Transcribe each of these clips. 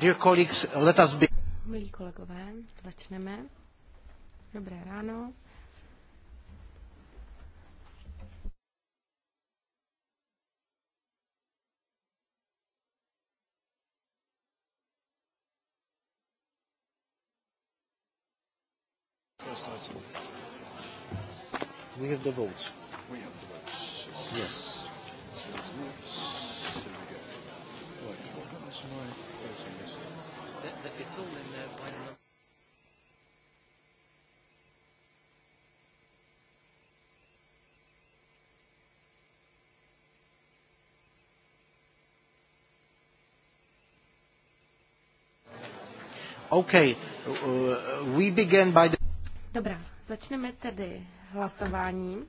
Dear colleagues, let us be... Milí kolegové, začneme. Dobré ráno. We have the votes. We have the votes. Yes. That, that, it's all in there by number. Okay. Uh, we begin by the... Dobrá, začneme tedy hlasováním.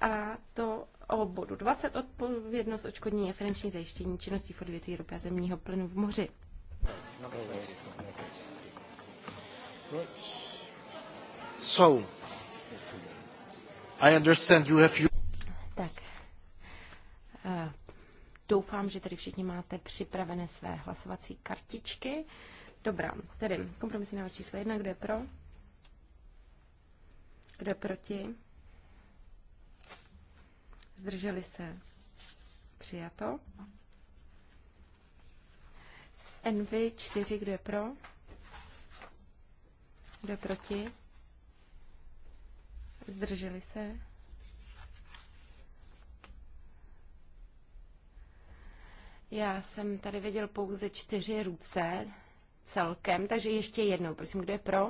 A to o bodu 20 odpovědnost očkodní a finanční zajištění činností v odvětví ropy a zemního plynu v moři. So, I understand you have... Tak, eh, doufám, že tady všichni máte připravené své hlasovací kartičky. Dobrá, tedy kompromisní návrh číslo jedna, kdo je pro? Kdo je proti? zdrželi se, přijato. Envy 4, kdo je pro? Kdo je proti? Zdrželi se? Já jsem tady viděl pouze čtyři ruce celkem, takže ještě jednou, prosím, kdo je pro?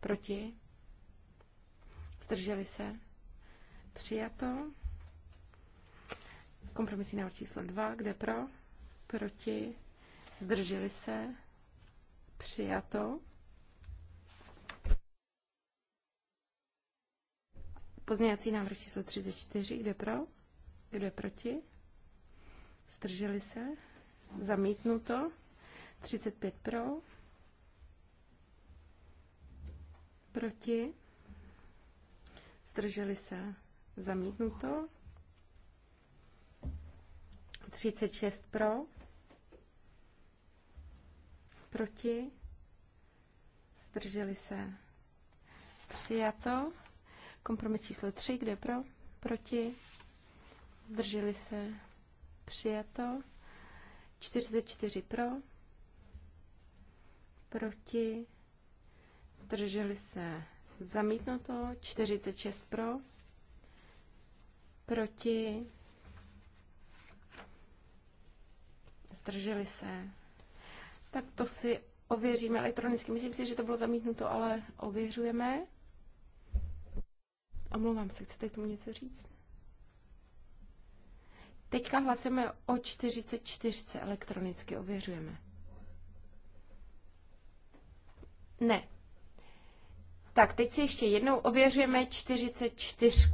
Proti? Zdrželi se? Přijato. Kompromisní návrh číslo 2. Kde pro? Proti. Zdrželi se. Přijato. Pozměňovací návrh číslo 34. Kde pro? Kdo je proti? Zdrželi se? Zamítnuto. 35 pro. Proti? Zdrželi se? zamítnuto. 36 pro, proti, zdrželi se, přijato. Kompromis číslo 3, kde pro, proti, zdrželi se, přijato. 44 pro, proti, zdrželi se, zamítnuto. 46 pro, proti, zdrželi se. Tak to si ověříme elektronicky. Myslím si, že to bylo zamítnuto, ale ověřujeme. Omlouvám se, chcete k tomu něco říct? Teďka hlasujeme o 44 elektronicky, ověřujeme. Ne. Tak, teď si ještě jednou ověřujeme 44.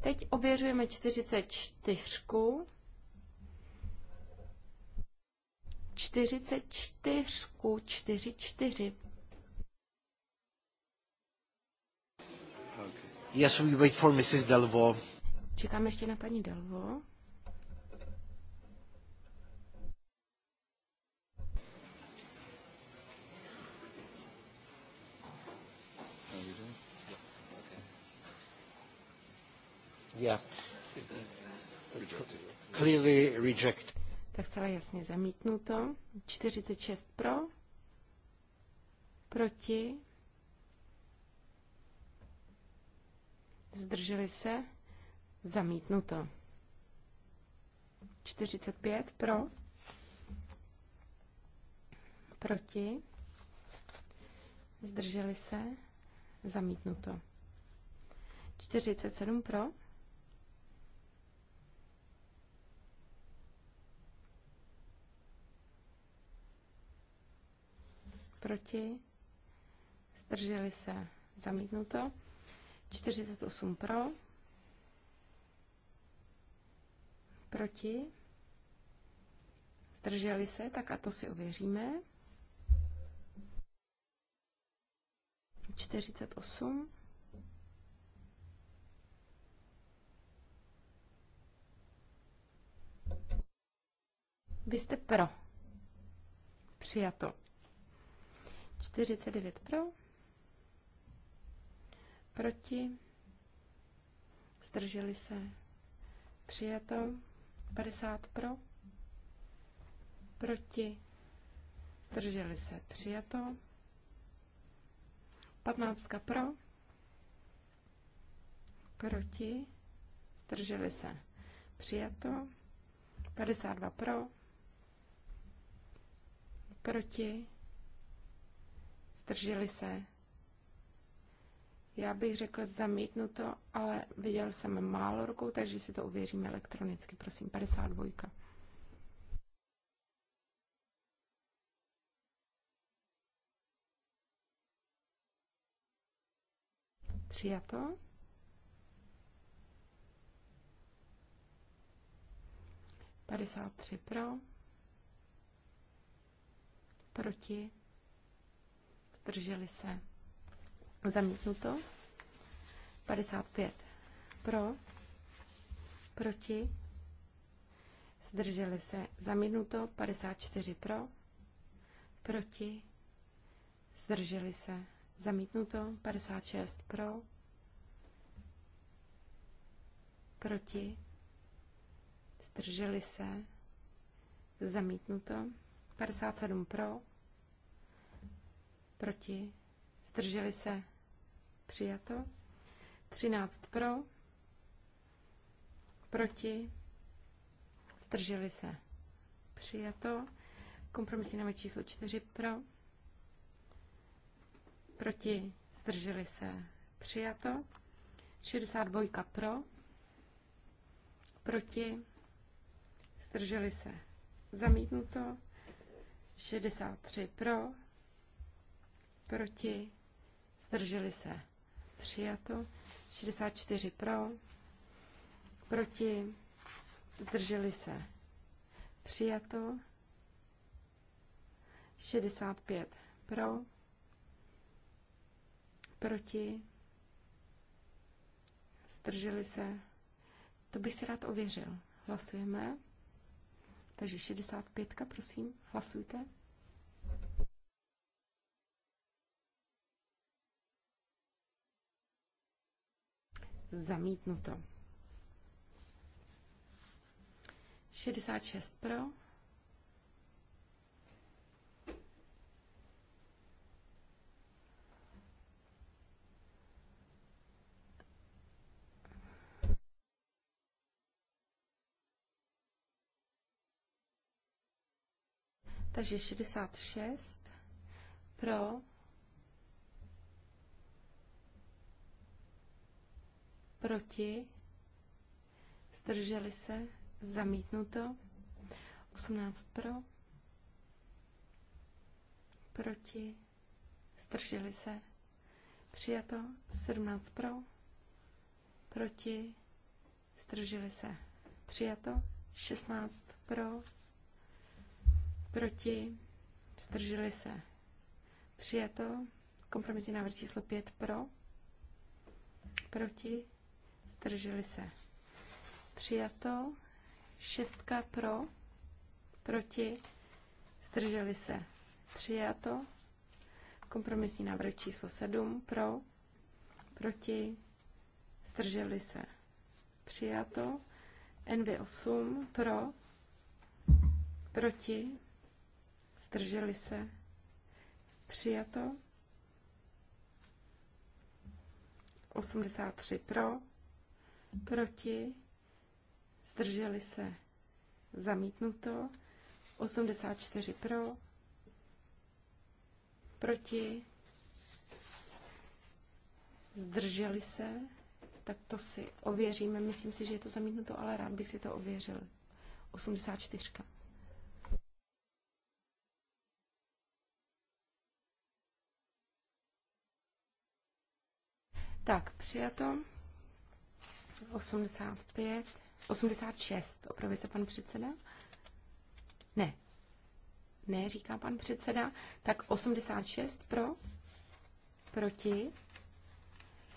Teď ověřujeme 44. 44, 44. Yes, we wait for Mrs. Delvo. Čekáme ještě na paní Delvo. Tak celé jasně zamítnuto. 46 pro. Proti. Zdrželi se. Zamítnuto. 45 pro. Proti. Zdrželi se. Zamítnuto. 47 pro. proti, zdrželi se zamítnuto, 48 pro, proti, zdrželi se, tak a to si ověříme. 48. Vy jste pro. Přijato. 49 pro, proti, zdrželi se, přijato, 50 pro, proti, zdrželi se, přijato, 15 pro, proti, zdrželi se, přijato, 52 pro, proti, zdrželi se. Já bych řekl zamítnuto, ale viděl jsem málo rukou, takže si to uvěříme elektronicky. Prosím, 52. Přijato. Padesát tři pro. Proti zdrželi se. Zamítnuto. 55 pro, proti, zdrželi se. Zamítnuto. 54 pro, proti, zdrželi se. Zamítnuto. 56 pro, proti, zdrželi se. Zamítnuto. 57 pro, proti, zdrželi se, přijato. 13 pro, proti, zdrželi se, přijato. Kompromisní návrh číslo 4 pro, proti, zdrželi se, přijato. 62 pro, proti, zdrželi se, zamítnuto. 63 pro, proti, zdrželi se, přijato. 64 pro, proti, zdrželi se, přijato. 65 pro, proti, zdrželi se. To bych si rád ověřil. Hlasujeme. Takže 65, prosím, hlasujte. Zamítnuto. 66 pro. Takže 66 pro proti, zdrželi se, zamítnuto, 18 pro, proti, zdrželi se, přijato, 17 pro, proti, zdrželi se, přijato, 16 pro, proti, zdrželi se, přijato, kompromisní návrh číslo 5 pro, proti, zdrželi se přijato, šestka pro, proti, zdrželi se přijato, kompromisní návrh číslo 7 pro, proti, zdrželi se přijato, NV8 pro, proti, zdrželi se přijato, 83 pro, proti, zdrželi se zamítnuto, 84 pro, proti, zdrželi se, tak to si ověříme. Myslím si, že je to zamítnuto, ale rád bych si to ověřil. 84. Tak, přijatom. 85, 86, opravdu se pan předseda? Ne. Ne, říká pan předseda. Tak 86 pro, proti,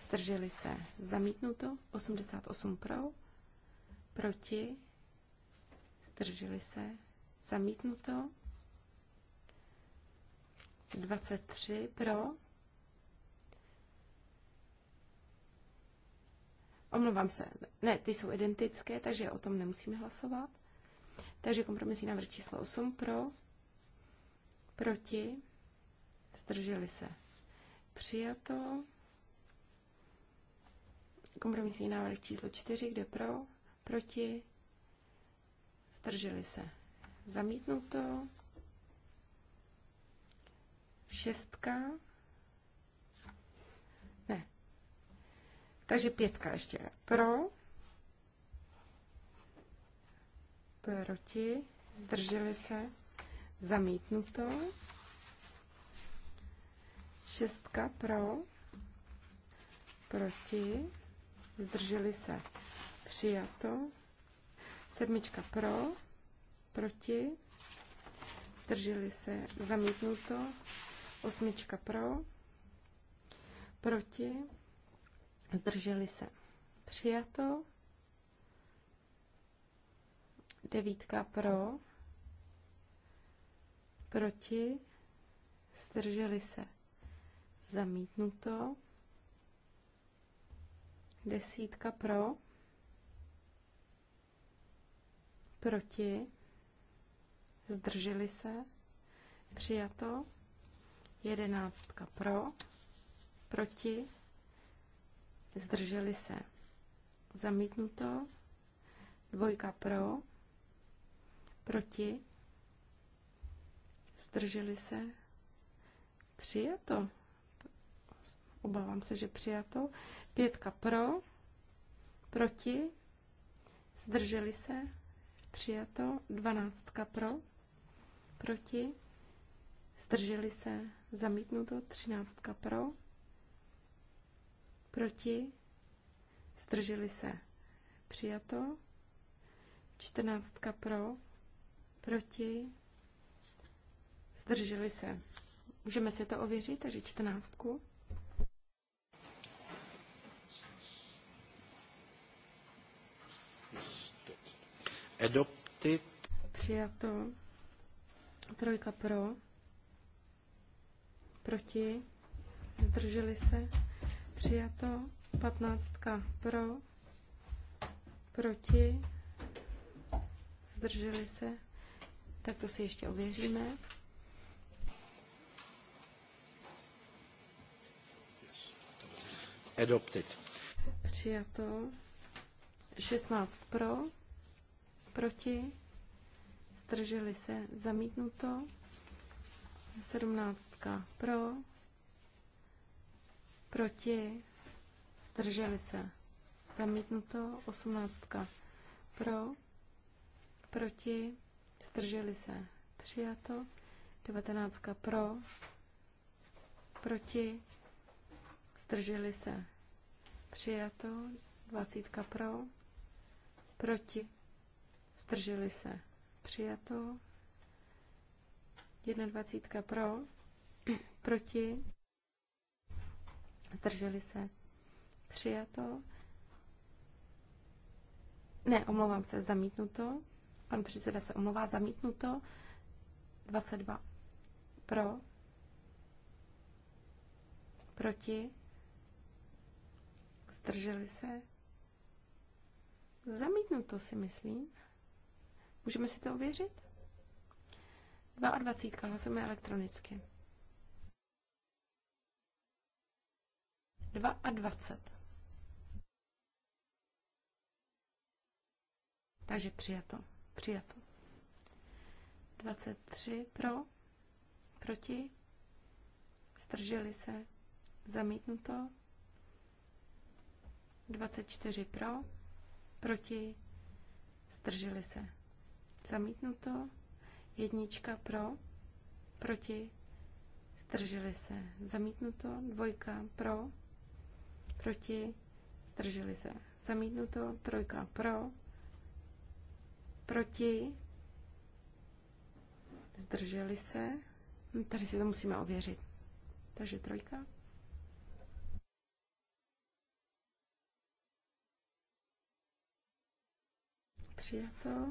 zdrželi se, zamítnuto, 88 pro, proti, zdrželi se, zamítnuto, 23 pro, Omlouvám se. Ne, ty jsou identické, takže o tom nemusíme hlasovat. Takže kompromisní návrh číslo 8 pro, proti, zdrželi se. Přijato. Kompromisní návrh číslo 4, kde pro, proti, zdrželi se. Zamítnuto. Šestka Takže pětka ještě. Pro. Proti. Zdrželi se. Zamítnuto. Šestka pro. Proti. Zdrželi se. Přijato. Sedmička pro. Proti. Zdrželi se. Zamítnuto. Osmička pro. Proti zdrželi se přijato, devítka pro, proti, zdrželi se zamítnuto, desítka pro, proti, zdrželi se, přijato, jedenáctka pro, proti, zdrželi se. Zamítnuto. Dvojka pro, proti, zdrželi se. Přijato. Obávám se, že přijato. Pětka pro, proti, zdrželi se. Přijato. Dvanáctka pro, proti, zdrželi se. Zamítnuto. Třináctka pro, proti, zdrželi se, přijato, čtrnáctka pro, proti, zdrželi se. Můžeme si to ověřit, takže čtrnáctku. Adopted. Přijato. Trojka pro. Proti. Zdrželi se přijato, 15 pro, proti, zdrželi se, tak to si ještě ověříme. Adopted. Přijato. 16 pro, proti, zdrželi se, zamítnuto. 17 pro, proti, zdrželi se, zamítnuto, osmnáctka pro, proti, zdrželi se, přijato, devatenáctka pro, proti, zdrželi se, přijato, dvacítka pro, proti, zdrželi se, přijato, jedna dvacítka pro, proti, zdrželi se, přijato. Ne, omlouvám se, zamítnuto. Pan předseda se omlouvá, zamítnuto. 22 pro, proti, zdrželi se. Zamítnuto si myslím. Můžeme si to ověřit? 22 hlasujeme elektronicky. 22. Takže přijato. Přijato. 23 pro, proti, strželi se, zamítnuto. 24 pro, proti, strželi se, zamítnuto. Jednička pro, proti, strželi se, zamítnuto. Dvojka pro, proti, zdrželi se. Zamítnuto, trojka pro, proti, zdrželi se. Hm, tady si to musíme ověřit. Takže trojka. Přijato.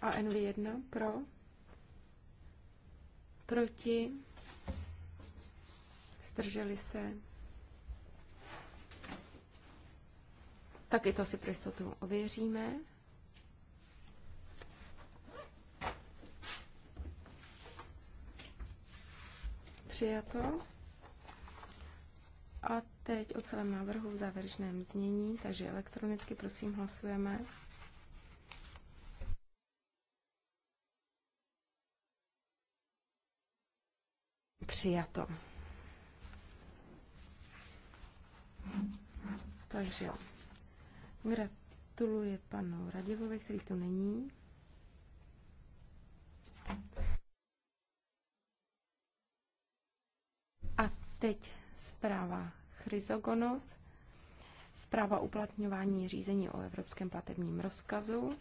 A NV1 pro. Proti. Zdrželi se. Tak i to si pro jistotu ověříme. Přijato. A teď o celém návrhu v závěrečném znění, takže elektronicky prosím hlasujeme. Přijato. Takže Gratuluje panu Raděvovi, který tu není. A teď zpráva Chryzogonos, zpráva uplatňování řízení o evropském platebním rozkazu.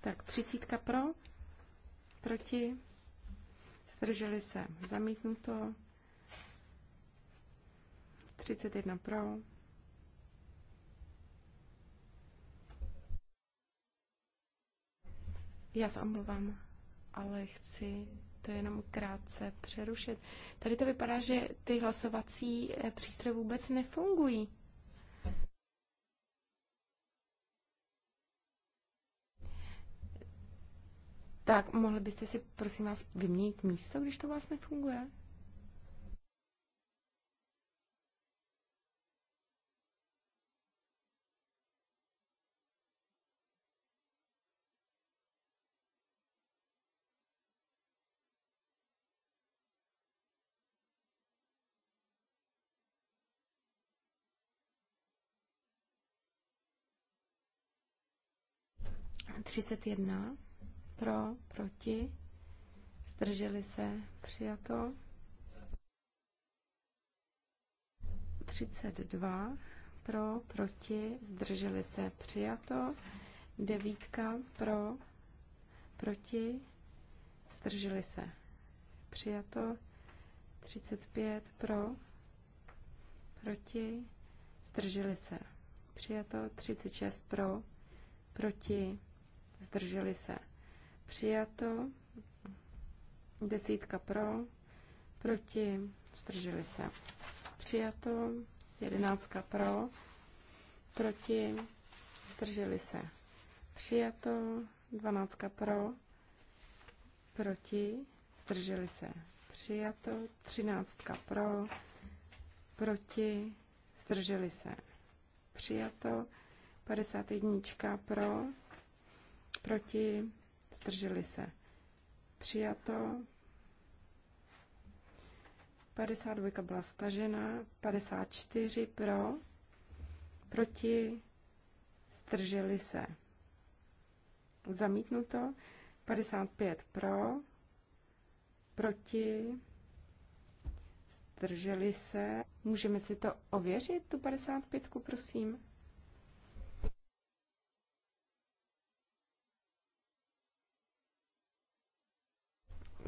Tak třicítka pro, proti, zdrželi se zamítnuto. 31 pro. Já se omluvám, ale chci to jenom krátce přerušit. Tady to vypadá, že ty hlasovací eh, přístroje vůbec nefungují. Tak, mohli byste si, prosím vás, vyměnit místo, když to vás nefunguje? 31 pro, proti, zdrželi se, přijato. 32 pro, proti, zdrželi se, přijato. 9 pro, proti, zdrželi se, přijato. 35 pro, proti, zdrželi se, přijato. 36 pro, proti, zdrželi se. Přijato, desítka pro, proti, zdrželi se. Přijato, jedenáctka pro, proti, zdrželi se. Přijato, dvanáctka pro, proti, zdrželi se. Přijato, třináctka pro, proti, zdrželi se. Přijato, jednička pro, proti, zdrželi se. Přijato. 52 byla stažena, 54 pro, proti, zdrželi se. Zamítnuto, 55 pro, proti, zdrželi se. Můžeme si to ověřit, tu 55, prosím?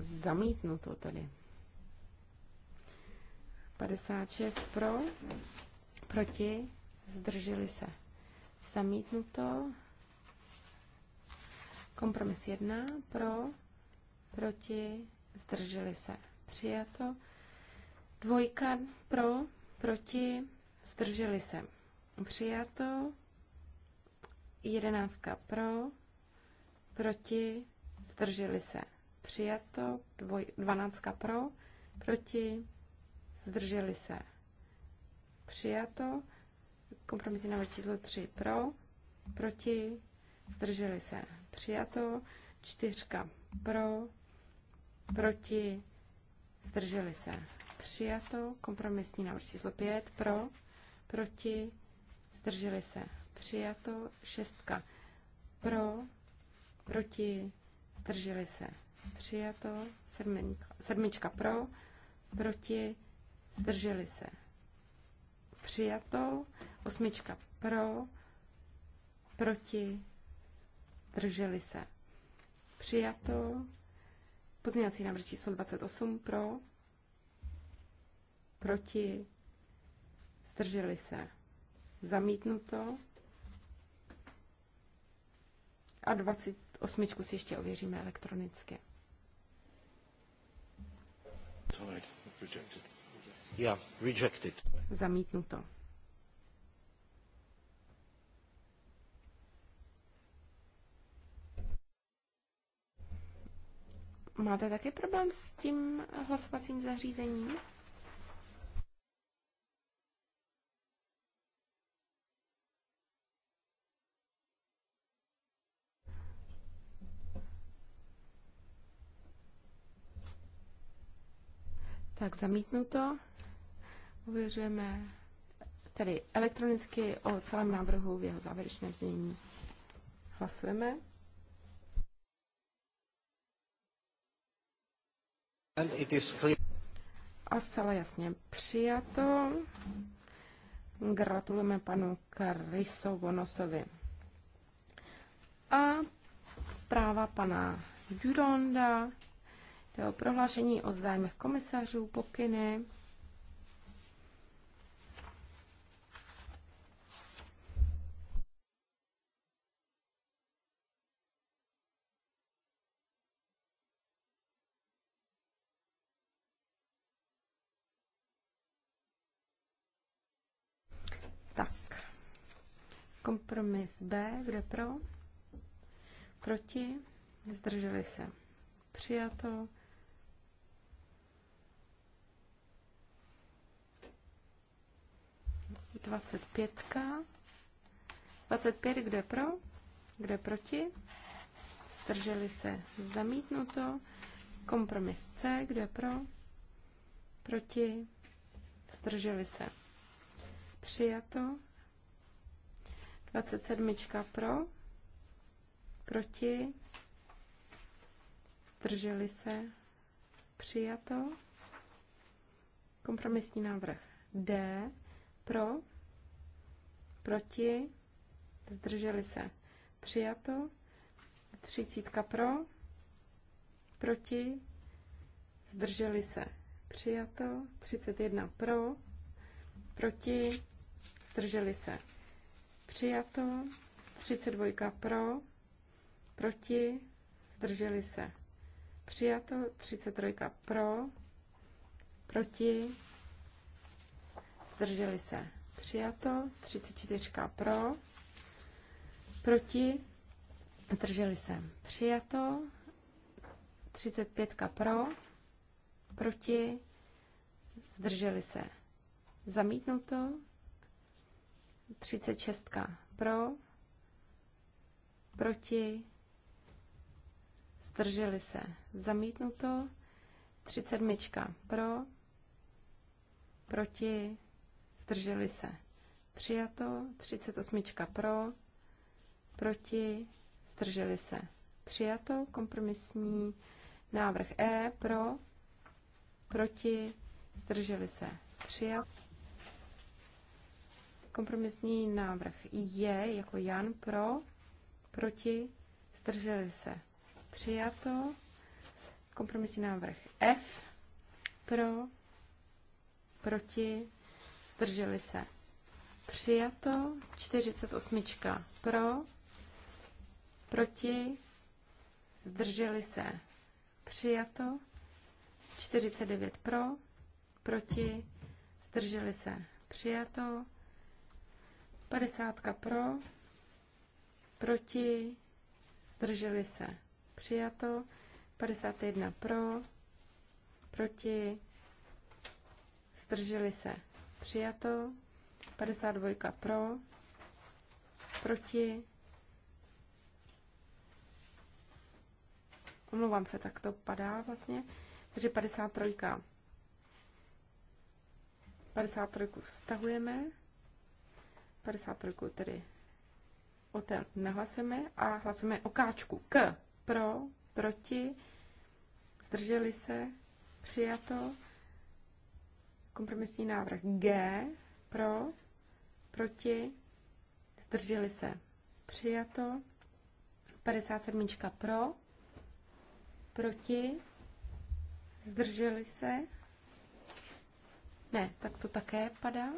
zamítnuto tedy. 56 pro, proti, zdrželi se. Zamítnuto. Kompromis 1 pro, proti, zdrželi se. Přijato. Dvojka pro, proti, zdrželi se. Přijato. Jedenáctka pro, proti, zdrželi se přijato, dvoj, 12 pro, proti, zdrželi se, přijato, kompromisní návrh číslo 3 pro, proti, zdrželi se, přijato, 4 pro, proti, zdrželi se, přijato, kompromisní návrh číslo 5 pro, proti, zdrželi se, přijato, 6 pro, proti, zdrželi se, přijato, sedmička, sedmička pro, proti, zdrželi se. Přijato, osmička pro, proti, zdrželi se. Přijato, pozměňovací návrh číslo 28 pro, proti, zdrželi se. Zamítnuto, a 28 si ještě ověříme elektronicky. Yeah, rejected. Zamítnuto. Máte taky problém s tím hlasovacím zařízením? Tak zamítnuto. Uvěřujeme tedy elektronicky o celém návrhu v jeho závěrečném znění. Hlasujeme. And it is clear. A zcela jasně přijato. Gratulujeme panu Karisovonosovi. A zpráva pana Juronda Jde prohlášení o zájmech komisařů, pokyny. Tak. Kompromis B, kde pro? Proti? Zdrželi se. Přijato. 25. 25, kdo je pro, kdo je proti, zdrželi se zamítnuto. Kompromis C, kdo je pro, proti, zdrželi se přijato. 27 pro, proti, zdrželi se přijato. Kompromisní návrh D, pro, proti, zdrželi se. Přijato. Třicítka pro, proti, zdrželi se. Přijato. třicet jedna pro, proti, zdrželi se. Přijato. třicet dvojka pro, proti, zdrželi se. Přijato. třicet trojka pro, proti, zdrželi se přijato, 34 pro, proti, zdrželi se přijato, 35 pro, proti, zdrželi se zamítnuto, 36 pro, proti, zdrželi se zamítnuto, 37 pro, proti, zdrželi se. Přijato 38 pro, proti, zdrželi se. Přijato kompromisní návrh E pro, proti, zdrželi se. přijato Kompromisní návrh je jako Jan pro, proti, zdrželi se. Přijato. Kompromisní návrh F pro, proti, zdrželi se. Přijato 48 pro, proti, zdrželi se. Přijato 49 pro, proti, zdrželi se. Přijato 50 pro, proti, zdrželi se. Přijato 51 pro, proti, zdrželi se Přijato. 52 pro. Proti. Omlouvám se, tak to padá vlastně. Takže 53. 53 stahujeme. 53 tedy o té nehlasujeme a hlasujeme o káčku. K pro, proti, zdrželi se, přijato. Kompromisní návrh G pro, proti, zdrželi se. Přijato. 57. pro, proti, zdrželi se. Ne, tak to také padá.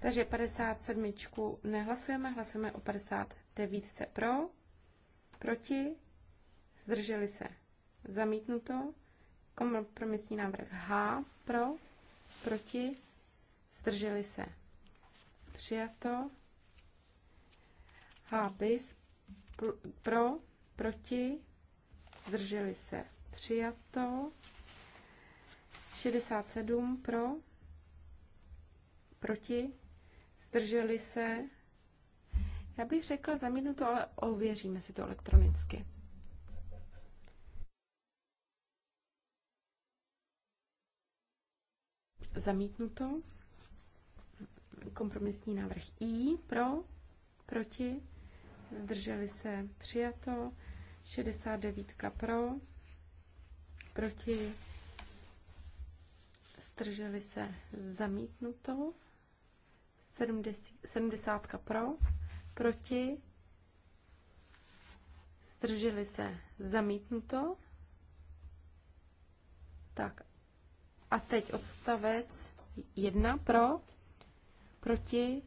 Takže 57. nehlasujeme, hlasujeme o 50 devítce pro, proti, zdrželi se, zamítnuto, kompromisní návrh H pro, proti, zdrželi se, přijato, H bis pro, proti, zdrželi se, přijato, 67 pro, proti, zdrželi se, já bych řekla minutu, ale ověříme si to elektronicky. Zamítnuto. Kompromisní návrh I pro, proti, zdrželi se, přijato. 69 pro, proti, zdrželi se, zamítnuto. 70, 70 pro, proti, zdrželi se zamítnuto. Tak a teď odstavec jedna pro, proti,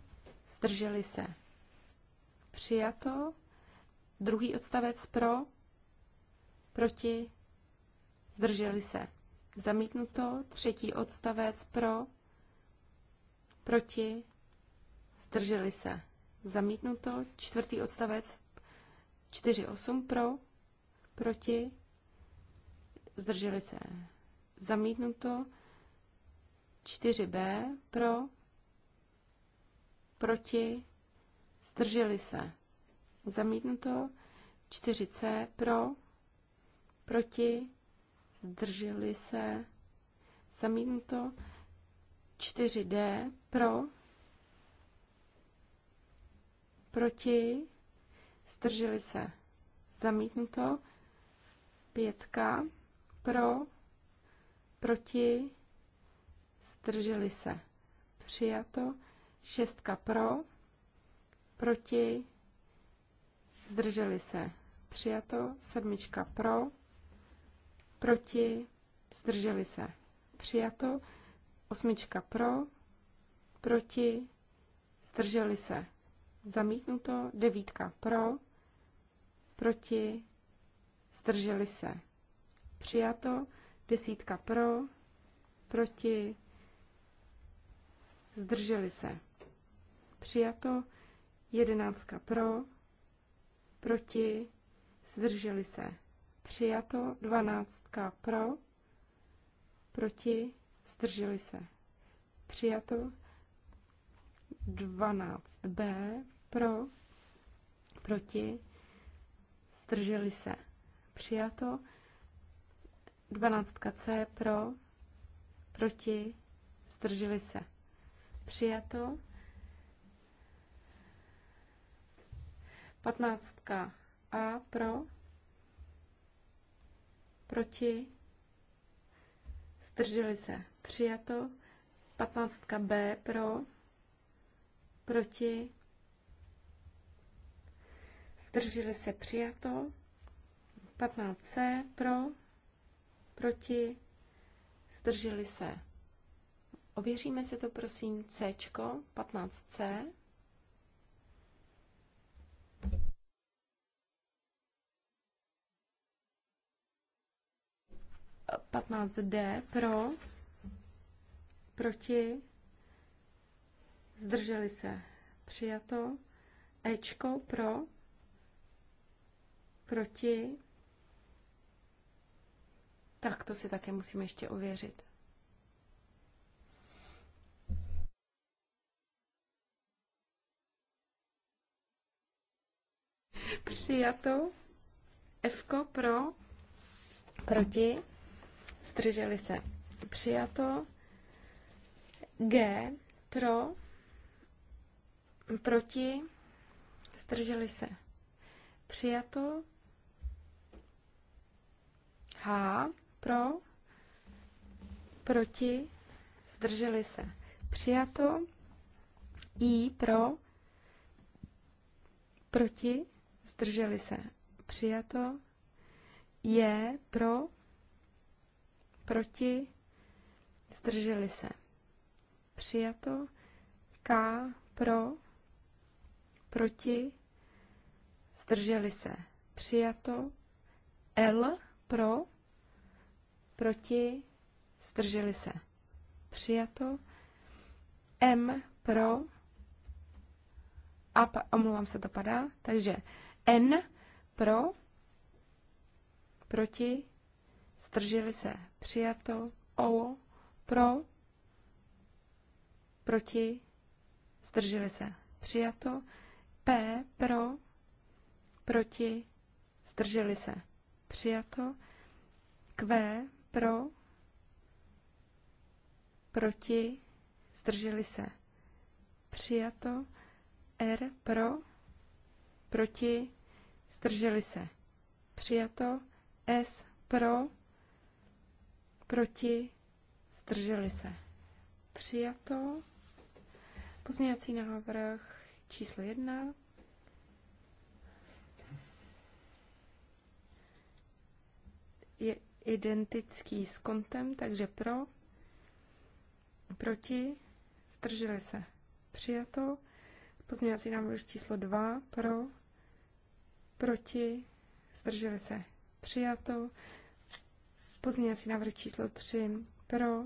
zdrželi se přijato. Druhý odstavec pro, proti, zdrželi se zamítnuto. Třetí odstavec pro, proti, zdrželi se zamítnuto. Čtvrtý odstavec 4.8 pro, proti, zdrželi se zamítnuto. 4b pro, proti, zdrželi se zamítnuto. 4c pro, proti, zdrželi se zamítnuto. 4d pro, proti, zdrželi se, zamítnuto, pětka, pro, proti, zdrželi se, přijato, šestka pro, proti, zdrželi se, přijato, sedmička pro, proti, zdrželi se, přijato, osmička pro, proti, zdrželi se, zamítnuto, devítka pro, proti, zdrželi se, přijato, desítka pro, proti, zdrželi se, přijato, jedenáctka pro, proti, zdrželi se, přijato, dvanáctka pro, proti, zdrželi se, přijato, 12b pro, proti, zdrželi se. Přijato. 12 C pro, proti, zdrželi se. Přijato. 15 A pro, proti, zdrželi se. Přijato. 15 B pro, proti, zdrželi se přijato. 15C pro, proti, zdrželi se. Ověříme se to prosím C, 15C. Patnáct D pro, proti, zdrželi se, přijato, Ečko pro, Proti? Tak to si také musíme ještě ověřit. Přijato. F pro. Proti. střeželi se. Přijato. G pro. Proti. Strželi se. Přijato. H pro, proti, zdrželi se. Přijato. I pro, proti, zdrželi se. Přijato. J pro, proti, zdrželi se. Přijato. K pro, proti, zdrželi se. Přijato. L pro, proti, zdrželi se, přijato. M pro, a pa, omlouvám se, to padá, takže N pro, proti, zdrželi se, přijato. O pro, proti, zdrželi se, přijato. P pro, proti, zdrželi se, přijato. Q pro, proti, zdrželi se. Přijato. R pro, proti, zdrželi se. Přijato. S pro, proti, zdrželi se. Přijato. Pozměňovací návrh číslo jedna. Je identický s kontem, takže pro, proti, zdrželi se, přijato. Pozměňovací návrh číslo 2, pro, proti, zdrželi se, přijato. Pozměňovací návrh číslo 3, pro,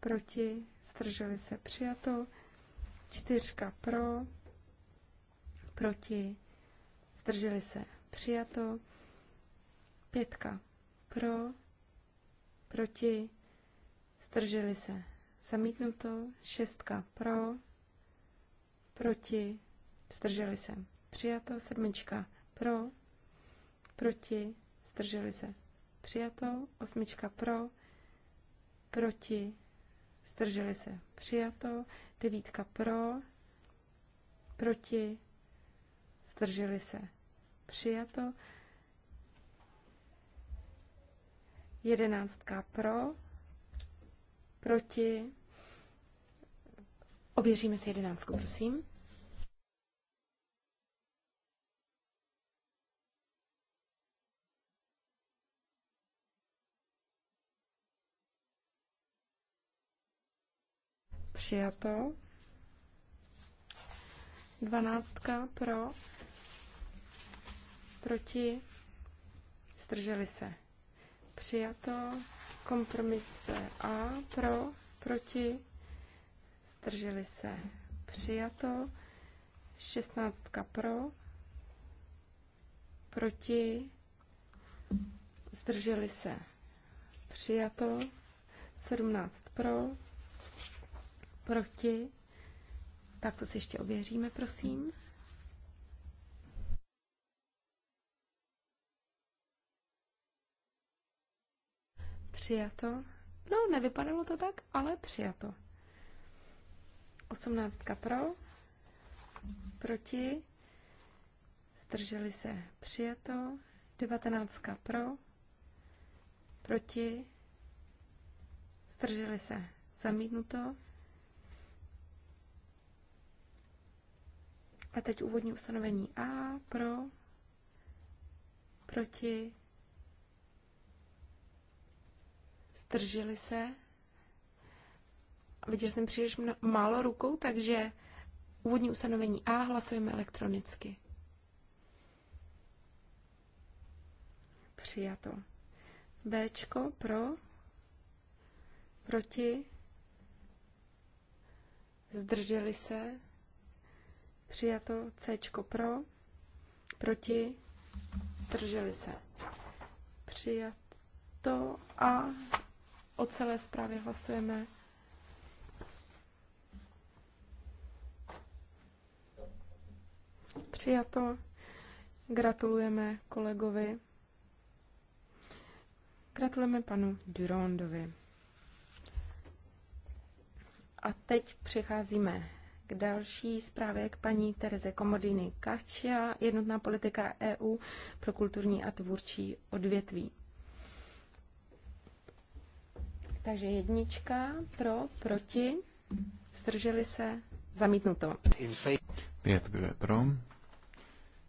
proti, zdrželi se, přijato. Čtyřka pro, proti, zdrželi se, přijato. Pětka pro, proti, strželi se. Zamítnuto, šestka pro, proti, strželi se. Přijato, sedmička pro, proti, strželi se. Přijato, osmička pro, proti, strželi se. Přijato, devítka pro, proti, strželi se. Přijato, Jedenáctka pro, proti. Ověříme si jedenáctku, prosím. Přijato. Dvanáctka pro, proti, strželi se. Přijato. Kompromis A pro, proti, zdrželi se. Přijato. 16 pro, proti, zdrželi se. Přijato. 17 pro, proti. Tak to si ještě ověříme, prosím. Přijato. No, nevypadalo to tak, ale přijato. Osmnáctka pro. Proti. Zdrželi se. Přijato. Devatenáctka pro. Proti. Zdrželi se. Zamítnuto. A teď úvodní ustanovení A pro, proti, zdrželi se. Viděl jsem příliš málo rukou, takže úvodní ustanovení A hlasujeme elektronicky. Přijato. B pro, proti, zdrželi se, přijato C pro, proti, zdrželi se. Přijato a O celé zprávě hlasujeme. Přijato. Gratulujeme kolegovi. Gratulujeme panu Durondovi. A teď přecházíme k další zprávě k paní Tereze Komodiny Kačia, jednotná politika EU pro kulturní a tvůrčí odvětví. Takže jednička pro, proti, zdrželi se, zamítnuto. Pět, kdo je pro,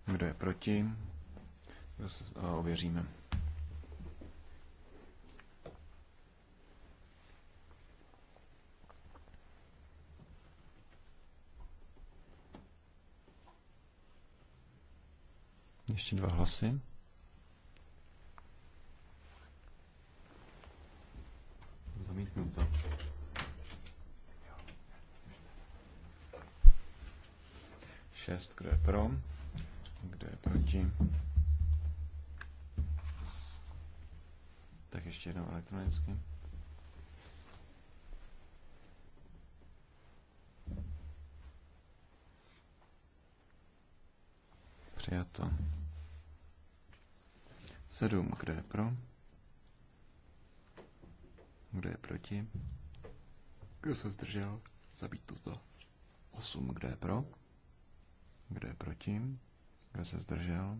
kdo je proti, a ověříme. Ještě dva hlasy. Zamítnuto. Šest, kdo je pro, kdo je proti. Tak ještě jednou elektronicky. Přijato. Sedm, kdo je pro? Kdo je proti? Kdo se zdržel? zabít tuto 8. Kdo je pro? Kdo je proti? Kdo se zdržel?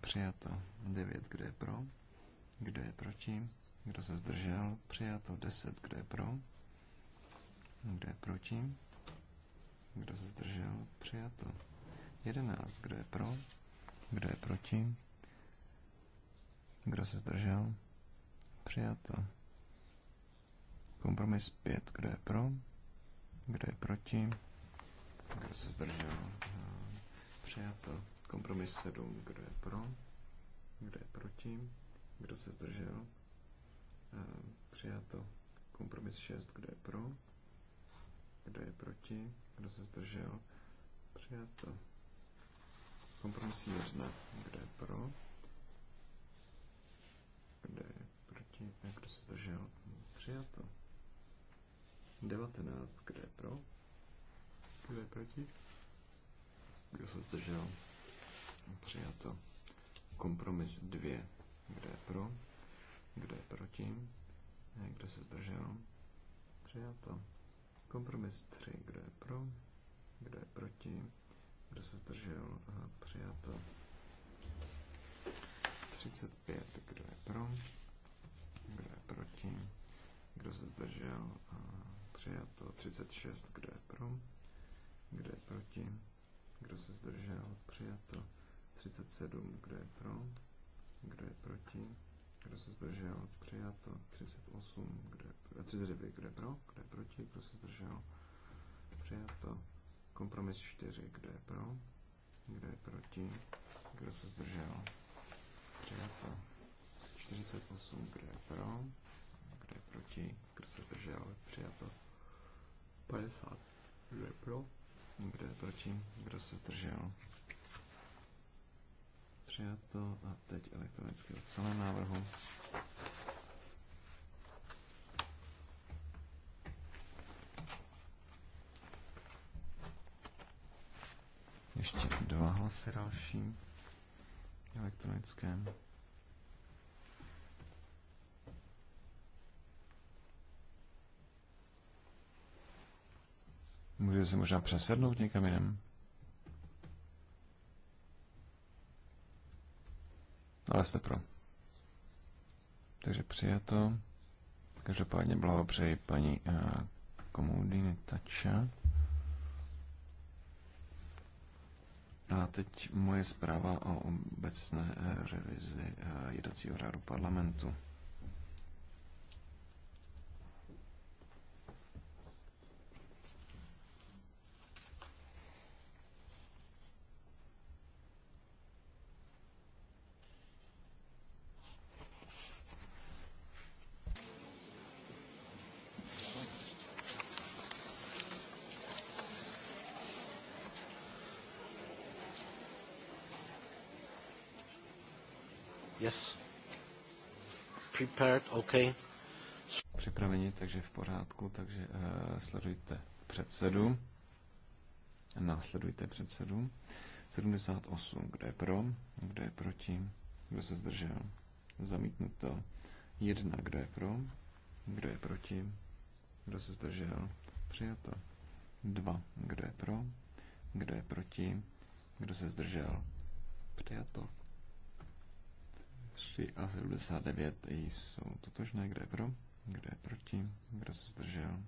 Přijato. 9. Kdo je pro? Kdo je proti? Kdo se zdržel? Přijato. 10. Kdo je pro? Kdo je proti? Kdo se zdržel? Přijato. 11. Kdo je pro? Kdo je proti? Kdo se zdržel? Přijato. Kompromis 5. Kdo je pro? Kdo je proti? Kdo se zdržel? Přijato. Kompromis 7. Eh, Kdo je pro? Kdo je proti? Kdo se zdržel? Přijato. Kompromis 6. Kdo je pro? Kdo je proti? Kdo se zdržel? Přijato. Kompromis 1. Kdo je pro? Kdo je proti? Kdo se zdržel? Přijato. 19, kde je pro? Kde je proti? Kdo se zdržel? Přijato. Kompromis 2. kde je pro? Kdo je proti? Kdo se zdržel? Přijato. Kompromis 3. Kdo je pro? Kdo je proti? Kdo se zdržel? Přijato. 35. Kdo je pro? Kdo je proti? Kdo se zdržel? přijato 36, kdo je pro, kdo je proti, kdo se zdržel, přijato 37, kdo je pro, kdo je proti, kdo se zdržel, přijato 38, kdo je, 39, eh, kdo je pro, kdo je proti, kdo se zdržel, přijato kompromis 4, kdo je pro, kdo je proti, kdo se zdržel, přijato 48, kdo je pro, kdo je proti, kdo se zdržel, přijato 50. Kdo je pro? Kdo je proti? Kdo se zdržel? Přijato a teď elektronicky o celém návrhu. Ještě dva hlasy další elektronické. Může se možná přesednout někam jinam. Ale jste pro. Takže přijato. Každopádně blahopřeji paní eh, Komodiny Tača. A teď moje zpráva o obecné eh, revizi eh, jednacího řádu parlamentu. začátku, takže eh, sledujte předsedu. Následujte předsedu. 78. Kdo je pro? Kdo je proti? Kdo se zdržel? Zamítnuto. 1. Kdo je pro? Kdo je proti? Kdo se zdržel? Přijato. 2. Kdo je pro? Kdo je proti? Kdo se zdržel? Přijato. 3 a 79 jsou totožné. Kdo je pro? Kdo je proti? Kdo se zdržel?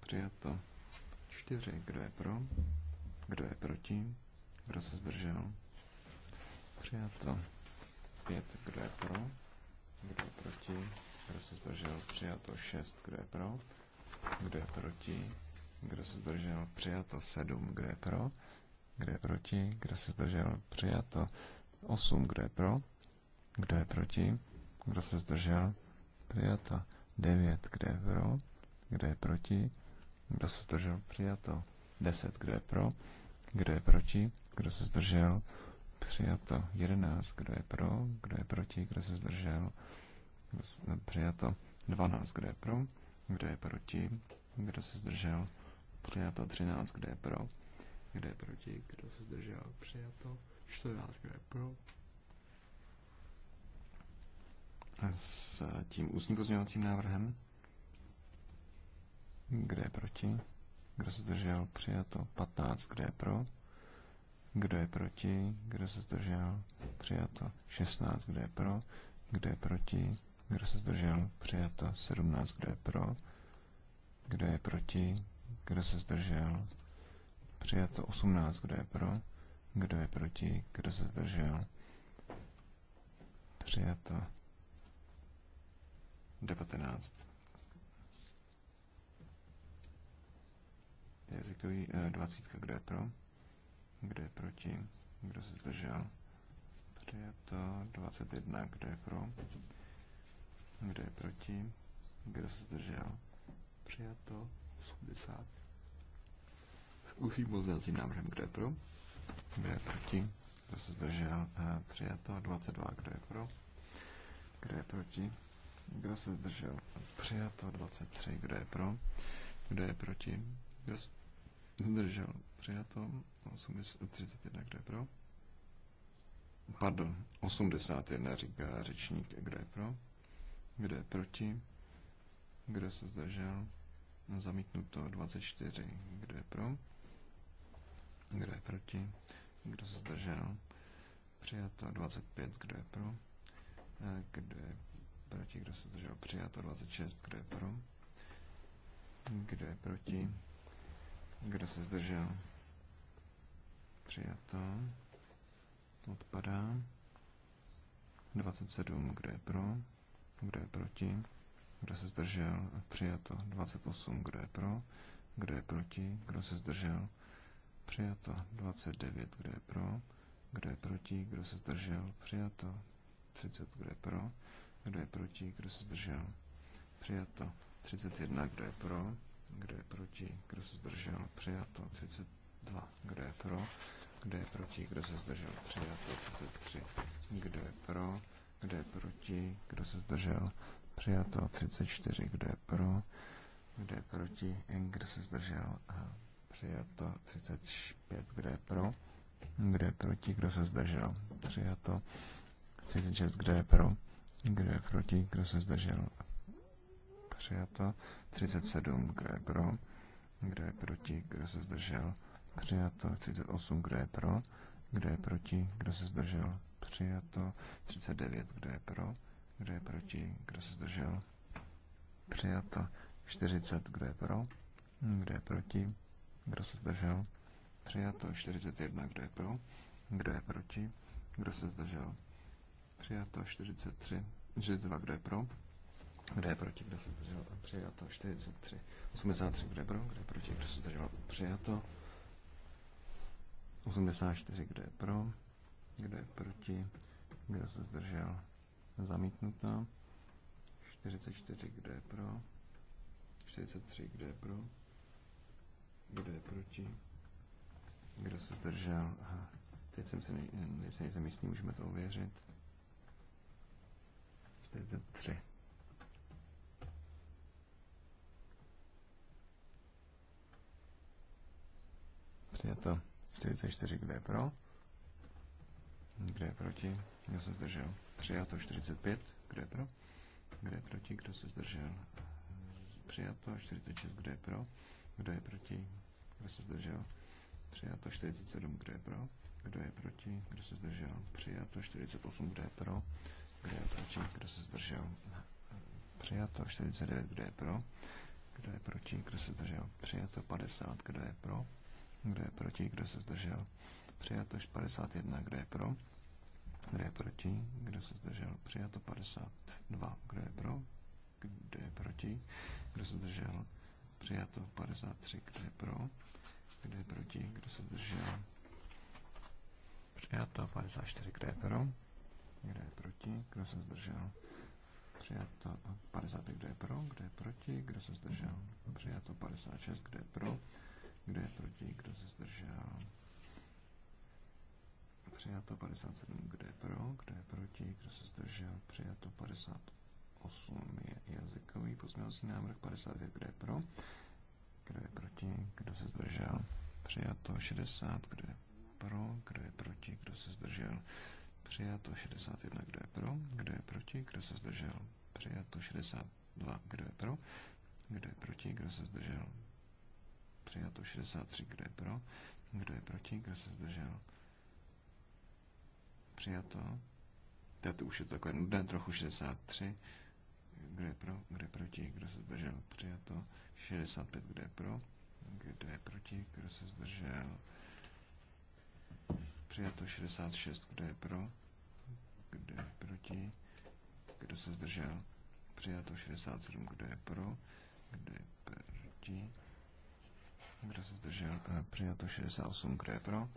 Přijato. čtyři Kdo je pro? Kdo je proti? Kdo se zdržel? Přijato. pět Kdo je pro? Kdo je proti? Kdo se zdržel? Přijato. šest Kdo je pro? Kdo je proti? Kdo se zdržel? Přijato. sedm Kdo je pro? Kdo je proti? Kdo se zdržel? Přijato. osm Kdo je pro? Kdo je proti? Kdo se zdržel? Přijato. 9, kde je pro, kde je proti, kdo se zdržel, přijato. 10, kde je pro, kde je proti, kdo se zdržel, přijato. 11, kdo je pro, kdo je proti, kdo se zdržel, přijato. 12, kdo je pro, kdo je proti, kdo se zdržel, přijato. 13, kdo je pro, kdo je proti, kdo se zdržel, přijato. 14, kdo je pro, s tím ústním pozměňovacím návrhem. Kde je proti? Kdo se zdržel? Přijato. 15. Kde je pro? Kdo je proti? Kdo se zdržel? Přijato. 16. Kde je pro? Kdo je proti? Kdo se zdržel? Přijato. 17. Kdo je pro? Kdo je proti? Kdo se zdržel? Přijato. 18. Kdo je pro? Kdo je proti? Kdo se zdržel? Přijato. 19. Jazykový eh, 20. Kdo je pro? Kdo je proti? Kdo se zdržel? Tady je to 21. Kdo je pro? Kdo je proti? Kdo se zdržel? Přijato 80. S ústním pozdělacím návrhem. Kdo je pro? Kdo je proti? Kdo se zdržel? Eh, přijato 22. Kdo je pro? Kdo je proti? Kdo se zdržel? Přijato 23. Kdo je pro? Kdo je proti? Kdo se zdržel? Přijato 31. Kdo je pro? Pardon, 81 říká řečník. Kdo je pro? Kdo je proti? Kdo se zdržel? Zamítnuto 24. Kdo je pro? Kdo je proti? Kdo se zdržel? Přijato 25. Kdo je pro? Eh, kdo je proti, kdo se zdržel přijato, 26, kdo je pro, kdo je proti, kdo se zdržel přijato, odpadá, 27, kdo je pro, kdo je proti, kdo se zdržel přijato, 28, kdo je pro, kdo je proti, kdo se zdržel přijato, 29, kdo je pro, kdo je proti, kdo se zdržel přijato, 30, kdo je pro, kdo je proti? Kdo se zdržel? Přijato. 31. Kdo je pro? Kdo je proti? Kdo se zdržel? Přijato. 32. Kdo je pro? Kdo je proti? Kdo se zdržel? Přijato. 33. Kdo je pro? Kdo je proti? Kdo se zdržel? Přijato. 34. Kdo je pro? Kdo je proti? Kdo se zdržel? A přijato. 35. Kdo je pro? Kdo je proti? Kdo se zdržel? Přijato. 36. Kdo je pro? Kdo je proti? Kdo se zdržel? Přijato. 37. Kdo je pro? Kdo je proti? Kdo se zdržel? Přijato. 38. Kdo je pro? Kdo je proti? Kdo se zdržel? Přijato. 39. Kdo je pro? Kdo je proti? Kdo se zdržel? Přijato. 40. Kdo je pro? Kdo je proti? Kdo se zdržel? Přijato. 41. Kdo je pro? Kdo je proti? Kdo se zdržel? Přijato 43. 42, kdo je pro? Kdo je proti, kdo se zdržel? Přijato 43. 83, kdo je pro? Kdo je proti, kdo se zdržel? Přijato 84, kdo je pro? Kdo je proti? Kdo se zdržel? Zamítnuto. 44, kdo je pro? 43, kdo je pro? Kdo je proti? Kdo se zdržel? Aha, teď jsem si nejsem, nejsem jistý, můžeme to ověřit. 43. Přijato 44, kde je pro? Kde je proti? Kdo se zdržel? Přijato 45, kdo je pro? Kde je proti? Kdo se zdržel? Přijato 46, kde je pro? Kdo je proti? Kdo se zdržel? Přijato 47, kdo je pro? Kdo je proti? Kdo se zdržel? Přijato 48, kdo je pro? kdo je proti, kdo se zdržel, přijato, 49, kdo je pro, kdo je proti, kdo se zdržel, přijato, 50, kdo je pro, kdo je proti, kdo se zdržel, přijato, 51, kdo je pro, kdo je proti, kdo se zdržel, přijato, 52, kdo je pro, kdo je proti, kdo se zdržel, přijato, 53, kdo je pro, kdo je proti, kdo se zdržel, přijato, 54, kdo je pro, kdo je proti? Kdo se zdržel? Přijato 55. Kdo je pro? Kdo je proti? Kdo se zdržel? Přijato 56. Kdo je pro? Kdo je proti? Kdo se zdržel? Přijato 57. Kdo je pro? Kdo je proti? Kdo se zdržel? Přijato 58. Je jazykový pozměňovací návrh 52, Kdo je pro? Kdo je proti? Kdo se zdržel? Přijato 60. Kdo je pro? Kdo je proti? Kdo se zdržel? Přijato 61, kdo je pro, kdo je proti, kdo se zdržel. Přijato 62, kdo je pro, kdo je proti, kdo se zdržel. Přijato 63, kdo je pro, kdo je proti, kdo se zdržel. Přijato. Tato už je to takové nudné, trochu 63. Kdo je pro, kdo je proti, kdo se zdržel. Přijato 65, kdo je pro, kdo je proti, kdo se zdržel. Přijato 66. Kdo je pro? Kdo je proti? Kdo se zdržel? Přijato 67. Kdo je pro? Kdo je proti? Kdo se zdržel? Přijato 68. Kdo je pro?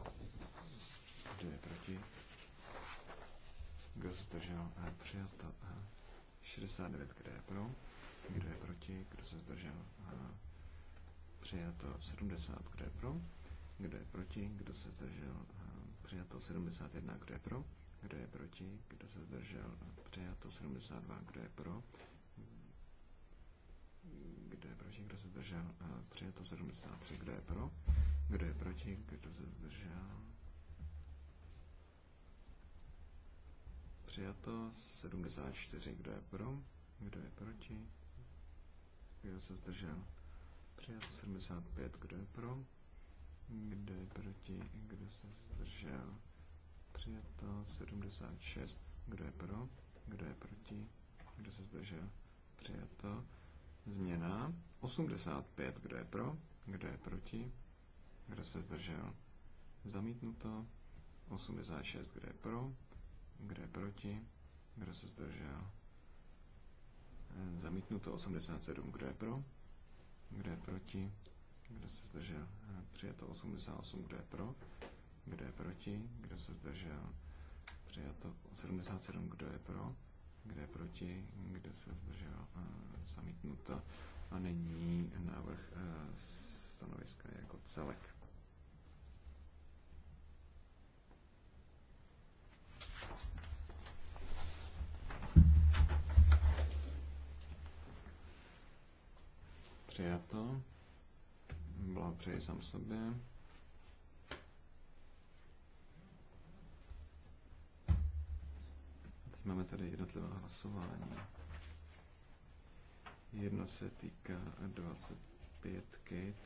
Kdo je proti? Kdo se zdržel? Přijato 69. Kdo je pro? Kdo je proti? Kdo se zdržel? Přijato 70. Kdo je pro? Kdo je proti? Kdo se zdržel? Přijato 71. Kdo je pro? Kdo je proti? Kdo se zdržel? Přijato 72. Kdo je pro? Kdo je proti? Kdo se zdržel? Přijato 73. Kdo je pro? Kdo je proti? Kdo se zdržel? Přijato 74. Kdo je pro? Kdo je proti? Kdo se zdržel? Přijato 75. Kdo je pro? Kdo je proti? Kdo se zdržel? Přijato 76. Kdo je pro? Kdo je proti? Kdo se zdržel? Přijato. Změna 85. Kdo je pro? Kdo je proti? Kdo se zdržel? Zamítnuto. 86. Kdo je pro? Kdo je proti? Kdo se zdržel? Zamítnuto 87. Kdo je pro? Kdo je proti? Kdo se zdržel? Přijato 88. Kdo je pro? Kdo je proti? Kdo se zdržel? Přijato 77. Kdo je pro? Kdo je proti? Kdo se zdržel? Zamítnuto. A nyní návrh e, stanoviska jako celek. přijato přeji sám sobě. máme tady jednotlivá hlasování. Jedno se týká 25,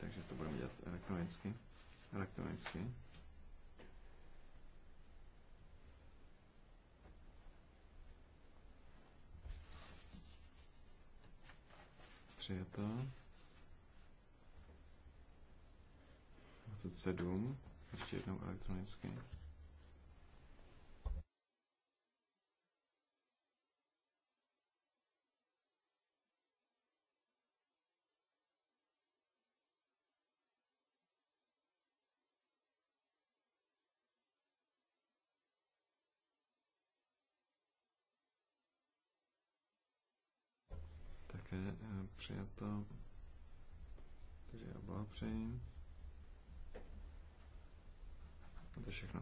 takže to budeme dělat elektronicky. Elektronicky. Přijeto. 27. Ještě jednou elektronicky. také eh, přijato. Takže já blahopřeji. To je všechno.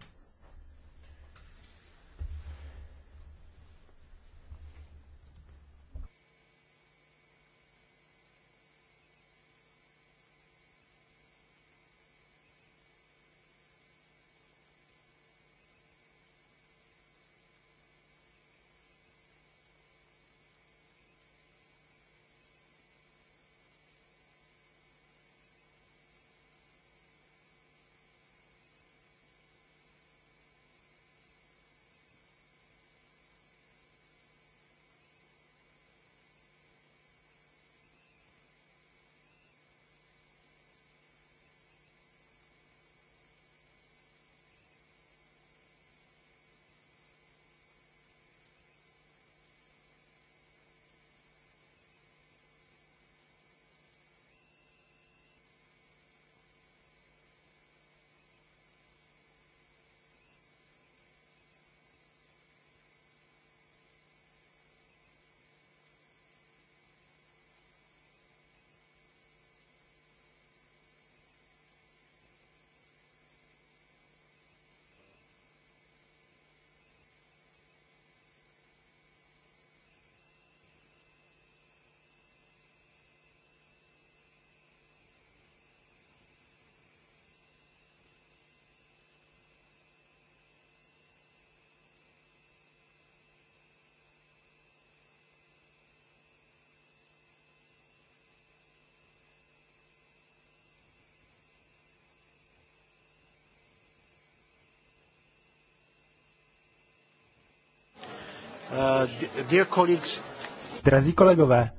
Drazí kolegové.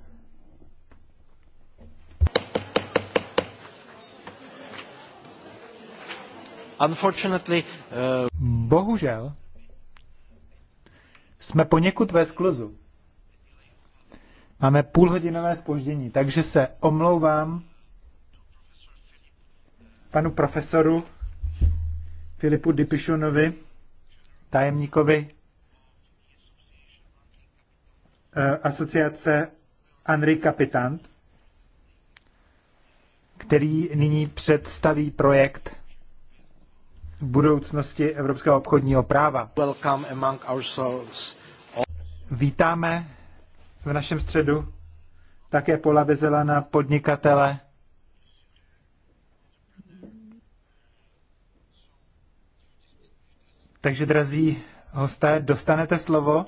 Uh, Bohužel, jsme poněkud ve skluzu. Máme půlhodinové spoždění, takže se omlouvám panu profesoru Filipu Dipišunovi, tajemníkovi Eh, asociace Henri Capitant, který nyní představí projekt budoucnosti evropského obchodního práva. Vítáme v našem středu také Pola Vizelana, podnikatele, Takže, drazí hosté, dostanete slovo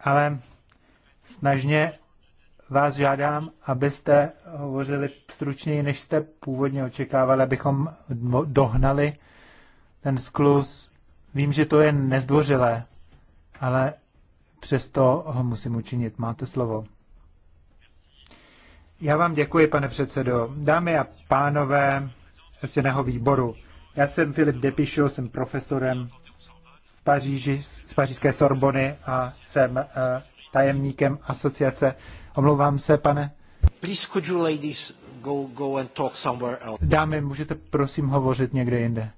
ale snažně vás žádám, abyste hovořili stručněji, než jste původně očekávali, abychom dohnali ten sklus. Vím, že to je nezdvořilé, ale přesto ho musím učinit. Máte slovo. Já vám děkuji, pane předsedo. Dámy a pánové jiného výboru, já jsem Filip Depišo, jsem profesorem Paříži, z pařížské Sorbony a jsem uh, tajemníkem asociace. Omlouvám se, pane. Please could you ladies go, go and talk somewhere else. Dámy, můžete prosím hovořit někde jinde.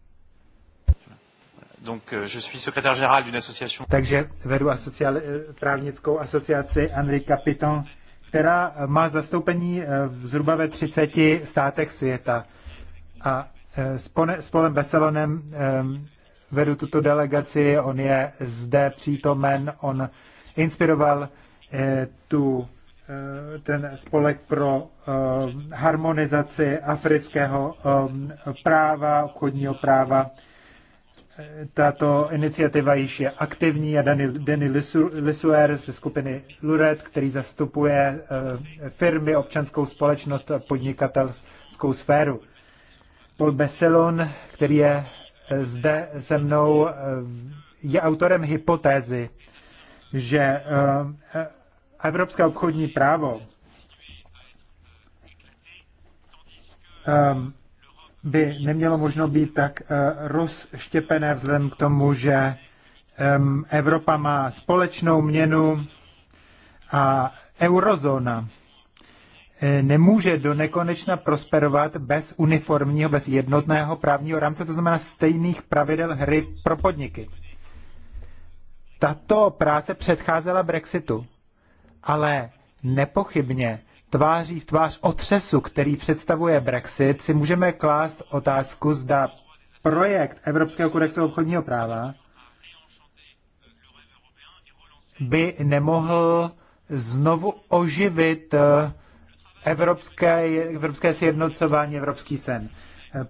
Donc, euh, je suis secrétaire général d'une association. Takže vedu asociál, eh, právnickou asociaci Henri Capiton, která eh, má zastoupení v zhruba ve 30 státech světa. A s Polem Veselonem vedu tuto delegaci, on je zde přítomen, on inspiroval eh, tu, eh, ten spolek pro eh, harmonizaci afrického práva, obchodního práva. Tato iniciativa již je aktivní a Danny Lisuer ze skupiny Luret, který zastupuje firmy, občanskou společnost a podnikatelskou sféru. Paul Besselon, který je zde se mnou eh, je autorem hypotézy, že eh, evropské obchodní právo ehm, by nemělo možno být tak eh, rozštěpené vzhledem k tomu, že ehm, Evropa má společnou měnu a eurozóna E, nemůže do nekonečna prosperovat bez uniformního, bez jednotného právního rámce, to znamená stejných pravidel hry pro podniky. Tato práce předcházela Brexitu, ale nepochybně tváří v tvář otřesu, který představuje Brexit, si můžeme klást otázku, zda projekt Evropského kodexu obchodního práva by nemohl znovu oživit eh, evropské, evropské sjednocování, evropský sen.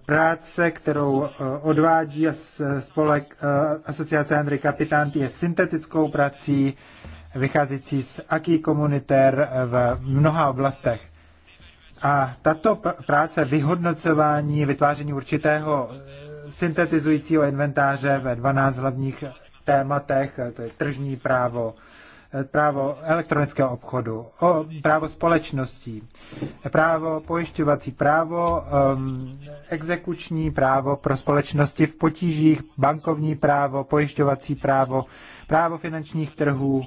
Práce, kterou eh, odvádí eh, spolek eh, Asociace Andry Kapitanty, je syntetickou prací, vycházející z aký komunitér v mnoha oblastech. A tato práce vyhodnocování, vytváření určitého syntetizujícího inventáře ve 12 hlavních tématech, to je tržní právo, právo elektronického obchodu, o právo společností, právo pojišťovací, právo um, exekuční, právo pro společnosti v potížích, bankovní právo, pojišťovací právo, právo finančních trhů, um,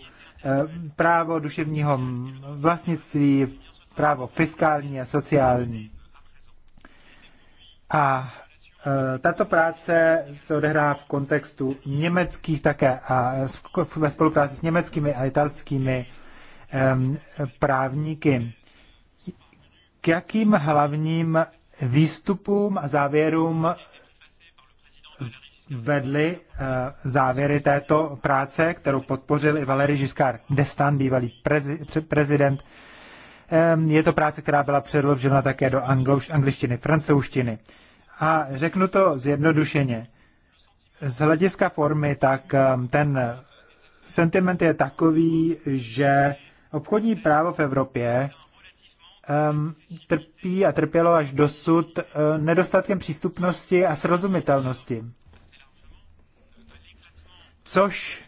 právo duševního vlastnictví, právo fiskální a sociální. A Eh, tato práce se odehrá v kontextu německých také a ve spolupráci s německými a italskými právníky. K jakým hlavním výstupům a závěrům vedly eh, závěry této práce, kterou podpořil i Valery Žiskár d'Estaing, bývalý prezident. Je to práce, která byla předložena také do angličtiny, francouzštiny. A řeknu to zjednodušeně. Z hlediska formy, tak um, ten sentiment je takový, že obchodní právo v Evropě um, trpí a trpělo až dosud uh, nedostatkem přístupnosti a srozumitelnosti. Což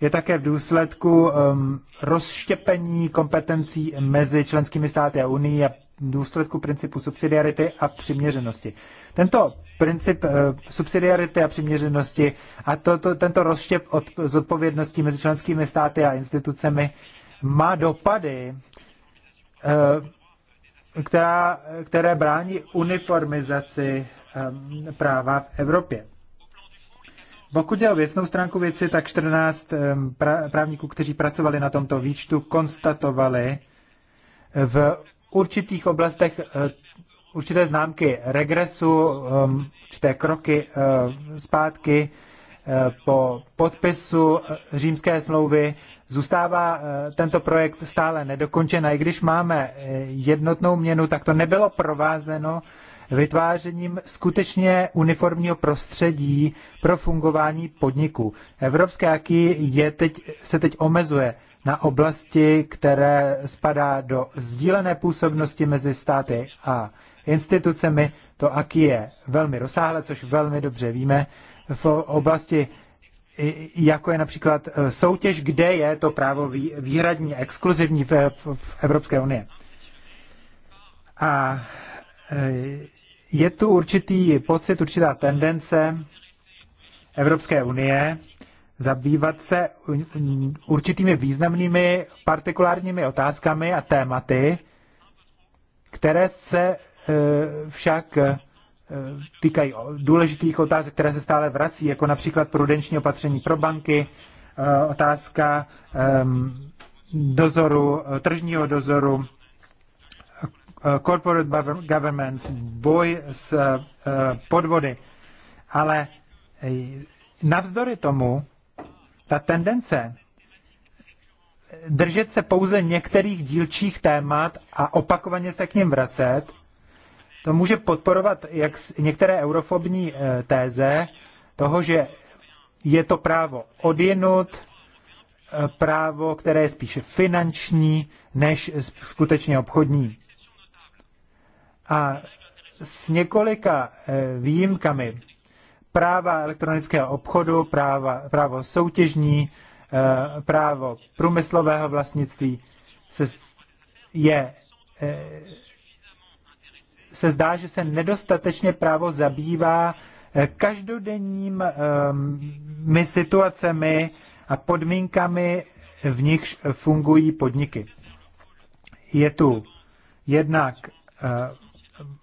je také v důsledku um, rozštěpení kompetencí mezi členskými státy a Unii a důsledku principu subsidiarity a přiměřenosti. Tento princip eh, subsidiarity a přiměřenosti a to, to, tento rozštěp od, z odpovědností mezi členskými státy a institucemi má dopady, eh, která, které brání uniformizaci eh, práva v Evropě. Pokud je o věcnou stránku věci, tak 14 pra, právníků, kteří pracovali na tomto výčtu, konstatovali v určitých oblastech eh, určité známky regresu, eh, určité kroky eh, zpátky po podpisu římské smlouvy. Zůstává tento projekt stále nedokončen a i když máme jednotnou měnu, tak to nebylo provázeno vytvářením skutečně uniformního prostředí pro fungování podniků. Evropské aký je teď, se teď omezuje na oblasti, které spadá do sdílené působnosti mezi státy a institucemi. To aký je velmi rozsáhlé, což velmi dobře víme. V oblasti jako je například e, soutěž, kde je to právo výhradní, exkluzivní v, v Evropské unii. A e, je tu určitý pocit, určitá tendence Evropské unie zabývat se určitými významnými partikulárními otázkami a tématy, které se e, však e, týkají důležitých otázek, které se stále vrací, jako například prudenční opatření pro banky, e, otázka dozoru, tržního dozoru, corporate governments, boj s podvody. Ale navzdory tomu ta tendence držet se pouze některých dílčích témat a opakovaně se k ním vracet, to může podporovat jak některé eurofobní eh, téze toho, že je to právo odjenut, eh, právo, které je spíše finanční než skutečně obchodní. A s několika eh, výjimkami práva elektronického obchodu, práva, právo soutěžní, eh, právo průmyslového vlastnictví se je eh, se zdá, že se nedostatečně právo zabývá eh, každodenními ehm, situacemi a podmínkami, v nichž fungují podniky. Je tu jednak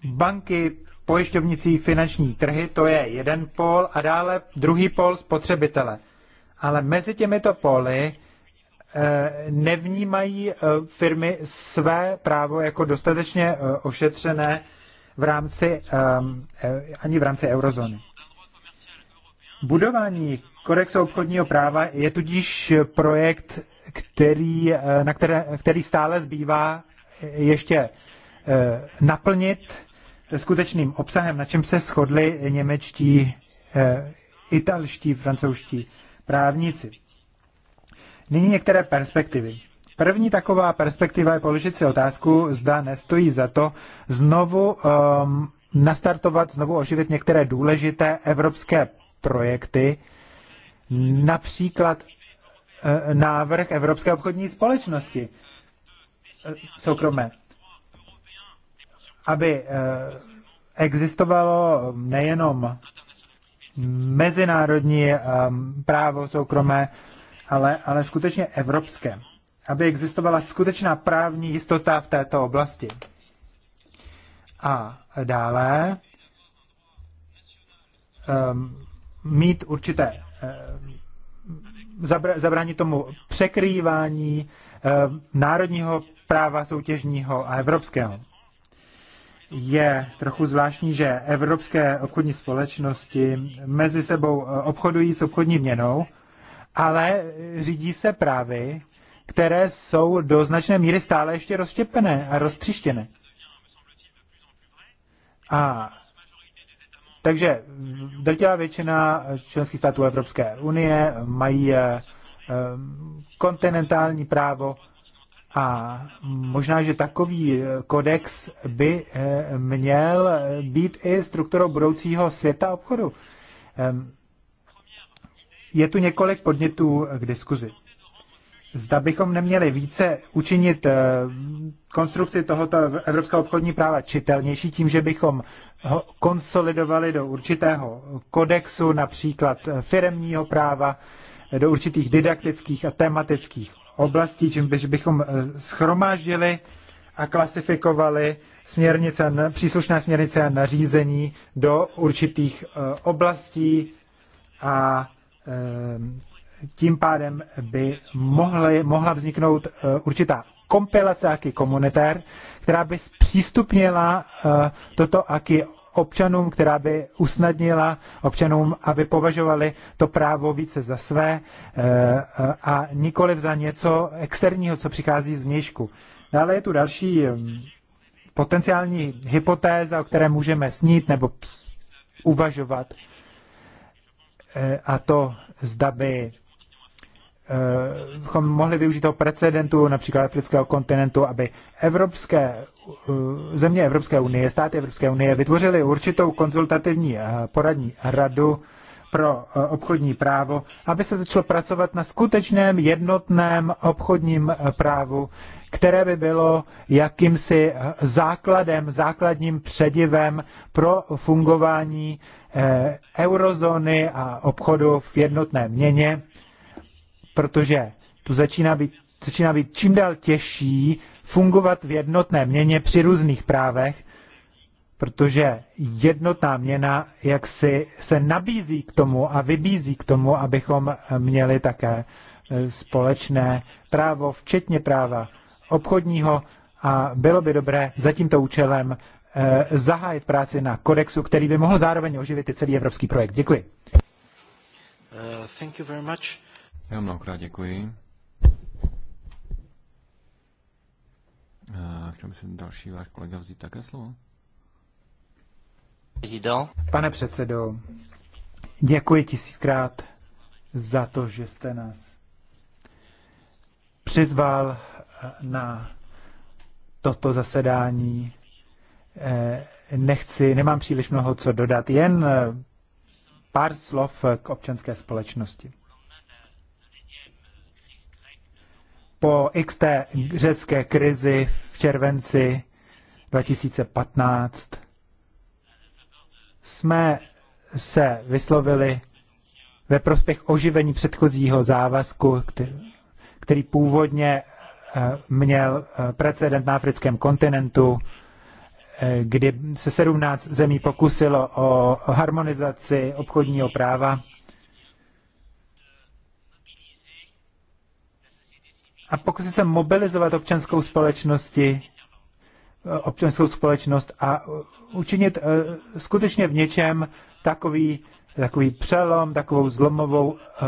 banky, pojišťovnicí finanční trhy, to je jeden pol, a dále druhý pol spotřebitele. Ale mezi těmito poly eh, nevnímají eh, firmy své právo jako dostatečně eh, ošetřené v rámci, ehm, ani v rámci eurozóny. Budování kodexu obchodního práva je tudíž projekt, který, na které, který stále zbývá ještě naplnit skutečným obsahem, na čem se shodli němečtí, eh, italští, francouzští právníci. Nyní některé perspektivy. První taková perspektiva je položit si otázku, zda nestojí za to znovu um, nastartovat, znovu oživit některé důležité evropské projekty, například eh, návrh Evropské obchodní společnosti eh, soukromé aby eh, existovalo nejenom mezinárodní eh, právo soukromé, ale, ale skutečně evropské. Aby existovala skutečná právní jistota v této oblasti. A dále ehm, mít určité eh, zabránit tomu překrývání národního práva soutěžního a evropského je trochu zvláštní, že evropské obchodní společnosti mezi sebou eh, obchodují s obchodní měnou, ale řídí se právy, které jsou do značné míry stále ještě rozštěpené a roztřištěné. A takže drtivá většina členských států Evropské unie mají eh, eh, kontinentální právo a možná, že takový eh, kodex by eh, měl eh, být i strukturou budoucího světa obchodu. Ehm, je tu několik podnětů k diskuzi. Zda bychom neměli více učinit konstrukci tohoto evropského obchodní práva čitelnější tím, že bychom ho konsolidovali do určitého kodexu, například firemního práva, do určitých didaktických a tematických oblastí, čím bychom eh, schromáždili a klasifikovali směrnice, příslušné směrnice a nařízení do určitých eh, oblastí a eh, tím pádem by mohly, mohla vzniknout určitá kompilace aky komunitér, která by zpřístupnila toto aky občanům, která by usnadnila občanům, aby považovali to právo více za své eh, a nikoliv za něco externího, co přichází z vnějšku. Dále je tu další eh, potenciální hypotéza, o které můžeme snít nebo uvažovat, eh, a to zda by bychom mohli využít toho precedentu například afrického kontinentu, aby evropské, eh, země Evropské unie, státy Evropské unie vytvořily určitou konzultativní eh, poradní radu pro eh, obchodní právo, aby se začalo pracovat na skutečném jednotném obchodním právu, které by bylo jakýmsi základem, základním předivem pro fungování eurozóny a obchodu v jednotné měně protože tu začíná být, začíná být čím dál těžší fungovat v jednotné měně při různých právech, protože jednotná měna jak si se nabízí k tomu a vybízí k tomu, abychom měli také e, společné právo, včetně práva obchodního a bylo by dobré za tímto účelem e, zahájit práci na kodexu, který by mohl zároveň oživit i celý evropský projekt. Děkuji. Uh, thank you very much. Já mnohokrát děkuji. chtěl by si další váš kolega vzít také slovo? Pane předsedo, děkuji tisíckrát za to, že jste nás přizval eh, na toto zasedání. Eh, nechci, nemám příliš mnoho co dodat, jen eh, pár slov k občanské společnosti. po XT řecké krizi v červenci 2015 jsme se vyslovili ve prospěch oživení předchozího závazku, který původně eh, měl eh, precedent na africkém kontinentu, eh, kdy se 17 zemí pokusilo o harmonizaci obchodního práva a pokusit se mobilizovat občanskou společnosti, občanskou společnost a učinit eh, skutečně v něčem takový, takový přelom, takovou zlomovou eh,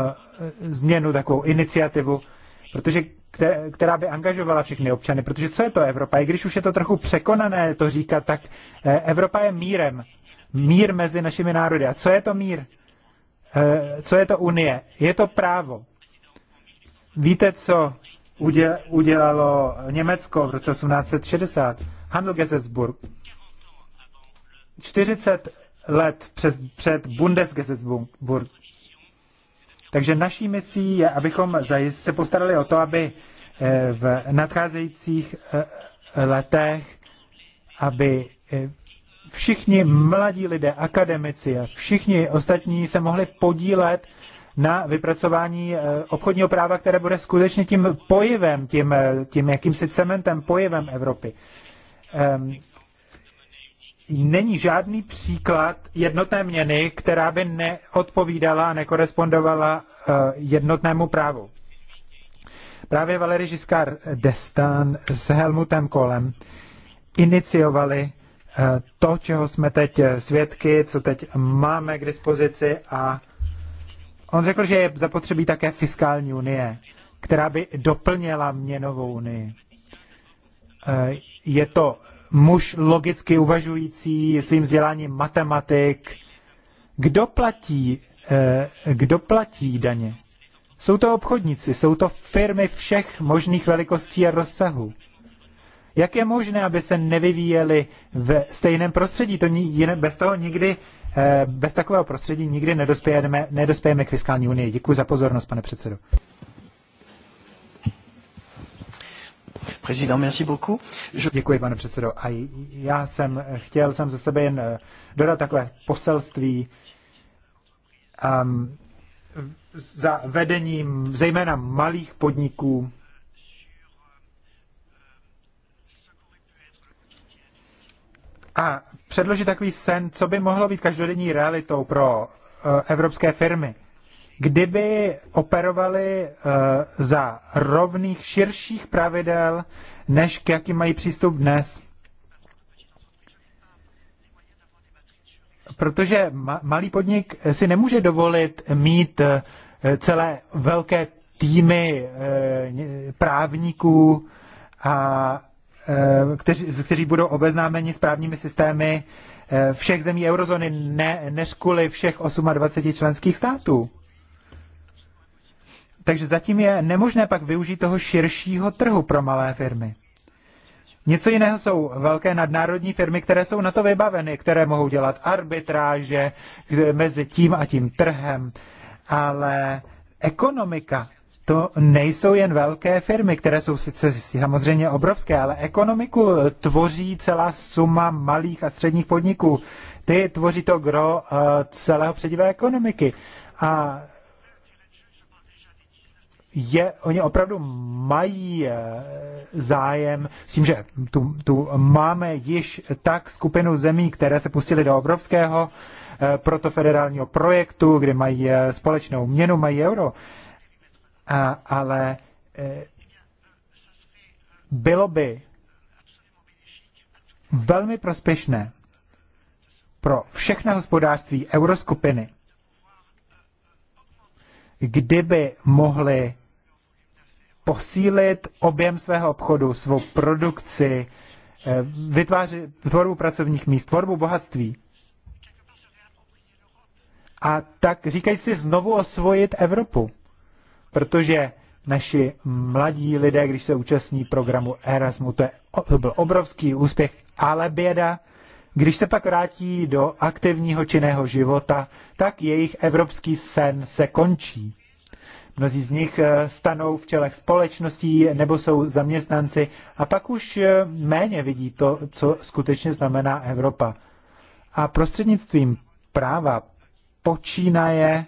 změnu, takovou iniciativu, protože která by angažovala všechny občany. Protože co je to Evropa? I když už je to trochu překonané to říkat, tak eh, Evropa je mírem. Mír mezi našimi národy. A co je to mír? Co je to unie? Je to právo. Víte, co udělalo Německo v roce 1860. Handelgesetzburg. 40 let přes, před Bundesgesetzburg. Takže naší misí je, abychom se postarali o to, aby eh, v nadcházejících eh, letech, aby eh, všichni mladí lidé, akademici a všichni ostatní se mohli podílet na vypracování eh, obchodního práva, které bude skutečně tím pojivem, tím, eh, tím jakýmsi cementem, pojivem Evropy. Ehm, není žádný příklad jednotné měny, která by neodpovídala a nekorespondovala eh, jednotnému právu. Právě Valery Žiskár Destan s Helmutem Kolem iniciovali to, čeho jsme teď svědky, co teď máme k dispozici a On řekl, že je zapotřebí také fiskální unie, která by doplněla měnovou unii. Eh, je to muž logicky uvažující, svým vzděláním matematik. Kdo platí, eh, kdo platí daně? Jsou to obchodníci, jsou to firmy všech možných velikostí a rozsahů. Jak je možné, aby se nevyvíjeli v stejném prostředí? To jiné, bez toho nikdy, eh, bez takového prostředí nikdy nedospějeme, nedospějeme k fiskální unii. Děkuji za pozornost, pane předsedo. Prezident, merci beaucoup. Je... Děkuji, pane předsedo. A já jsem chtěl jsem ze sebe jen eh, dodat takové poselství um, za vedením zejména malých podniků, a předložit takový sen, co by mohlo být každodenní realitou pro eh, evropské firmy, kdyby uh, za rovných širších pravidel, než k jakým mají přístup dnes. Protože ma- malý podnik si nemůže dovolit mít eh, celé velké týmy právníků a Eh, kteří, kteří budou obeznámeni s právními systémy eh, všech zemí eurozóny, ne, než kvůli všech 28 členských států. Takže zatím je nemožné pak využít toho širšího trhu pro malé firmy. Něco jiného jsou velké nadnárodní firmy, které jsou na to vybaveny, které mohou dělat arbitráže mezi tím a tím trhem, ale ekonomika to nejsou jen velké firmy, které jsou sice samozřejmě obrovské, ale ekonomiku tvoří celá suma malých a středních podniků. Ty tvoří to gro eh, celého předivé ekonomiky. A je, oni opravdu mají eh, zájem s tím, že tu, tu máme již tak skupinu zemí, které se pustily do obrovského eh, protofederálního projektu, kde mají společnou měnu, mají euro. A, ale e, bylo by velmi prospěšné pro všechna hospodářství euroskupiny, kdyby mohli posílit objem svého obchodu, svou produkci, e, vytvářet tvorbu pracovních míst, tvorbu bohatství. A tak říkají si znovu osvojit Evropu protože naši mladí lidé, když se účastní programu Erasmu, to, je, to byl obrovský úspěch, ale běda, když se pak vrátí do aktivního činného života, tak jejich evropský sen se končí. Mnozí z nich eh, stanou v čelech společností nebo jsou zaměstnanci a pak už eh, méně vidí to, co skutečně znamená Evropa. A prostřednictvím práva počínaje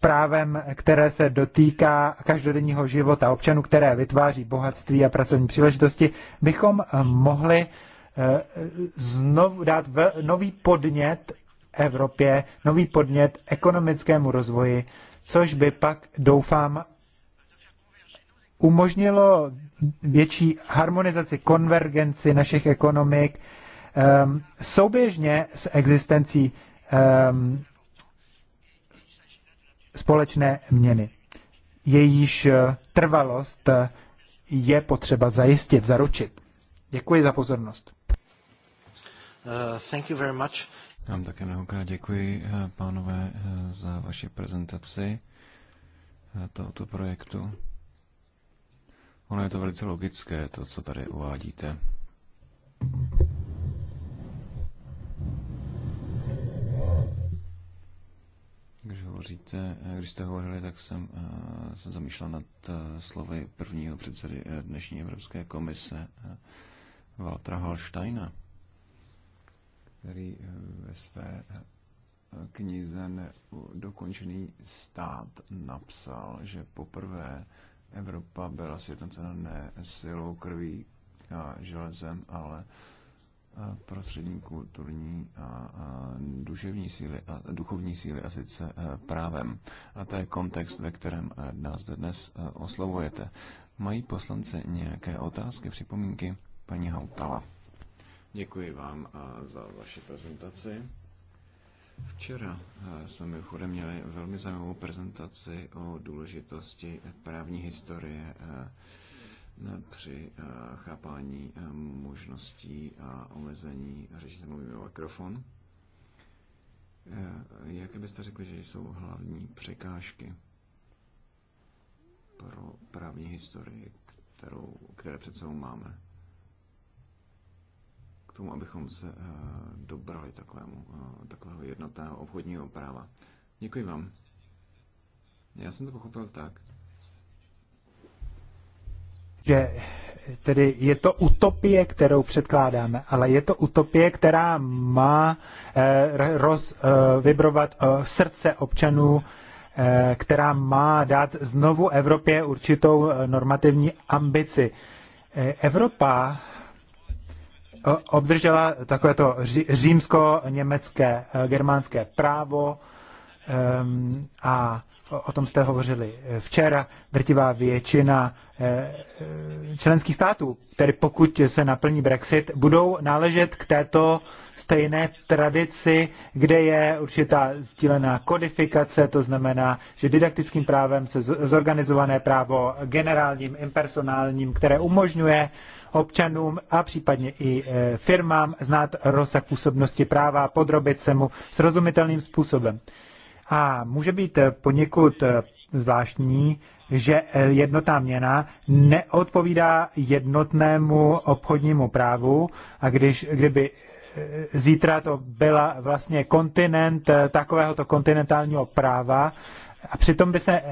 právem, které se dotýká každodenního života občanů, které vytváří bohatství a pracovní příležitosti, bychom eh, mohli eh, znovu dát nový podnět Evropě, nový podnět ekonomickému rozvoji, což by pak, doufám, umožnilo větší harmonizaci, konvergenci našich ekonomik ehm, souběžně s existencí ehm, společné měny. Jejíž eh, trvalost eh, je potřeba zajistit, zaručit. Děkuji za pozornost. Uh, thank you very much. Já vám také mnohokrát děkuji, eh, pánové, za vaši prezentaci tohoto projektu. Ono je to velice logické, to, co tady uvádíte. Když hovoříte, eh, když jste hovořili, tak jsem eh, se zamýšlel nad eh, slovy prvního předsedy dnešní Evropské komise Valtra Holsteina, který ve své knize Dokončený stát napsal, že poprvé Evropa byla sjednocena ne silou krví a železem, ale prostřední kulturní a duševní síly a duchovní síly a sice e, právem. A to je kontext, ve kterém e, nás dnes e, oslovujete. Mají poslance nějaké otázky, připomínky? Paní Hautala. Děkuji vám za vaši prezentaci. Včera jsme mimochodem měli velmi zajímavou prezentaci o důležitosti právní historie při eh, chápání eh, možností a omezení. Řeší se mluvím o mikrofon. Eh, Jaké byste řekli, že jsou hlavní překážky pro právní historii, kterou, které před sebou máme? K tomu, abychom se dobrali takovému, takového jednotného obchodního práva. Děkuji vám. Já jsem to pochopil tak, že eh, tedy je to utopie, kterou předkládáme, ale je to utopie, která má eh, rozvibrovat eh, srdce občanů, která má dát znovu Evropě určitou normativní ambici. Evropa obdržela takovéto římsko-německé germánské právo a o tom jste hovořili eh, včera, drtivá většina eh, eh, členských států, tedy pokud se naplní Brexit, budou náležet k této stejné tradici, kde je určitá sdílená kodifikace, to znamená, že didaktickým právem se zorganizované právo generálním, impersonálním, které umožňuje občanům a případně i firmám znát rozsah působnosti práva a podrobit se mu srozumitelným způsobem. A může být eh, poněkud eh, zvláštní, že eh, jednotná měna neodpovídá jednotnému obchodnímu právu a když, kdyby zítra to byla vlastně kontinent takovéhoto kontinentálního práva, a přitom by se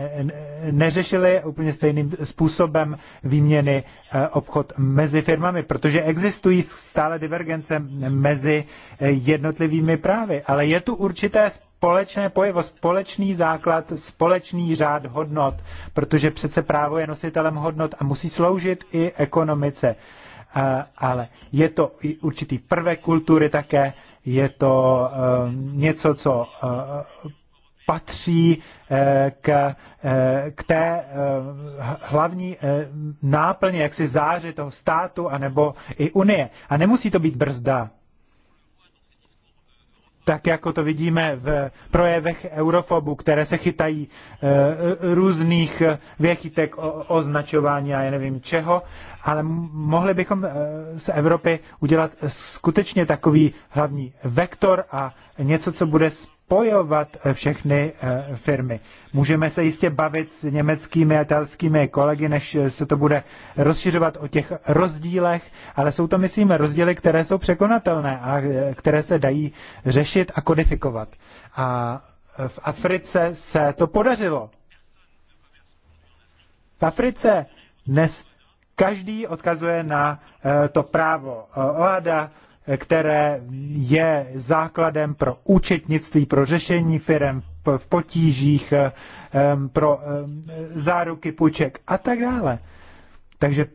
neřešily úplně stejným způsobem výměny obchod mezi firmami, protože existují stále divergence mezi jednotlivými právy, ale je tu určité společné pojevo, společný základ, společný řád hodnot, protože přece právo je nositelem hodnot a musí sloužit i ekonomice. Eh, ale je to i určitý prvek kultury také, je to eh, něco, co eh, patří k, k té hlavní náplně, jaksi záři toho státu anebo i unie. A nemusí to být brzda tak jako to vidíme v projevech eurofobu, které se chytají eh, různých věchytek o označování a já nevím čeho, ale mohli bychom eh, z Evropy udělat skutečně takový hlavní vektor a něco, co bude spojovat eh, všechny eh, firmy. Můžeme se jistě bavit s německými a italskými kolegy, než eh, se to bude rozšiřovat o těch rozdílech, ale jsou to, myslím, rozdíly, které jsou překonatelné a které se dají řešit a kodifikovat. A v Africe se to podařilo. V Africe dnes každý odkazuje na to právo OADA, které je základem pro účetnictví, pro řešení firm v potížích, eh, pro eh, záruky půjček a tak dále. Takže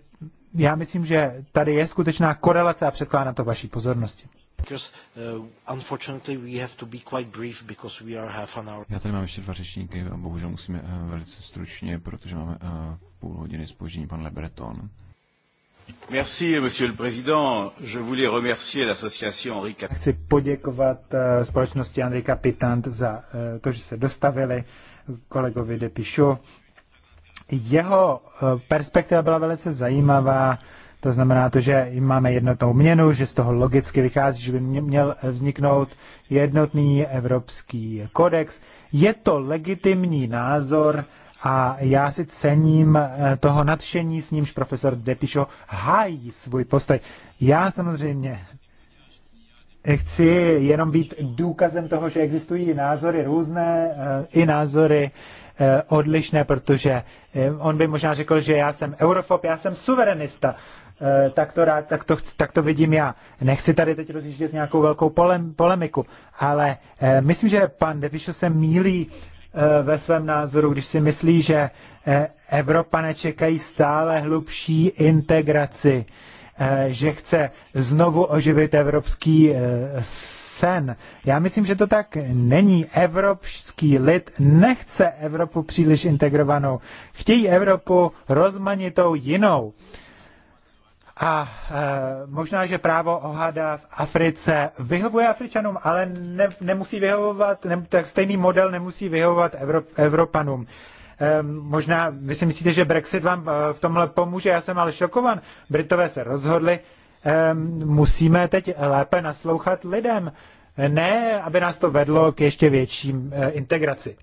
já myslím, že tady je skutečná korelace a předkládám to vaší pozornosti. Já tady mám ještě dva řečníky a bohužel musíme eh, velice stručně, protože máme půl hodiny spoždění pan Lebreton. Merci, monsieur le président. Je voulais remercier l'association Henri Chci poděkovat eh, společnosti Henri Capitant za eh, to, že se dostavili kolegovi Depišu. Jeho eh, perspektiva byla velice zajímavá. To znamená to, že máme jednotnou měnu, že z toho logicky vychází, že by měl vzniknout jednotný evropský kodex. Je to legitimní názor, a já si cením eh, toho nadšení, s nímž profesor Detišo hájí svůj postoj. Já samozřejmě chci jenom být důkazem toho, že existují názory různé, eh, i názory eh, odlišné, protože on by možná řekl, že já jsem eurofob, já jsem suverenista. Tak to, rád, tak, to, tak to vidím já. Nechci tady teď rozjíždět nějakou velkou polem, polemiku, ale myslím, že pan Depišo se mílí Eh, ve svém názoru, když si myslí, že eh, Evropa nečekají stále hlubší integraci, eh, že chce znovu oživit evropský sen. Já myslím, že to tak není. Evropský lid nechce Evropu příliš integrovanou. Chtějí Evropu rozmanitou jinou. A e, možná, že právo ohada v Africe vyhovuje Afričanům, ale ne, nemusí vyhovovat, ne, tak stejný model nemusí vyhovovat Evrop, Evropanům. E, možná vy si myslíte, že Brexit vám e, v tomhle pomůže, já jsem ale šokovan. Britové se rozhodli, e, musíme teď lépe naslouchat lidem, ne aby nás to vedlo k ještě větší e, integraci.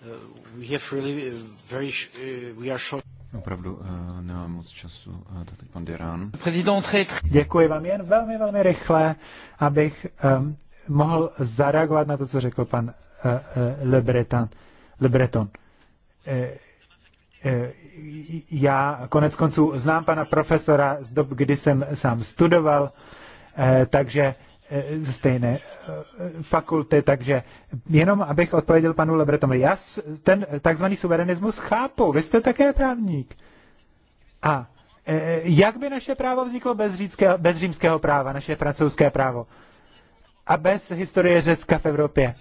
Uh, we have really uh, very, uh, we are short. Opravdu eh, nemám moc času, eh, tak pan Děkuji vám jen velmi, velmi rychle, abych um, mohl zareagovat na to, co řekl pan uh, uh, Le Breton. Le Breton. Uh, já konec konců znám pana profesora z dob, kdy jsem sám studoval, takže Eh, ze stejné eh, fakulty, takže jenom abych odpověděl panu Lebretomovi. Já ten takzvaný suverenismus chápu, vy jste také právník. A eh, jak by naše právo vzniklo bez, říckého, bez římského práva, naše francouzské právo? A bez historie Řecka v Evropě?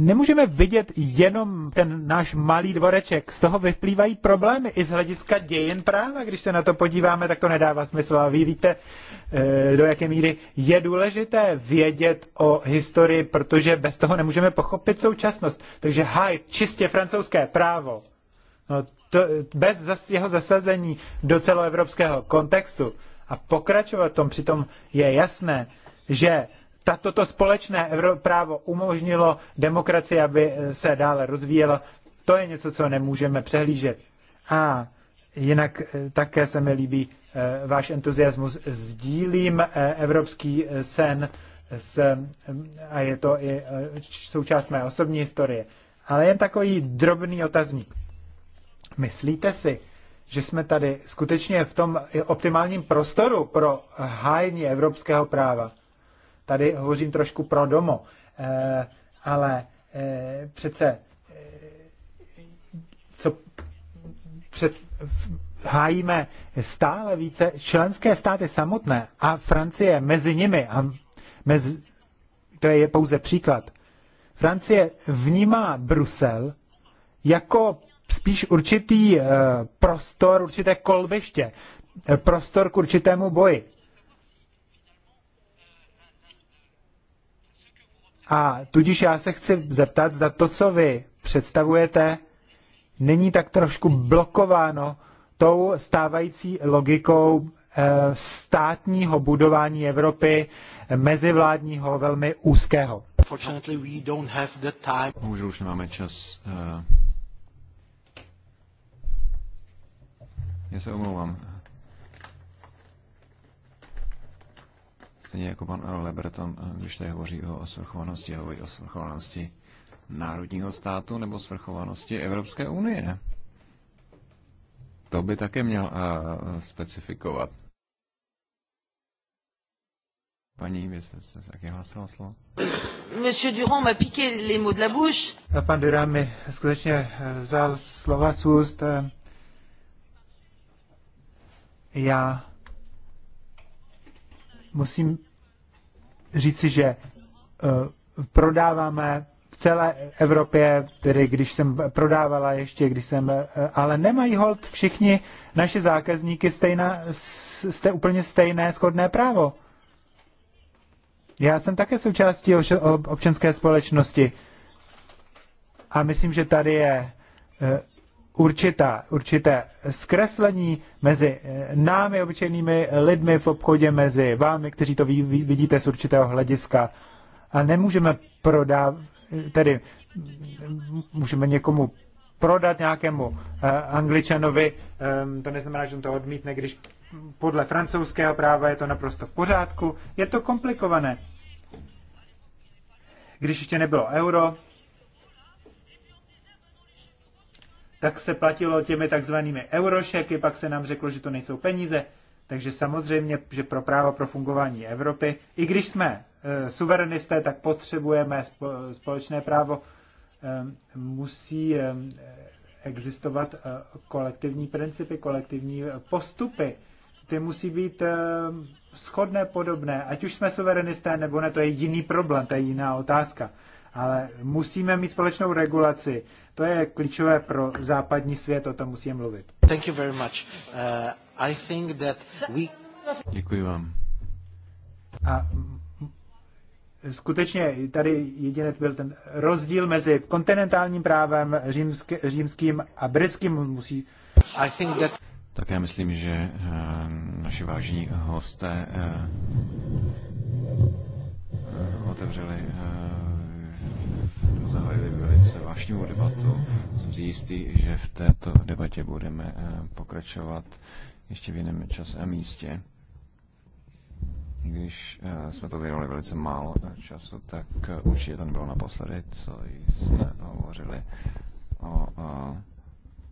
nemůžeme vidět jenom ten náš malý dvoreček. Z toho vyplývají problémy i z hlediska dějin práva. Když se na to podíváme, tak to nedává smysl. A vy víte, eh, do jaké míry je důležité vědět o historii, protože bez toho nemůžeme pochopit současnost. Takže haj čistě francouzské právo, no to, bez jeho zasazení do celoevropského kontextu a pokračovat tom, přitom je jasné, že toto společné právo umožnilo demokracii, aby se dále rozvíjela. To je něco, co nemůžeme přehlížet. A jinak eh, také se mi líbí eh, váš entuziasmus. Sdílím eh, evropský sen s, a je to i součást mé osobní historie. Ale jen takový drobný otazník. Myslíte si, že jsme tady skutečně v tom optimálním prostoru pro hájení evropského práva? Tady hovořím trošku pro domo, eh, ale eh, přece eh, co před, hájíme stále více členské státy samotné a Francie mezi nimi a mezi, to je pouze příklad. Francie vnímá Brusel jako spíš určitý prostor, určité kolbiště, prostor k určitému boji. A tudíž já se chci zeptat, zda to, co vy představujete, není tak trošku blokováno tou stávající logikou eh, státního budování Evropy, eh, mezivládního, velmi úzkého. Bohužel už nemáme čas. Eh. Já se omlouvám. stejně jako pan Earl Leberton, eh, když tady hovoří o svrchovanosti, hovoří o svrchovanosti národního státu nebo svrchovanosti Evropské unie. To by také měl a, eh, specifikovat. Paní, vy jste se taky hlasila slovo? Monsieur Durand m'a piqué les mots de la bouche. A pan Durand mi skutečně eh, vzal slova z úst. Já musím říci, že eh, prodáváme v celé Evropě, tedy když jsem prodávala ještě, když jsem, eh, ale nemají hold všichni naše zákazníky stejná, jste úplně stejné shodné právo. Já jsem také součástí občanské společnosti a myslím, že tady je eh, určitá, určité zkreslení mezi eh, námi, obyčejnými lidmi v obchodě, mezi vámi, kteří to vidíte z určitého hlediska. A nemůžeme prodávat, tedy můžeme někomu prodat nějakému uh, angličanovi, um, to neznamená, že on to odmítne, když podle francouzského práva je to naprosto v pořádku. Je to komplikované. Když ještě nebylo euro, tak se platilo těmi takzvanými eurošeky, pak se nám řeklo, že to nejsou peníze. Takže samozřejmě, že pro právo pro fungování Evropy, i když jsme e, suverenisté, tak potřebujeme společné právo, e, musí e, existovat e, kolektivní principy, kolektivní eh, postupy. Ty musí být e, shodné, podobné. Ať už jsme suverenisté nebo ne, to je jiný problém, to je jiná otázka ale musíme mít společnou regulaci. To je klíčové pro západní svět, o tom musíme mluvit. Thank you very much. Uh, I think that we... Děkuji vám. A skutečně tady jediný byl ten rozdíl mezi kontinentálním právem římsk, římským a britským musí... I think that... Tak já myslím, že eh, naši vážení hosté eh, zvláštnímu debatu. Jsem si jistý, že v této debatě budeme eh, pokračovat ještě v jiném čase a místě. Když eh, jsme to věnovali velice málo času, tak eh, určitě to nebylo naposledy, co jsme hovořili o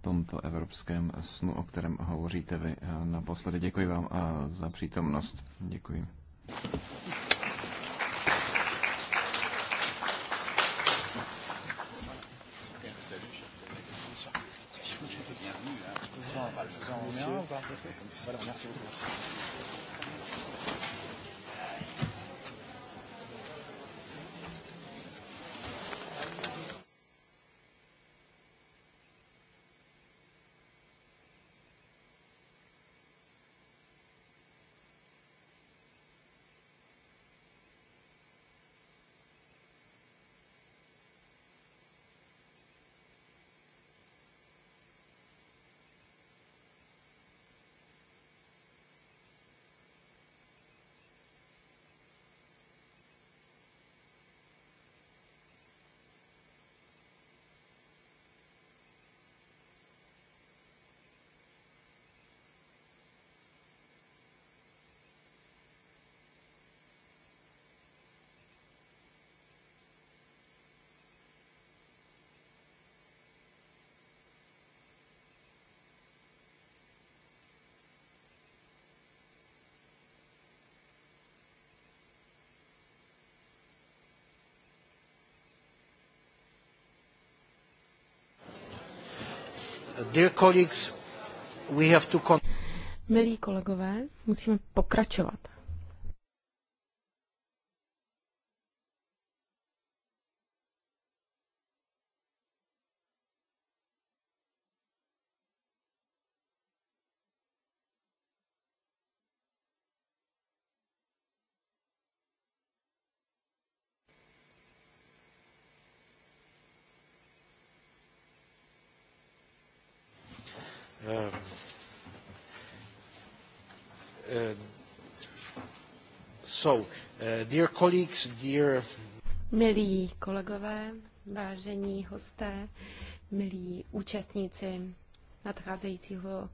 tomto evropském snu, o kterém hovoříte vy naposledy. Děkuji vám za přítomnost. Děkuji. Merci. Voilà, merci beaucoup. Milí kolegové, musíme pokračovat. colleagues, dear... Milí kolegové, vážení hosté, milí účastníci nadcházejícího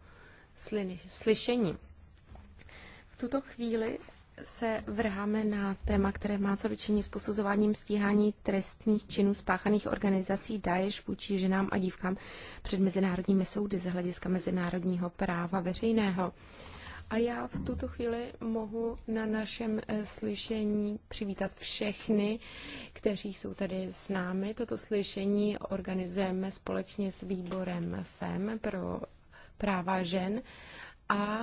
slyšení. V tuto chvíli se vrháme na téma, které má co dočinit s posuzováním stíhání trestných činů spáchaných organizací Daesh vůči ženám a dívkám před mezinárodními soudy z hlediska mezinárodního práva veřejného. Uh, a já v tuto chvíli mohu na našem eh, slyšení přivítat všechny, kteří jsou tady s námi. Toto slyšení organizujeme společně s výborem FEM pro práva žen a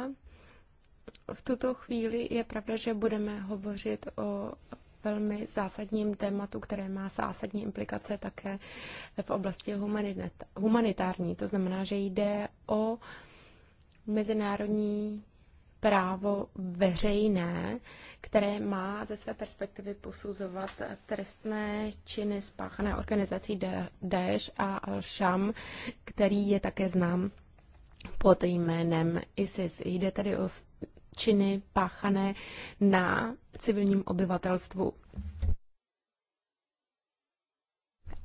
v tuto chvíli je pravda, že budeme hovořit o velmi zásadním tématu, které má zásadní implikace také v oblasti humanitární. To znamená, že jde o mezinárodní právo veřejné, které má ze své perspektivy posuzovat trestné činy spáchané organizací Daesh a Al-Sham, který je také znám pod jménem ISIS. Jde tedy o činy páchané na civilním obyvatelstvu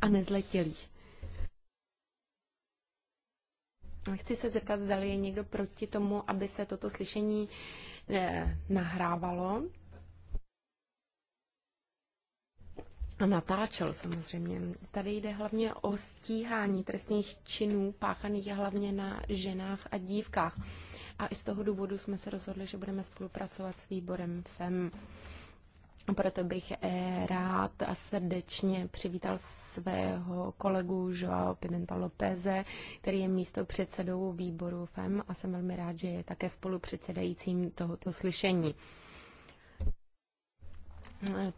a nezletilých. Chci se zeptat, zda je někdo proti tomu, aby se toto slyšení eh, nahrávalo a natáčel samozřejmě. Tady jde hlavně o stíhání trestných činů páchaných hlavně na ženách a dívkách. A i z toho důvodu jsme se rozhodli, že budeme spolupracovat s výborem FEM. Proto bych eh, rád a srdečně přivítal svého kolegu Joao Pimenta Lopeze, který je místo předsedou výboru FEM a jsem velmi rád, že je také spolupředsedajícím tohoto slyšení.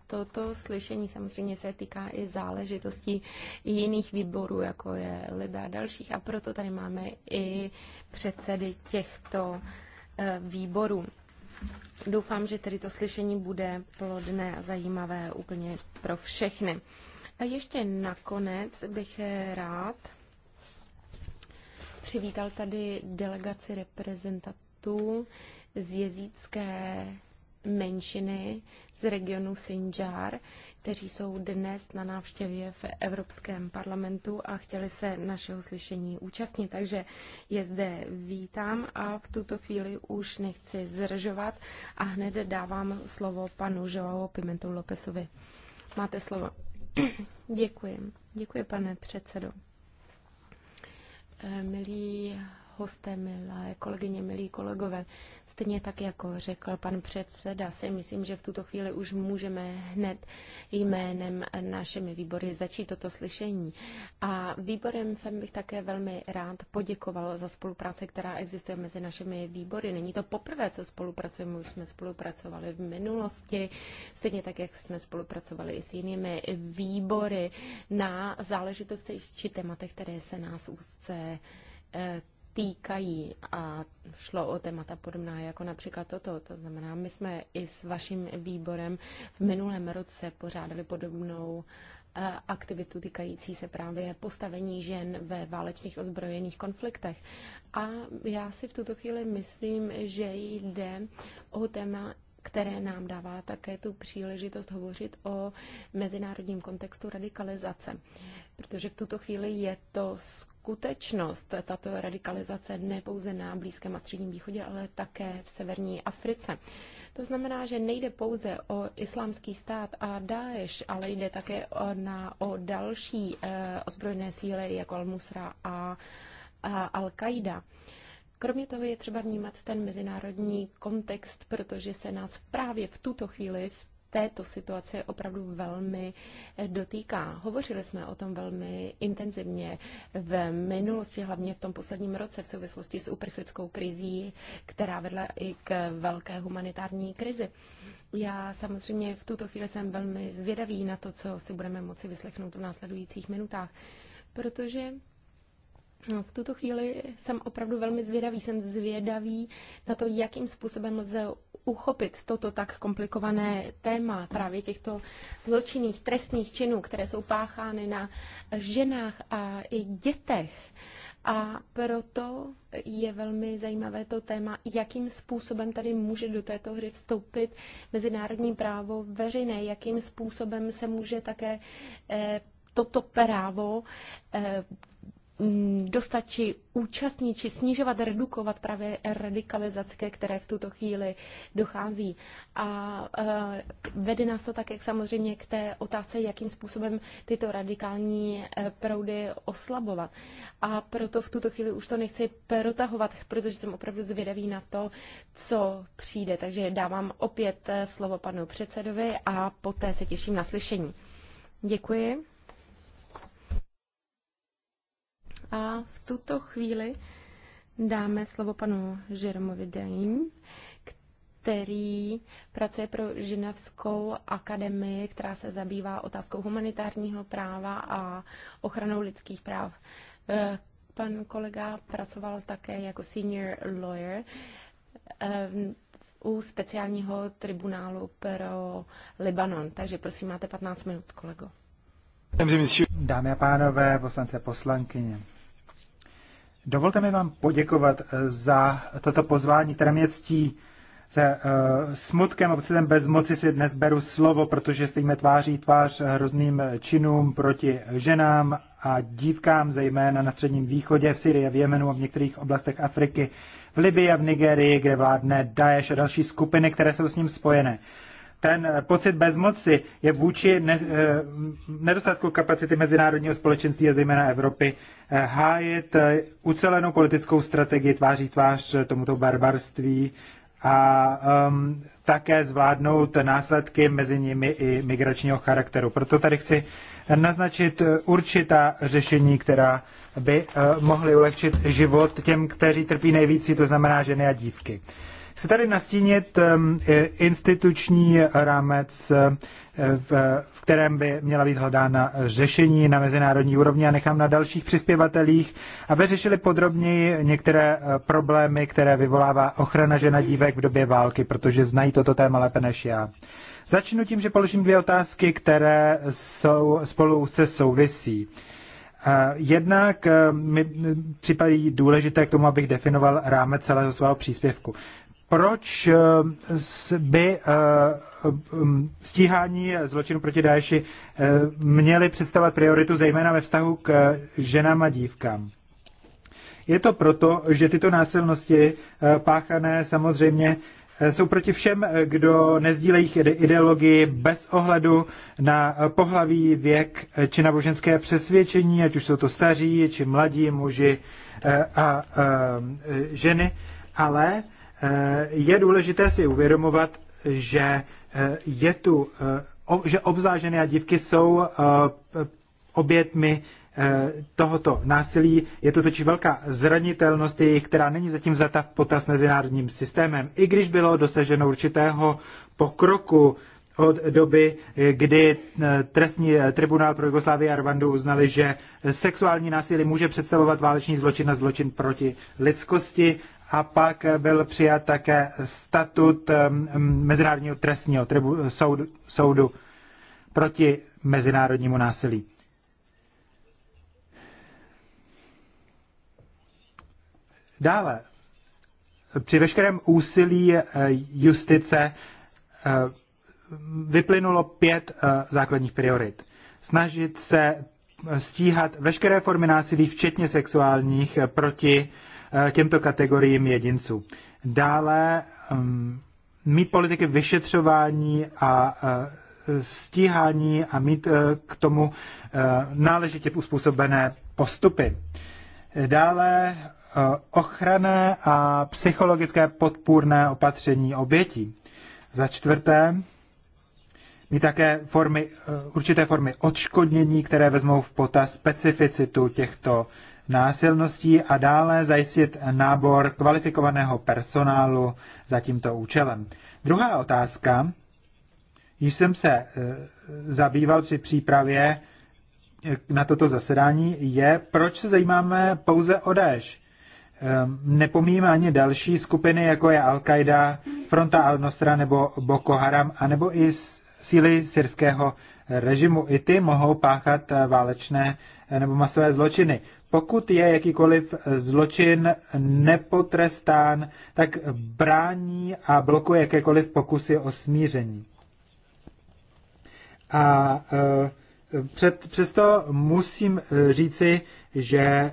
Toto slyšení samozřejmě se týká i záležitostí jiných výborů, jako je Libe a dalších, a proto tady máme i předsedy těchto eh, výborů. Doufám, že tedy to slyšení bude plodné a zajímavé úplně pro všechny. A ještě nakonec bych rád přivítal tady delegaci reprezentantů z jezícké menšiny z regionu Sinjar, kteří jsou dnes na návštěvě v Evropském parlamentu a chtěli se našeho slyšení účastnit. Takže je zde vítám a v tuto chvíli už nechci zržovat a hned dávám slovo panu Joao Pimentu Lopesovi. Máte slovo. Děkuji. Děkuji, pane předsedo. Eh, milí hosté, milé kolegyně, milí kolegové. Stejně tak, jako řekl pan předseda, si myslím, že v tuto chvíli už můžeme hned jménem našimi výbory začít toto slyšení. A výborem FEM bych také velmi rád poděkoval za spolupráci, která existuje mezi našimi výbory. Není to poprvé, co spolupracujeme, už jsme spolupracovali v minulosti, stejně tak, jak jsme spolupracovali i s jinými výbory na záležitosti či tématech, které se nás úzce eh, týkají a šlo o témata podobná jako například toto. To znamená, my jsme i s vaším výborem v minulém roce pořádali podobnou eh, aktivitu týkající se právě postavení žen ve válečných ozbrojených konfliktech. A já si v tuto chvíli myslím, že jde o téma které nám dává také tu příležitost hovořit o mezinárodním kontextu radikalizace. Protože v tuto chvíli je to skutečnost, tato radikalizace ne pouze na Blízkém a Středním východě, ale také v severní Africe. To znamená, že nejde pouze o islámský stát a Daesh, ale jde také o, na, o další e, ozbrojené síly jako Al-Musra a, a Al-Qaida. E, Kromě toho je třeba vnímat ten mezinárodní kontext, protože se nás právě v tuto chvíli, v této situace opravdu velmi eh, dotýká. Hovořili jsme o tom velmi intenzivně v minulosti, hlavně v tom posledním roce v souvislosti s uprchlickou krizí, která vedla i k velké humanitární krizi. Já samozřejmě v tuto chvíli jsem velmi zvědavý na to, co si budeme moci vyslechnout v následujících minutách, protože No, v tuto chvíli jsem opravdu velmi zvědavý. Jsem zvědavý na to, jakým způsobem lze uchopit toto tak komplikované téma právě těchto zločinných trestných činů, které jsou páchány na ženách a i dětech. A proto je velmi zajímavé to téma, jakým způsobem tady může do této hry vstoupit mezinárodní právo veřejné, jakým způsobem se může také eh, toto právo eh, Mm, dostat či účastnit, či snižovat, redukovat právě radikalizace, které v tuto chvíli dochází. A eh, vede nás to také samozřejmě k té otázce, jakým způsobem tyto radikální eh, proudy oslabovat. A proto v tuto chvíli už to nechci protahovat, protože jsem opravdu zvědavý na to, co přijde. Takže dávám opět eh, slovo panu předsedovi a poté se těším na slyšení. Děkuji. A v tuto chvíli dáme slovo panu Žeromovi Dejím, který pracuje pro Ženevskou akademii, která se zabývá otázkou humanitárního práva a ochranou lidských práv. Eh, pan kolega pracoval také jako senior lawyer eh, u speciálního tribunálu pro Libanon. Takže prosím, máte 15 minut, kolego. Dámy a pánové, poslance poslankyně. Dovolte mi vám poděkovat eh, za toto pozvání, které mě ctí. Se uh, smutkem a pocitem bezmoci si dnes beru slovo, protože stojíme tváří tvář hrozným eh, eh, činům proti ženám a dívkám, zejména na Středním východě, v Syrii, v Jemenu a v některých oblastech Afriky, v Libii a v Nigerii, kde vládne Daesh a další skupiny, které jsou s ním spojené ten pocit bezmoci je vůči ne, eh, nedostatku kapacity mezinárodního společenství a zejména Evropy eh, hájit eh, ucelenou politickou strategii tváří tvář tomuto barbarství a um, také zvládnout následky mezi nimi i migračního charakteru. Proto tady chci naznačit určitá řešení, která by uh, mohly ulehčit život těm, kteří trpí nejvíc, to znamená ženy a dívky. Chci tady nastínit um, instituční rámec, uh, v kterém by měla být hledána řešení na mezinárodní úrovni a nechám na dalších přispěvatelích, aby řešili podrobněji některé uh, problémy, které vyvolává ochrana žena dívek v době války, protože znají toto téma lépe než já. Začnu tím, že položím dvě otázky, které jsou spolu se souvisí. Uh, jednak mi připadí důležité k tomu, abych definoval rámec celého svého příspěvku proč eh, by eh, stíhání zločinu proti Daeši eh, měly představovat prioritu zejména ve vztahu k ženám a dívkám. Je to proto, že tyto násilnosti páchané samozřejmě jsou proti všem, kdo nezdílejí ideologii bez ohledu na pohlaví, věk či náboženské přesvědčení, ať už jsou to staří či mladí muži a ženy, ale Eh, je důležité si uvědomovat, že eh, je tu, eh, že obzážené a dívky jsou obětmi tohoto násilí. Je to totiž velká zranitelnost jejich, která není zatím zata v potaz mezinárodním systémem. I když bylo dosaženo určitého pokroku od doby, kdy trestní tribunál pro Jugoslávii a Rwandu uznali, že sexuální násilí může představovat válečný zločin a zločin proti lidskosti a pak byl přijat také statut Mezinárodního trestního tribu, soudu, soudu proti mezinárodnímu násilí. Dále, při veškerém úsilí eh, justice eh, vyplynulo pět eh, základních priorit. Snažit se stíhat veškeré formy násilí, včetně sexuálních, proti Eh, těmto kategoriím jedinců. Dále mm, mít politiky vyšetřování a eh, stíhání a mít eh, k tomu náležitě uspůsobené postupy. Dále ochranné a psychologické podpůrné opatření obětí. Za čtvrté, mít také formy, určité formy odškodnění, které vezmou v potaz specificitu těchto násilností a dále zajistit nábor kvalifikovaného personálu za tímto účelem. Druhá otázka, již jsem se eh, zabýval při přípravě eh, na toto zasedání, je, proč se zajímáme pouze o Daesh. Eh, nepomíjíme ani další skupiny, jako je Al-Qaida, Fronta al-Nosra nebo Boko Haram, anebo i síly syrského režimu i ty mohou páchat eh, válečné eh, nebo masové zločiny. Pokud je jakýkoliv eh, zločin nepotrestán, tak brání a blokuje jakékoliv pokusy o smíření. A před, přesto musím říci, že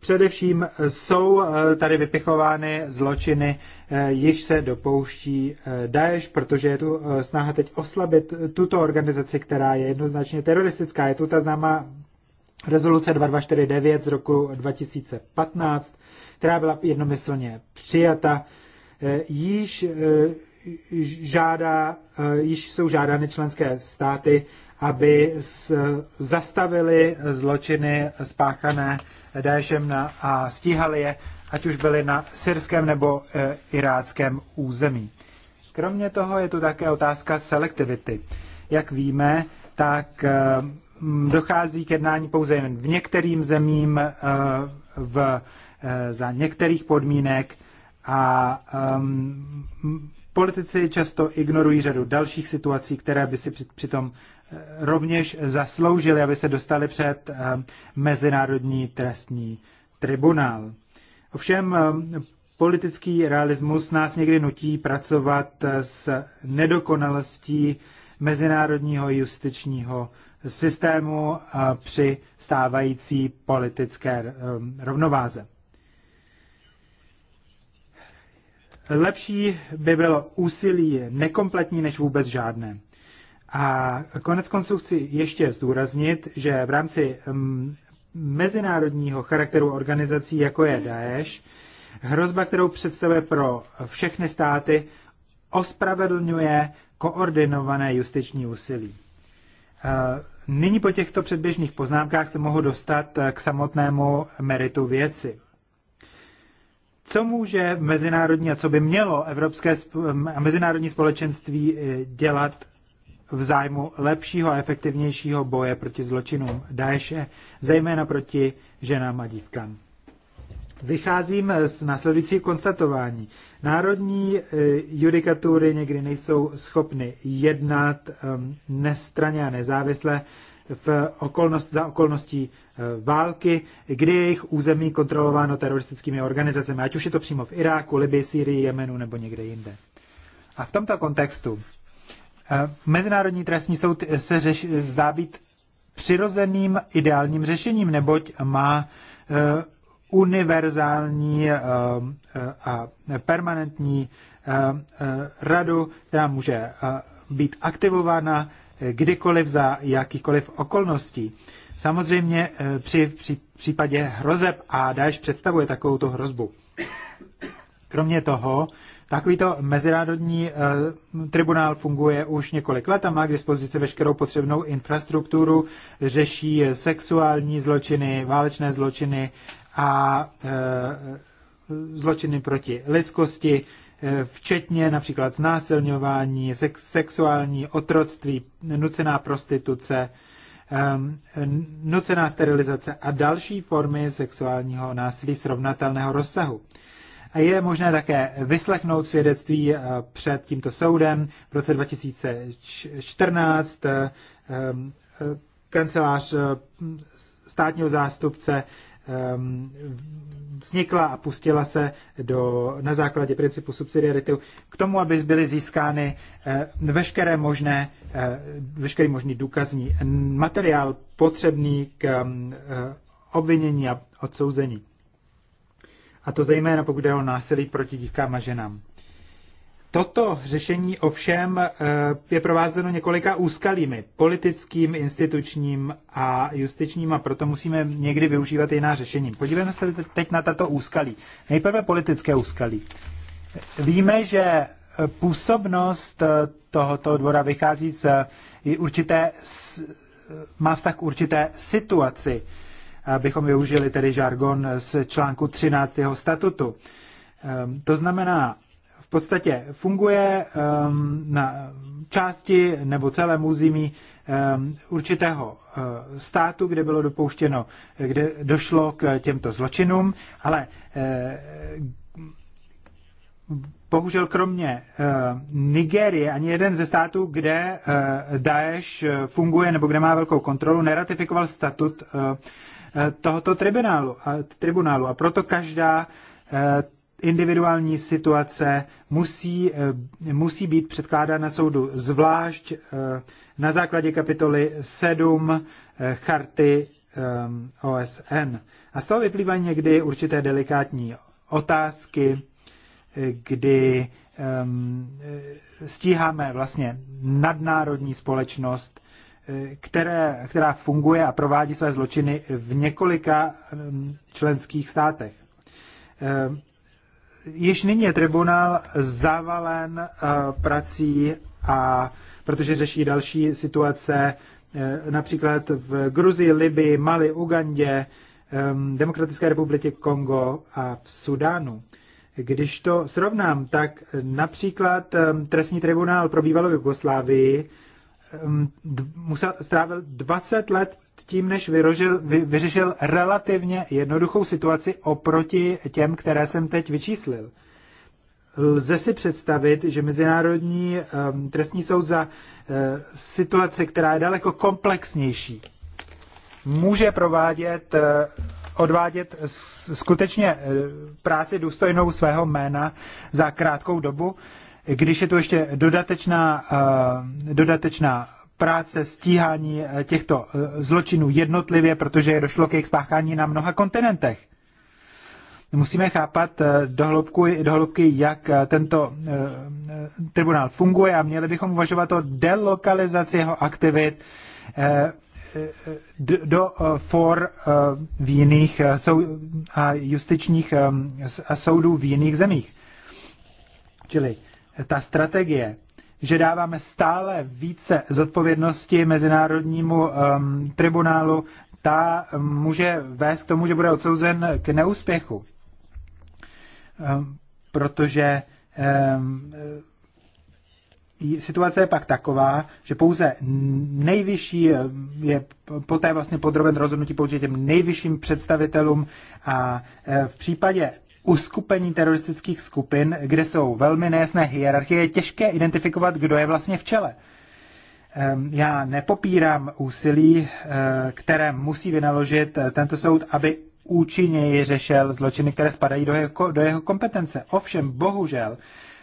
Především jsou eh, tady vypichovány zločiny, eh, již se dopouští eh, Daesh, protože je tu snaha teď oslabit tuto organizaci, která je jednoznačně teroristická. Je tu ta známá rezoluce 2249 z roku 2015, která byla jednomyslně přijata. Již žádá, již jsou žádány členské státy, aby zastavili zločiny spáchané Daešem a stíhali je, ať už byly na syrském nebo e, iráckém území. Kromě toho je tu také otázka selektivity. Jak víme, tak e, dochází k jednání pouze jen v některým zemím e, v, za některých podmínek a um, politici často ignorují řadu dalších situací, které by si přitom rovněž zasloužili, aby se dostali před eh, Mezinárodní trestní tribunál. Ovšem eh, politický realismus nás někdy nutí pracovat eh, s nedokonalostí mezinárodního justičního systému při stávající politické rovnováze. Lepší by bylo úsilí nekompletní než vůbec žádné. A konec konců chci ještě zdůraznit, že v rámci mm, mezinárodního charakteru organizací, jako je Daesh, hrozba, kterou představuje pro všechny státy, ospravedlňuje koordinované justiční úsilí. E, nyní po těchto předběžných poznámkách se mohu dostat k samotnému meritu věci. Co může mezinárodní a co by mělo evropské mezinárodní společenství e, dělat v zájmu lepšího a efektivnějšího boje proti zločinům Daeše, zejména proti ženám a dívkám. Vycházím z následujících konstatování. Národní eh, judikatury někdy nejsou schopny jednat ehm, nestraně a nezávisle v okolnost, za okolností eh, války, kdy je jejich území kontrolováno teroristickými organizacemi, ať už je to přímo v Iráku, Libii, Syrii, Jemenu nebo někde jinde. A v tomto kontextu Eh, Mezinárodní trestní soud se řeš, zdá být přirozeným ideálním řešením, neboť má eh, univerzální eh, a permanentní radu, která může být aktivována kdykoliv za jakýchkoliv okolností. Samozřejmě při, při případě hrozeb a Daesh představuje takovou hrozbu. Kromě toho Takovýto mezinárodní eh, tribunál funguje už několik let a má k dispozici veškerou potřebnou infrastrukturu, řeší sexuální zločiny, válečné zločiny a eh, zločiny proti lidskosti, eh, včetně například znásilňování, sex, sexuální otroctví, nucená prostituce, nucená sterilizace a další formy sexuálního násilí srovnatelného rozsahu. A je možné také vyslechnout svědectví eh, před tímto soudem. V roce 2014 eh, eh, kancelář státního zástupce vznikla a pustila se do, na základě principu subsidiarity k tomu, aby byly získány veškeré možné, veškerý možný důkazní materiál potřebný k obvinění a odsouzení a to zejména pokud jde o násilí proti dívkám a ženám. Toto řešení ovšem eh, je provázeno několika úskalími, politickým, institučním a justičním a proto musíme někdy využívat jiná řešení. Podívejme se teď na tato úskalí. Nejprve politické úskalí. Víme, že eh, působnost eh, tohoto dvora vychází z určité, má vztah k určité situaci abychom využili tedy žargon z článku 13. statutu. Ehm, to znamená, v podstatě funguje ehm, na části nebo celém území ehm, určitého eh, státu, kde bylo dopouštěno, kde došlo k těmto zločinům, ale eh, bohužel kromě eh, Nigérie ani jeden ze států, kde Daesh funguje nebo kde má velkou kontrolu, neratifikoval statut Eh, tohoto tribunálu. tribunálu. a proto každá eh, individuální situace musí, eh, musí být předkládána soudu zvlášť na základě kapitoly 7 charty OSN. A z toho vyplývají někdy určité delikátní otázky, kdy stíháme vlastně nadnárodní společnost které, která funguje a provádí své zločiny v několika mm, členských státech. Eh, již nyní je tribunál zavalen eh, prací, a, protože řeší další situace, eh, například v Gruzii, Libii, Mali, Ugandě, ehm, Demokratické republiky Kongo a v Sudánu. Když to srovnám, tak například ehm, trestní tribunál pro bývalou Jugoslávii Ehm, musel, strávil 20 let tím, než vyrožil, vy, vyřešil relativně jednoduchou situaci oproti těm, které jsem teď vyčíslil. Lze si představit, že Mezinárodní um, trestní soud za uh, situaci, která je daleko komplexnější, může provádět, uh, odvádět skutečně uh, práci důstojnou svého jména za krátkou dobu, uh, když je to ještě dodatečná, eh, dodatečná práce, stíhání eh, těchto eh, zločinů jednotlivě, protože je došlo k jejich spáchání na mnoha kontinentech. Musíme chápat dohloubky, dohloubky, jak tento tribunál funguje a měli bychom uvažovat o delokalizaci jeho aktivit do for v jiných a justičních a soudů v jiných zemích. Čili ta strategie, že dáváme stále více zodpovědnosti Mezinárodnímu um, tribunálu, ta um, může vést k tomu, že bude odsouzen k neúspěchu. Um, protože um, e, situace je pak taková, že pouze nejvyšší um, je poté vlastně podroben rozhodnutí pouze těm nejvyšším představitelům a e, v případě uskupení teroristických skupin, kde jsou velmi nejasné hierarchie, je těžké identifikovat, kdo je vlastně v čele. Ehm, já nepopírám úsilí, eh, které musí vynaložit eh, tento soud, aby účinněji řešil zločiny, které spadají do jeho, do jeho kompetence. Ovšem, bohužel,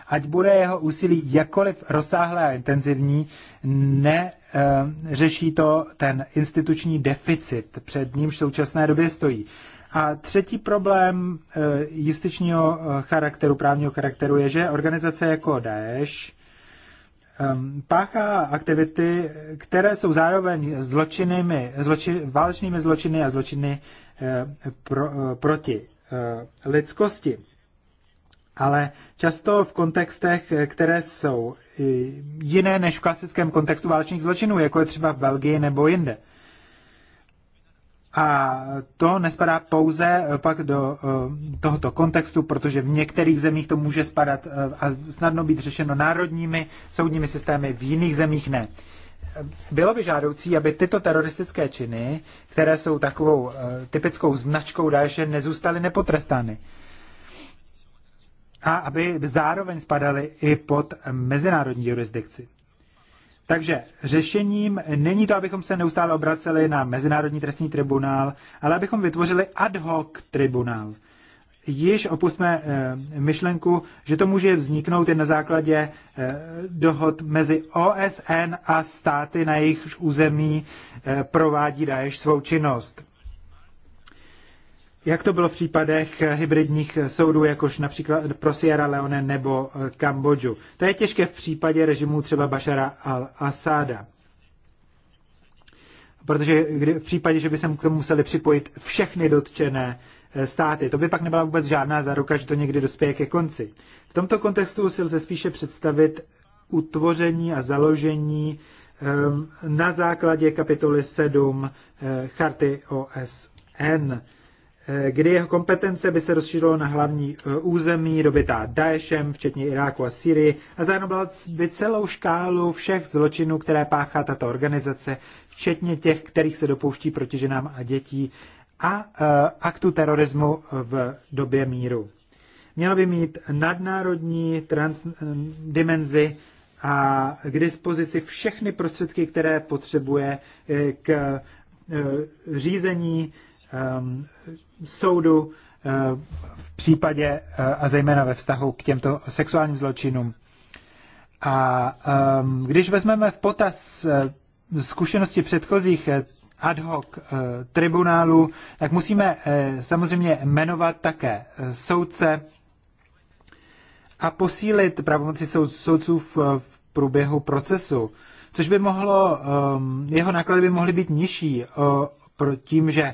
ať bude jeho úsilí jakkoliv rozsáhlé a intenzivní, neřeší eh, to ten instituční deficit, před nímž v současné době stojí. A třetí problém eh, justičního eh, charakteru, právního charakteru je, že organizace jako Daesh ehm, páchá aktivity, které jsou zároveň zločinnými, zloči, válečnými zločiny a zločiny eh, pro, proti lidskosti. Ale často v kontextech, které jsou jiné než v klasickém kontextu válečných zločinů, jako je třeba v Belgii nebo jinde. A to nespadá pouze eh, pak do eh, tohoto kontextu, protože v některých zemích to může spadat eh, a snadno být řešeno národními soudními systémy, v jiných zemích ne. Bylo by žádoucí, aby tyto teroristické činy, které jsou takovou typickou značkou dáše, nezůstaly nepotrestány. A aby zároveň spadaly i pod mezinárodní jurisdikci. Takže řešením není to, abychom se neustále obraceli na Mezinárodní trestní tribunál, ale abychom vytvořili ad hoc tribunál. Již opustme eh, myšlenku, že to může vzniknout i na základě eh, dohod mezi OSN a státy, na jejich území eh, provádí Daesh svou činnost jak to bylo v případech eh, hybridních eh, soudů, jakož například pro Sierra Leone nebo eh, Kambodžu. To je těžké v případě režimu třeba Bašara al-Asada. Protože kdy, v případě, že by se k tomu museli připojit všechny dotčené státy, to by pak nebyla vůbec žádná záruka, že to někdy dospěje ke konci. V tomto kontextu si lze spíše představit utvoření a založení ehm, na základě kapitoly 7 Charty OSN Eh, kdy jeho kompetence by se rozšířilo na hlavní eh, území dobytá Daeshem, včetně Iráku a Syrii, a byla by celou škálu všech zločinů, které páchá tato organizace, včetně těch, kterých se dopouští proti ženám a dětí, a eh, aktu terorismu v době míru. Měla by mít nadnárodní trans, dimenzi a k dispozici všechny prostředky, které potřebuje k řízení Um, soudu uh, v případě uh, a zejména ve vztahu k těmto sexuálním zločinům. A um, když vezmeme v potaz uh, zkušenosti předchozích eh, ad hoc eh, tribunálu, tak musíme eh, samozřejmě jmenovat také soudce a posílit pravomoci soudců v průběhu procesu, což by mohlo, jeho náklady by mohly být nižší pro tím, že eh,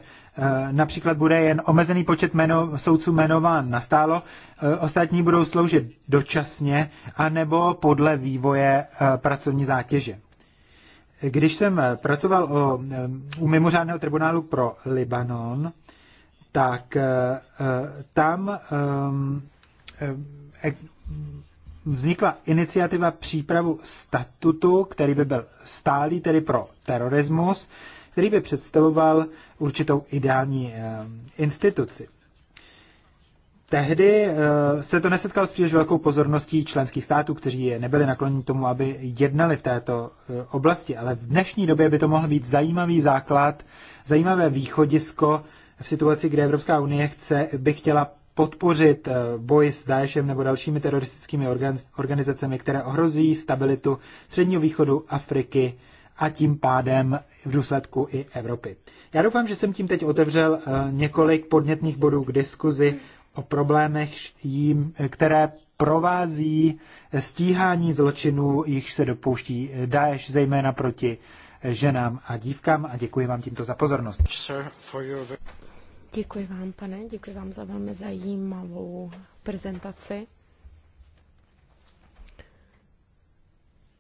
například bude jen omezený počet jmeno, soudců jmenován na stálo, eh, ostatní budou sloužit dočasně anebo podle vývoje eh, pracovní zátěže. Když jsem pracoval o, u mimořádného tribunálu pro Libanon, tak tam ehm, vznikla iniciativa přípravu statutu, který by byl stálý tedy pro terorismus, který by představoval určitou ideální eh, instituci. Tehdy eh, se to nesetkalo s příliš velkou pozorností členských států, kteří nebyli nakloněni tomu, aby jednali v této eh, oblasti, ale v dnešní době by to mohl být zajímavý základ, zajímavé východisko v situaci, kde Evropská unie chce, by chtěla podpořit boj s Daeshem nebo dalšími teroristickými organizacemi, které ohrozí stabilitu Středního východu, Afriky a tím pádem v důsledku i Evropy. Já doufám, že jsem tím teď otevřel eh, několik podnětných bodů k diskuzi o problémech, které provází stíhání zločinů, jichž se dopouští Daesh, zejména proti ženám a dívkám a děkuji vám tímto za pozornost. Děkuji vám, pane, děkuji vám za velmi zajímavou prezentaci.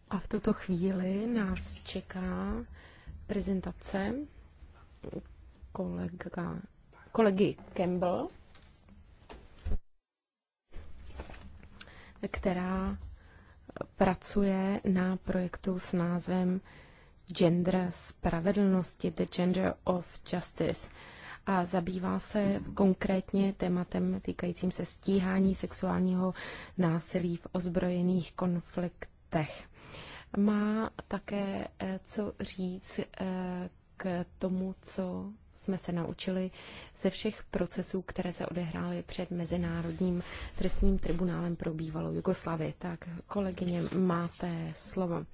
A v tuto chvíli nás čeká prezentace kolega, kolegy Campbell, která pracuje na projektu s názvem Gender spravedlnosti, The Gender of Justice a zabývá se konkrétně tématem týkajícím se stíhání sexuálního násilí v ozbrojených konfliktech má také eh, co říct eh, k tomu, co jsme se naučili ze všech procesů, které se odehrály před Mezinárodním trestním tribunálem pro bývalou Jugoslavii. Tak, kolegyně, máte slovo.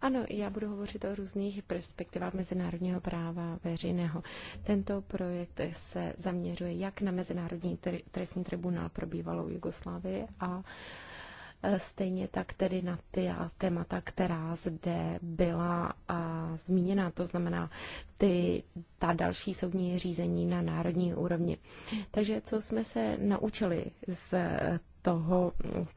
Ano, já budu hovořit o různých perspektivách mezinárodního práva veřejného. Tento projekt se zaměřuje jak na Mezinárodní trestní tribunál pro bývalou Jugoslávii a Eh, stejně tak tedy na ty témata, která zde byla zmíněna, to znamená ty, ta další soudní řízení na národní úrovni. Takže co jsme se naučili z toho,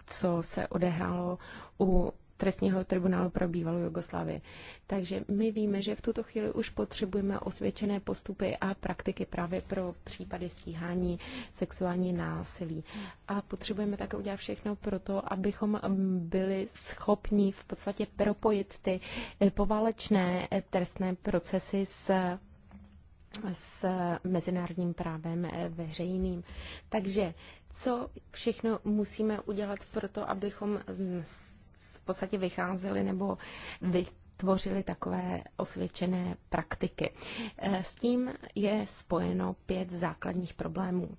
co se odehrálo u trestního tribunálu pro bývalou Jugoslávii. Takže my víme, že v tuto chvíli už potřebujeme osvědčené postupy a praktiky právě pro případy stíhání sexuální násilí. A potřebujeme také udělat všechno pro to, abychom byli schopni v podstatě propojit ty eh, poválečné eh, trestné procesy s s mezinárodním právem eh, veřejným. Takže co všechno musíme udělat pro to, abychom podstatě vycházeli nebo vy, tvořili takové osvědčené praktiky. E, s tím je spojeno pět základních problémů.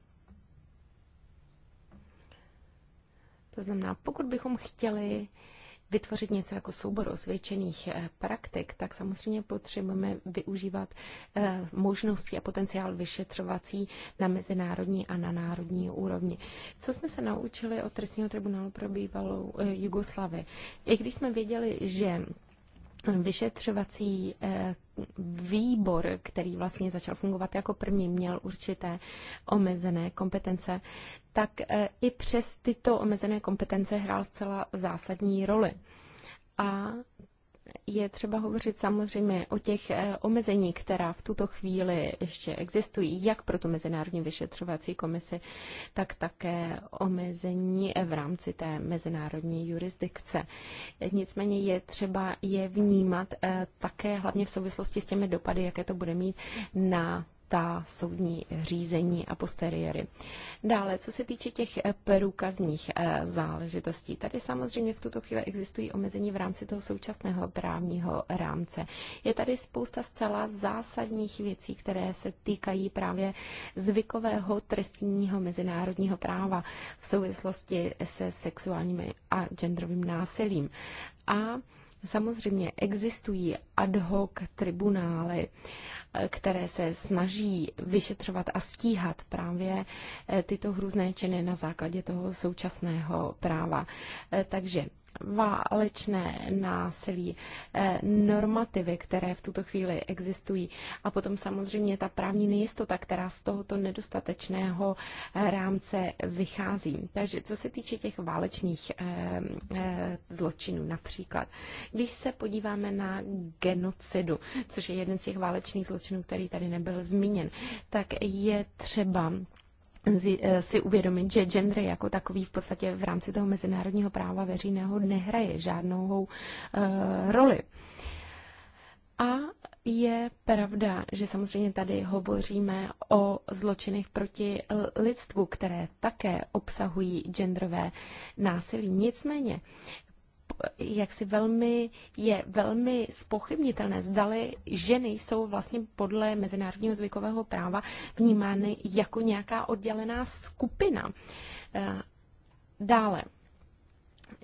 To znamená, pokud bychom chtěli vytvořit něco jako soubor osvědčených eh, praktik, tak samozřejmě potřebujeme využívat eh, možnosti a potenciál vyšetřovací na mezinárodní a na národní úrovni. Co jsme se naučili od trestního tribunálu pro bývalou eh, Jugoslavy? I když jsme věděli, že vyšetřovací eh, výbor, který vlastně začal fungovat jako první, měl určité omezené kompetence, tak eh, i přes tyto omezené kompetence hrál zcela zásadní roli. A je třeba hovořit samozřejmě o těch eh, omezení, která v tuto chvíli ještě existují, jak pro tu Mezinárodní vyšetřovací komisi, tak také omezení eh, v rámci té mezinárodní jurisdikce. Nicméně je třeba je vnímat eh, také hlavně v souvislosti s těmi dopady, jaké to bude mít na ta soudní řízení a posteriory. Dále, co se týče těch eh, průkazních eh, záležitostí, tady samozřejmě v tuto chvíli existují omezení v rámci toho současného právního rámce. Je tady spousta zcela zásadních věcí, které se týkají právě zvykového trestního mezinárodního práva v souvislosti se sexuálním a genderovým násilím. A Samozřejmě existují ad hoc tribunály které se snaží vyšetřovat a stíhat právě eh, tyto hrůzné činy na základě toho současného práva. Eh, takže válečné násilí, eh, normativy, které v tuto chvíli existují a potom samozřejmě ta právní nejistota, která z tohoto nedostatečného eh, rámce vychází. Takže co se týče těch válečných eh, zločinů například, když se podíváme na genocidu, což je jeden z těch válečných zločinů, který tady nebyl zmíněn, tak je třeba Eh, si uvědomit, že gender jako takový v podstatě v rámci toho mezinárodního práva veřejného nehraje žádnou uh, roli. A je pravda, že samozřejmě tady hovoříme o zločinech proti lidstvu, které také obsahují genderové násilí. Nicméně jaksi velmi, je velmi spochybnitelné, zdali ženy jsou vlastně podle mezinárodního zvykového práva vnímány jako nějaká oddělená skupina. Eh, dále,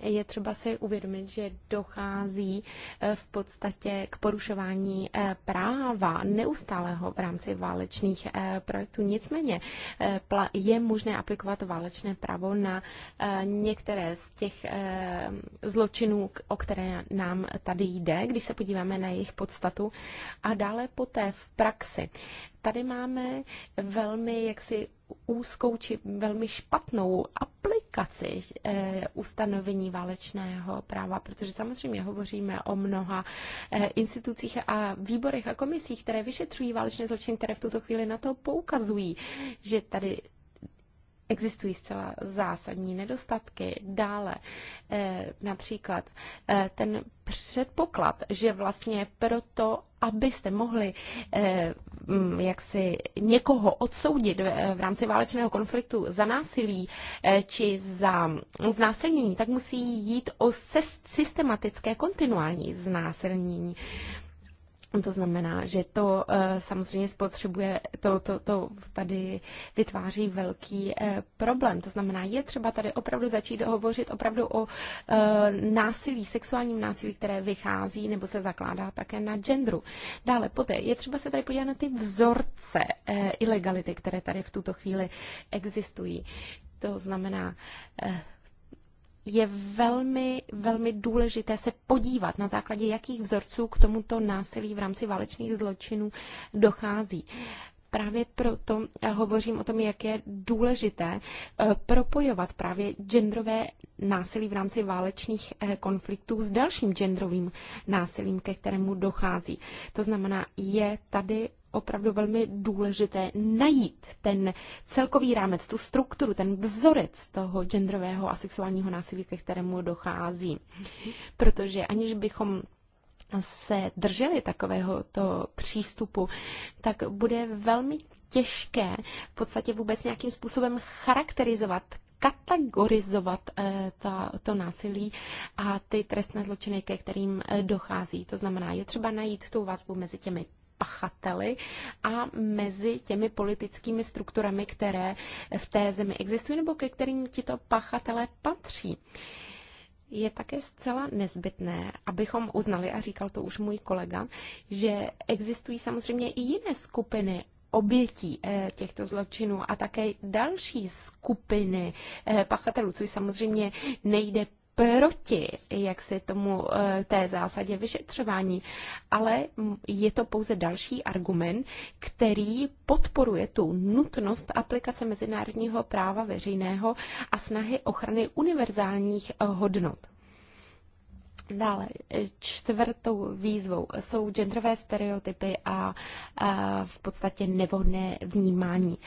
je třeba si uvědomit, že dochází e, v podstatě k porušování e, práva neustálého v rámci válečných e, projektů. Nicméně je možné aplikovat válečné právo na některé z těch zločinů, o které nám tady jde, když se podíváme na jejich podstatu a dále poté v praxi. Tady máme velmi jaksi úzkou či velmi špatnou aplikaci eh, ustanovení válečného práva, protože samozřejmě hovoříme o mnoha eh, institucích a výborech a komisích, které vyšetřují válečné zločiny, které v tuto chvíli na to poukazují, že tady existují zcela zásadní nedostatky. Dále eh, například eh, ten předpoklad, že vlastně proto, abyste mohli eh, mm, jak si někoho odsoudit v rámci válečného konfliktu za násilí či za znásilnění, tak musí jít o systematické kontinuální znásilnění. To znamená, že to eh, samozřejmě spotřebuje, to, to, to tady vytváří velký eh, problém. To znamená, je třeba tady opravdu začít hovořit opravdu o eh, násilí, sexuálním násilí, které vychází nebo se zakládá také na genderu. Dále poté je třeba se tady podívat na ty vzorce ilegality, které tady v tuto chvíli existují. To znamená, je velmi, velmi důležité se podívat, na základě jakých vzorců k tomuto násilí v rámci válečných zločinů dochází. Právě proto hovořím o tom, jak je důležité eh, propojovat právě genderové násilí v rámci válečných eh, konfliktů s dalším genderovým násilím, ke kterému dochází. To znamená, je tady opravdu velmi důležité najít ten celkový rámec, tu strukturu, ten vzorec toho genderového a sexuálního násilí, ke kterému dochází. Protože aniž bychom se drželi takového to přístupu, tak bude velmi těžké v podstatě vůbec nějakým způsobem charakterizovat, kategorizovat eh, ta, to násilí a ty trestné zločiny, ke kterým eh, dochází. To znamená, je třeba najít tu vazbu mezi těmi pachateli a mezi těmi politickými strukturami, které v té zemi existují nebo ke kterým tito pachatelé patří. Je také zcela nezbytné, abychom uznali, a říkal to už můj kolega, že existují samozřejmě i jiné skupiny obětí eh, těchto zločinů a také další skupiny eh, pachatelů, což samozřejmě nejde proti, jak se tomu eh, té zásadě vyšetřování, ale je to pouze další argument, který podporuje tu nutnost aplikace mezinárodního práva veřejného a snahy ochrany univerzálních eh, hodnot. Dále eh, čtvrtou výzvou jsou genderové stereotypy a, a v podstatě nevhodné vnímání,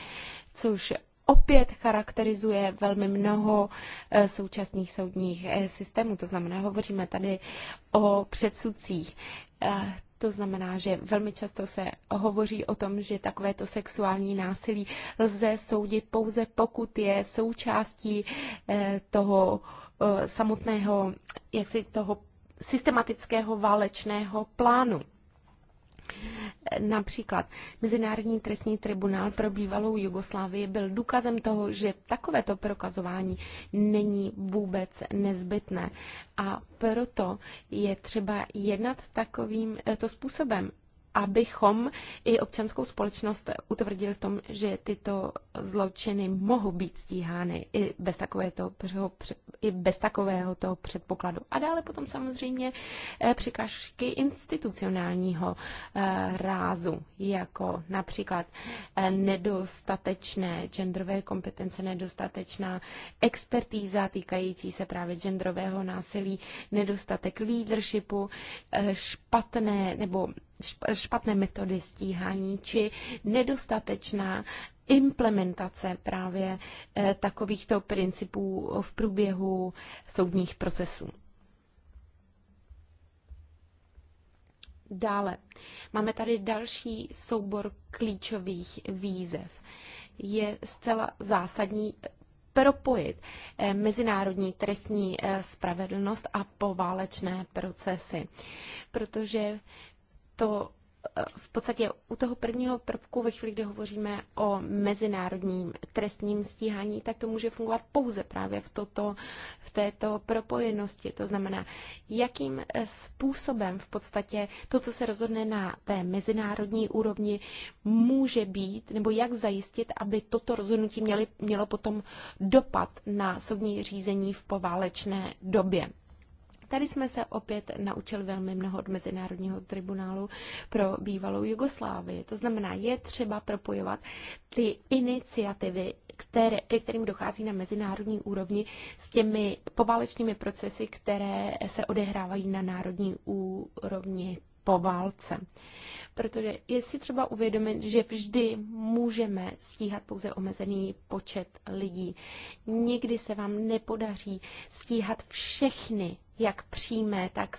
což opět charakterizuje velmi mnoho eh, současných soudních eh, systémů. To znamená, hovoříme tady o předsudcích. Eh, to znamená, že velmi často se hovoří o tom, že takovéto sexuální násilí lze soudit pouze pokud je součástí toho samotného, jak si toho systematického válečného plánu. Například Mezinárodní trestní tribunál pro bývalou Jugoslávii byl důkazem toho, že takovéto prokazování není vůbec nezbytné. A proto je třeba jednat takovým eh, to způsobem abychom i občanskou společnost utvrdili v tom, že tyto zločiny mohou být stíhány i bez, takovéto, i bez takového toho předpokladu. A dále potom samozřejmě eh, překážky institucionálního eh, rázu, jako například eh, nedostatečné genderové kompetence, nedostatečná expertíza týkající se právě genderového násilí, nedostatek leadershipu, špatné nebo špatné metody stíhání či nedostatečná implementace právě eh, takovýchto principů v průběhu soudních procesů. Dále máme tady další soubor klíčových výzev. Je zcela zásadní propojit eh, mezinárodní trestní eh, spravedlnost a poválečné procesy, protože to eh, v podstatě u toho prvního prvku, ve chvíli, kdy hovoříme o mezinárodním trestním stíhání, tak to může fungovat pouze právě v, toto, v této propojenosti. To znamená, jakým eh, způsobem v podstatě to, co se rozhodne na té mezinárodní úrovni, může být, nebo jak zajistit, aby toto rozhodnutí měli, mělo potom dopad na soudní řízení v poválečné době. Tady jsme se opět naučili velmi mnoho od Mezinárodního tribunálu pro bývalou Jugoslávii. To znamená, je třeba propojovat ty iniciativy, které, ke kterým dochází na mezinárodní úrovni s těmi poválečnými procesy, které se odehrávají na národní úrovni po válce protože je si třeba uvědomit, že vždy můžeme stíhat pouze omezený počet lidí. Nikdy se vám nepodaří stíhat všechny, jak přímé, tak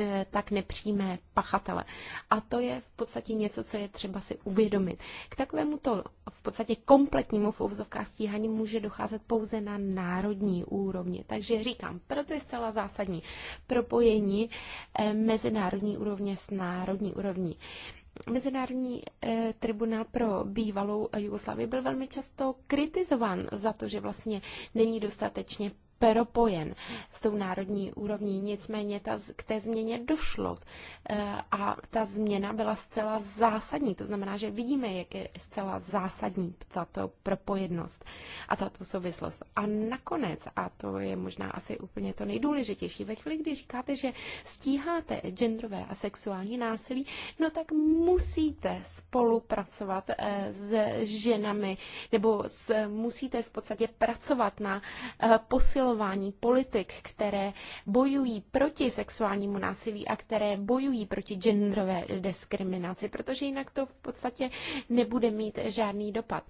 E, tak nepřímé pachatele. A to je v podstatě něco, co je třeba si uvědomit. K takovému to v podstatě kompletnímu fouzovká uvozovkách stíhání může docházet pouze na národní úrovni. Takže říkám, proto je zcela zásadní propojení e, mezinárodní úrovně s národní úrovní. Mezinárodní eh, tribunál pro bývalou Jugoslávii byl velmi často kritizován za to, že vlastně není dostatečně propojen s tou národní úrovní. Nicméně ta, k té změně došlo eh, a ta změna byla zcela zásadní. To znamená, že vidíme, jak je zcela zásadní tato propojenost a tato souvislost. A nakonec, a to je možná asi úplně to nejdůležitější, ve chvíli, kdy říkáte, že stíháte genderové a sexuální násilí, no tak musíte spolupracovat eh, s ženami nebo s, musíte v podstatě pracovat na eh, posilování posilování politik, které bojují proti sexuálnímu násilí a které bojují proti genderové diskriminaci, protože jinak to v podstatě nebude mít žádný dopad.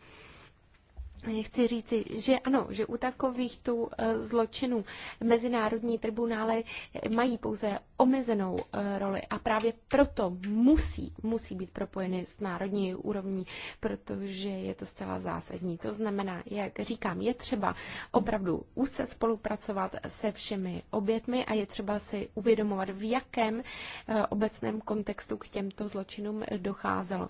Chci říci, že ano, že u takových eh, zločinů mezinárodní tribunály mají pouze omezenou eh, roli a právě proto musí, musí být propojeny s národní úrovní, protože je to zcela zásadní. To znamená, jak říkám, je třeba opravdu úzce spolupracovat se všemi obětmi a je třeba si uvědomovat, v jakém eh, obecném kontextu k těmto zločinům docházelo.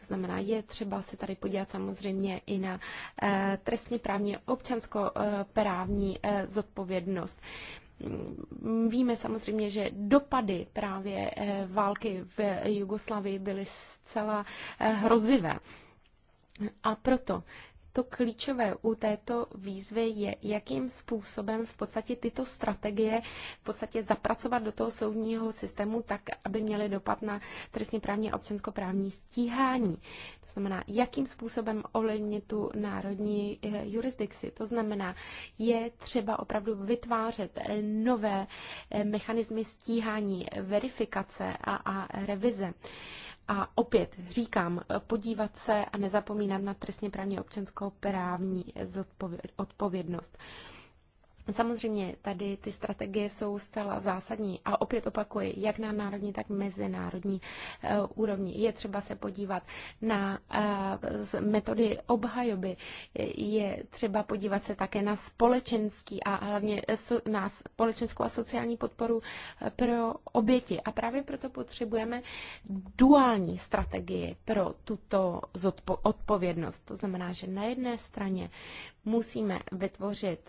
To znamená, je třeba se tady podívat samozřejmě i na Eh, trestně právní, občanskoprávní eh, zodpovědnost. Mm, víme samozřejmě, že dopady právě eh, války v Jugoslavii byly zcela hrozivé. A proto to klíčové u této výzvy je, jakým způsobem v podstatě tyto strategie v podstatě zapracovat do toho soudního systému tak, aby měly dopad na trestně právní a občanskoprávní stíhání. To znamená, jakým způsobem ovlivnit tu národní eh, jurisdikci. To znamená, je třeba opravdu vytvářet eh, nové eh, mechanismy stíhání, verifikace a, a revize. A opět říkám, podívat se a nezapomínat na trestně právně občanskou právní odpovědnost. Samozřejmě tady ty strategie jsou zcela zásadní a opět opakuji, jak na národní, tak mezinárodní eh, úrovni. Je třeba se podívat na eh, metody obhajoby, je třeba podívat se také na společenský a hlavně na společenskou a sociální podporu eh, pro oběti. A právě proto potřebujeme duální strategie pro tuto odpovědnost. To znamená, že na jedné straně musíme vytvořit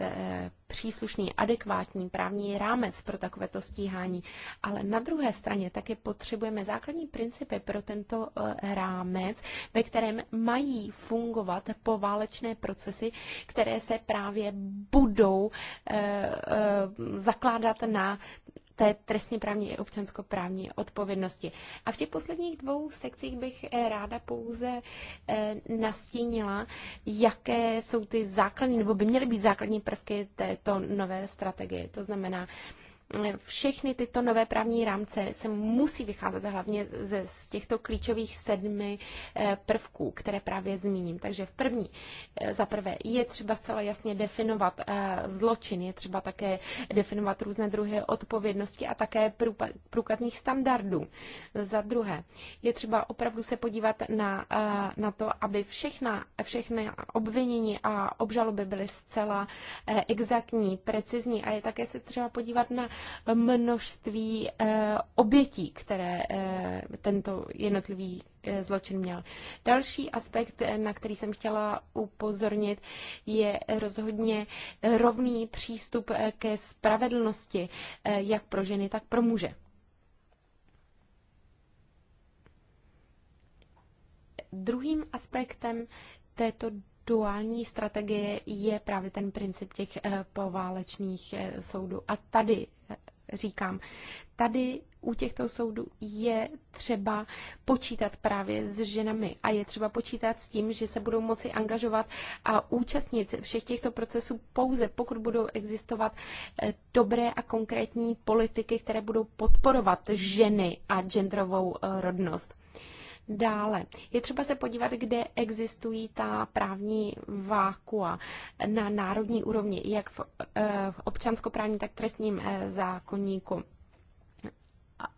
příležitost, příslušný adekvátní právní rámec pro takovéto stíhání. Ale na druhé straně také potřebujeme základní principy pro tento eh, rámec, ve kterém mají fungovat poválečné procesy, které se právě budou eh, eh, zakládat na té trestně právní i občanskoprávní odpovědnosti. A v těch posledních dvou sekcích bych eh, ráda pouze eh, nastínila, jaké jsou ty základní, nebo by měly být základní prvky této nové strategie. To znamená, všechny tyto nové právní rámce se musí vycházet hlavně ze, z těchto klíčových sedmi eh, prvků, které právě zmíním. Takže v první, eh, za prvé, je třeba zcela jasně definovat eh, zločin, je třeba také definovat různé druhy odpovědnosti a také průkazních standardů. Za druhé, je třeba opravdu se podívat na, na to, aby všechna, všechny obvinění a obžaloby byly zcela exaktní, precizní a je také se třeba podívat na množství eh, obětí, které eh, tento jednotlivý eh, zločin měl. Další aspekt, na který jsem chtěla upozornit, je rozhodně rovný přístup ke spravedlnosti, jak pro ženy, tak pro muže. Druhým aspektem této duální strategie je právě ten princip těch eh, poválečných eh, soudů. A tady eh, říkám, tady u těchto soudů je třeba počítat právě s ženami a je třeba počítat s tím, že se budou moci angažovat a účastnit všech těchto procesů pouze, pokud budou existovat dobré a konkrétní politiky, které budou podporovat ženy a genderovou rodnost dále. Je třeba se podívat, kde existují ta právní vákua na národní úrovni, jak v, eh, v občanskoprávním, tak v trestním eh, zákonníku,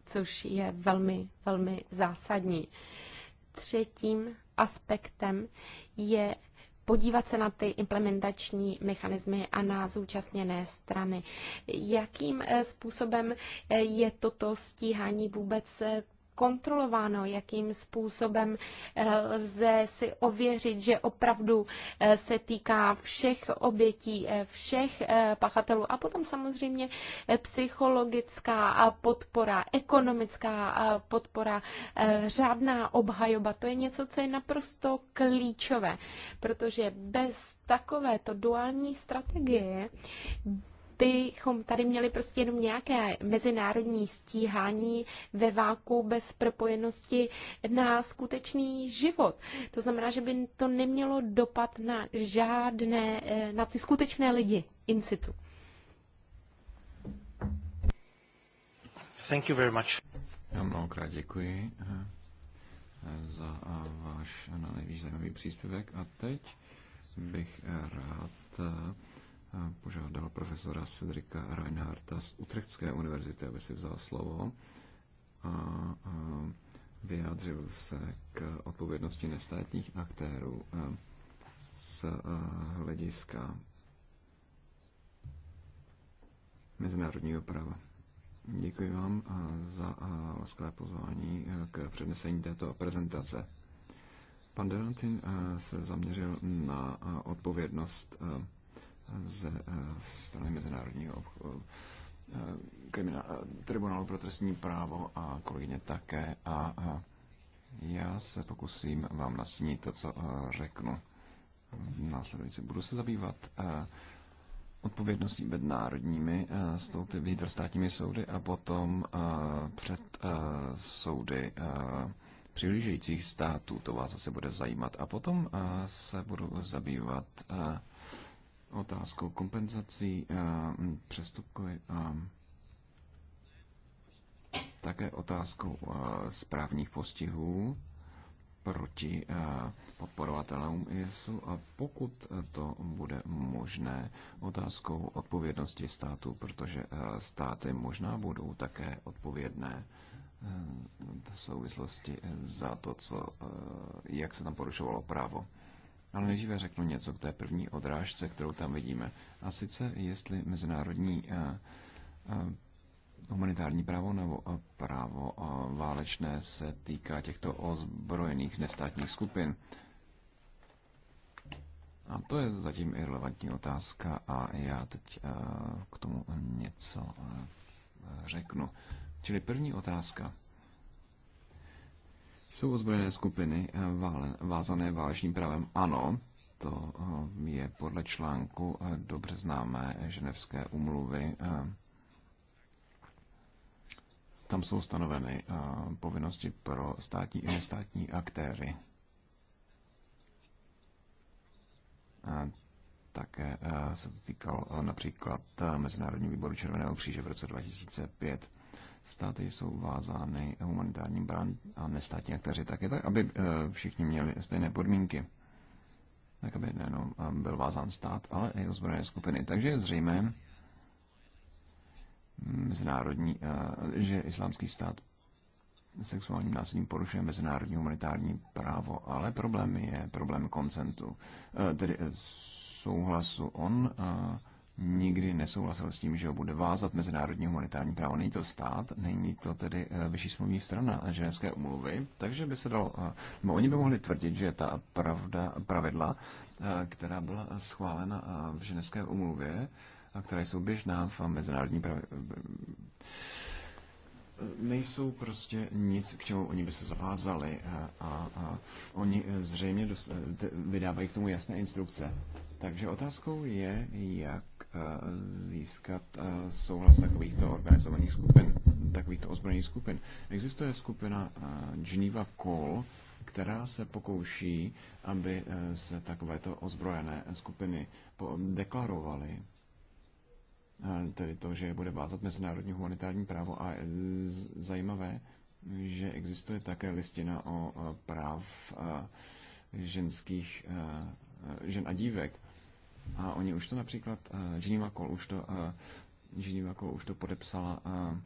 což je velmi, velmi zásadní. Třetím aspektem je podívat se na ty implementační mechanismy a na zúčastněné strany. Jakým eh, způsobem je toto stíhání vůbec kontrolováno, jakým způsobem eh, lze si ověřit, že opravdu eh, se týká všech obětí, eh, všech pachatelů. A potom samozřejmě psychologická podpora, ekonomická podpora, řádná obhajoba. To je něco, co je naprosto klíčové, protože bez takovéto duální strategie bychom tady měli prostě jenom nějaké mezinárodní stíhání ve váku bez propojenosti na skutečný život. To znamená, že by to nemělo dopad na žádné, eh, na ty skutečné lidi in situ. Thank you very much. Já mnohokrát děkuji eh, za eh, váš na nejvíc zajímavý příspěvek a teď bych rád požádal profesora Cedrika Reinharta z Utrechtské univerzity, aby si vzal slovo a, vyjádřil se k odpovědnosti nestátních aktérů z hlediska mezinárodního práva. Děkuji vám za laskavé pozvání e, k přednesení této prezentace. Pan Delantin e, se zaměřil na odpovědnost e, ze eh, strany Mezinárodního eh, eh, tribunálu pro trestní právo a kolegyně také. A já se pokusím vám nastínit to, co řeknu následující. Budu se zabývat odpovědností před národními vnitrostátními soudy a potom před soudy přihlížejících států. To vás zase bude zajímat. A potom se budu zabývat otázkou kompenzací eh, přestupkové a také otázkou eh, správních postihů proti eh, podporovatelům ISu a pokud to bude možné otázkou odpovědnosti státu, protože státy možná budou také odpovědné v souvislosti za to, co, jak se tam porušovalo právo. Ale nejdříve řeknu něco k té první odrážce, kterou tam vidíme. A sice, jestli mezinárodní eh, eh, humanitární právo nebo eh, právo válečné se týká těchto ozbrojených nestátních skupin. A to je zatím irrelevantní otázka a já teď k tomu něco řeknu. Čili první otázka. Jsou ozbrojené skupiny eh, vázané vážným právem? Ano, to eh, je podle článku eh, dobře známé ženevské umluvy. Tam jsou stanoveny povinnosti pro státní i nestátní aktéry. A také se to týkal například Mezinárodní výboru Červeného kříže v roce 2005 státy jsou vázány humanitárním brán a nestátní aktéři taky, tak aby eh, všichni měli stejné podmínky. Tak aby nejenom eh, byl vázán stát, ale i ozbrojené skupiny. Takže je zřejmé, mm, mezinárodní, eh, že islámský stát sexuálním násilím porušuje mezinárodní humanitární právo, ale problém je problém koncentu, tedy souhlasu. On nikdy nesouhlasil s tím, že ho bude vázat mezinárodní humanitární právo. Není to stát, není to tedy eh, vyšší smluvní strana ženské umluvy, takže by se dalo, no oni by mohli tvrdit, že ta pravda, pravidla, eh, která byla schválena v ženské umluvě, a která jsou běžná v mezinárodní pravidla, nejsou prostě nic, k čemu oni by se zavázali a, a, a oni zřejmě dost, vydávají k tomu jasné instrukce. Takže otázkou je, jak Eh, získat eh, souhlas takovýchto organizovaných skupin, takovýchto ozbrojených skupin. Existuje skupina eh, Geneva Call, která se pokouší, aby se takovéto ozbrojené skupiny deklarovaly tedy to, že je bude vázat mezinárodní humanitární právo a zajímavé, že existuje také listina o práv ženských žen a dívek. A oni už to například, uh, eh, Ženíva Kol už to, uh, Geneva už to podepsala uh,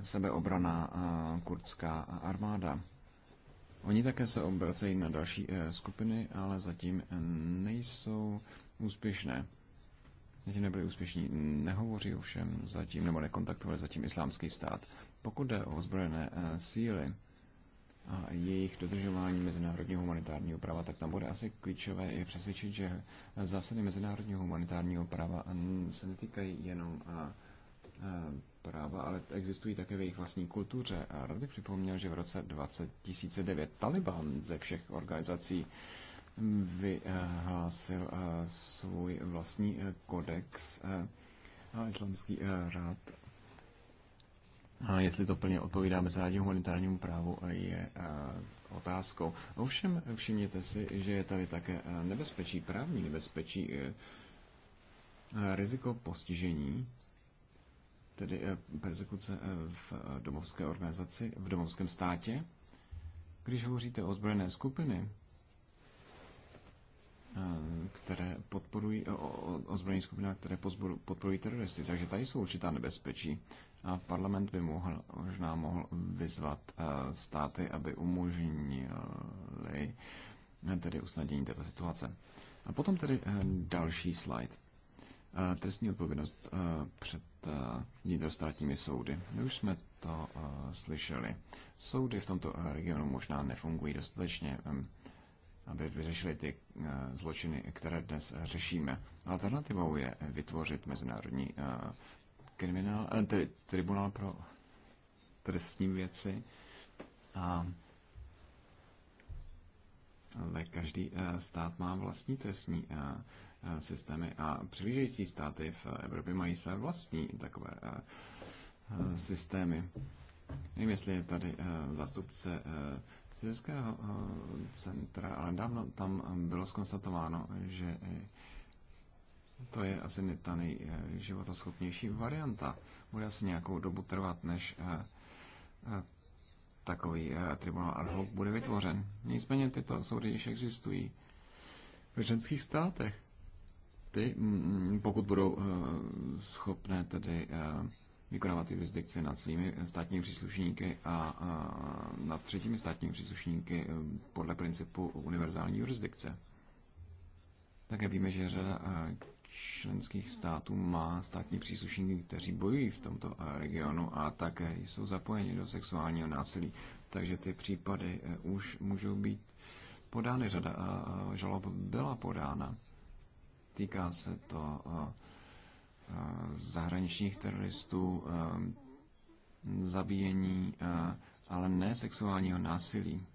eh, sebeobraná uh, kurdská armáda. Oni také se obracejí na další uh, skupiny, ale zatím nejsou úspěšné. Zatím nebyli úspěšní, nehovoří ovšem zatím, nebo nekontaktovali zatím islámský stát. Pokud jde o ozbrojené uh, síly, a jejich dodržování mezinárodního humanitárního práva, tak tam bude asi klíčové je přesvědčit, že zásady mezinárodního humanitárního práva se netýkají jenom a, práva, ale existují také v jejich vlastní kultuře. A rád bych připomněl, že v roce 2009 Taliban ze všech organizací vyhlásil svůj vlastní kodex a islamský rád a jestli to plně odpovídá mezinárodní humanitárnímu právu, je otázkou. Ovšem, všimněte si, že je tady také nebezpečí, právní nebezpečí, e, riziko postižení, tedy e, persekuce e, v domovské organizaci, v domovském státě. Když hovoříte o ozbrojené skupiny, Eh, které podporují ozbrojení skupina, které podporují teroristy. Takže tady jsou určitá nebezpečí a parlament by mohl, možná mohl vyzvat eh, státy, aby umožnili eh, tedy usnadění této situace. A potom tedy další slide. Trestní odpovědnost před vnitrostátními soudy. My už jsme to slyšeli. Soudy v tomto regionu možná nefungují dostatečně aby vyřešili ty eh, zločiny, které dnes řešíme. Alternativou je vytvořit mezinárodní eh, kriminál, eh, tedy tribunál pro trestní věci a ale každý stát má vlastní trestní systémy a přilížející státy v Evropě mají své vlastní takové systémy. Nevím, jestli je tady zastupce Statistického eh, centra, ale dávno tam eh, bylo skonstatováno, že eh, to je asi ta nejživotoschopnější varianta. Bude asi nějakou dobu trvat, než takový tribunál ad hoc bude vytvořen. Nicméně tyto soudy již existují v ženských státech. Ty, mm, mm, pokud budou schopné tedy vykonávat jurisdikci nad svými státními příslušníky a, a nad třetími státními příslušníky eh, podle principu univerzální jurisdikce. Také víme, že řada eh, členských států má státní příslušníky, kteří bojují v tomto eh, regionu a také jsou zapojeni do sexuálního násilí. Takže ty případy už můžou být podány. Řada žalob byla podána. Týká se to zahraničních teroristů, eh, zabíjení, eh, ale ne sexuálního násilí,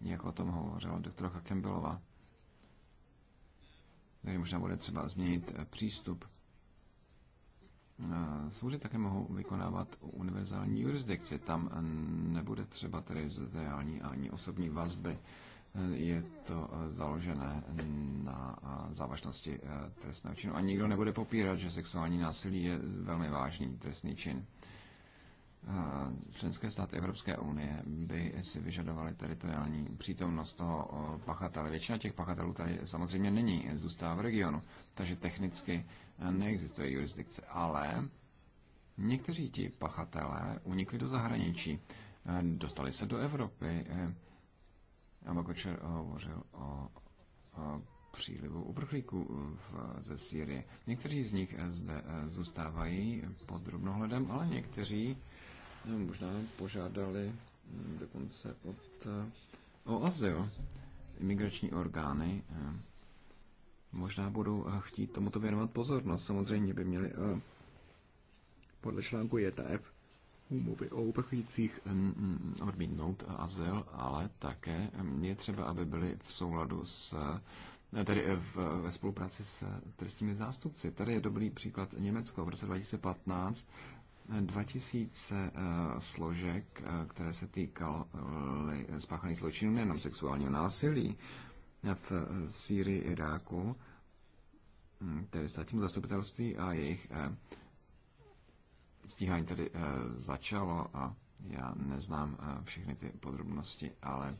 jak o tom hovořila doktorka Kembelová. Takže možná bude třeba změnit eh, přístup. Soudy také mohou vykonávat univerzální jurisdikci. Tam nebude třeba tedy reální ani osobní vazby je to eh, založené na eh, závažnosti eh, trestného činu. A nikdo nebude popírat, že sexuální násilí je velmi vážný trestný čin. Členské státy Evropské unie by si vyžadovaly teritoriální přítomnost toho pachatele. Většina těch pachatelů tady samozřejmě není, zůstává v regionu, takže technicky neexistuje jurisdikce. Ale někteří ti pachatelé unikli do zahraničí, dostali se do Evropy, Aba Kočer hovořil o, o přílivu uprchlíků v, ze Sýrie. Někteří z nich zde zůstávají pod drobnohledem, ale někteří no, možná požádali hm, dokonce od, o azyl. Imigrační orgány hm, možná budou chtít tomuto věnovat pozornost. Samozřejmě by měli hm, podle článku JTF úmluvy o uprchlících mm, odmítnout azyl, ale také je třeba, aby byly v souladu s tedy v, ve spolupráci s trestními zástupci. Tady je dobrý příklad Německo. V roce 2015 2000 eh, složek, eh, které se týkaly spáchaných zločinů, nejenom sexuálního násilí, v Sýrii, Iráku, tedy státnímu zastupitelství a jejich eh, stíhání tedy eh, začalo a já neznám eh, všechny ty podrobnosti, ale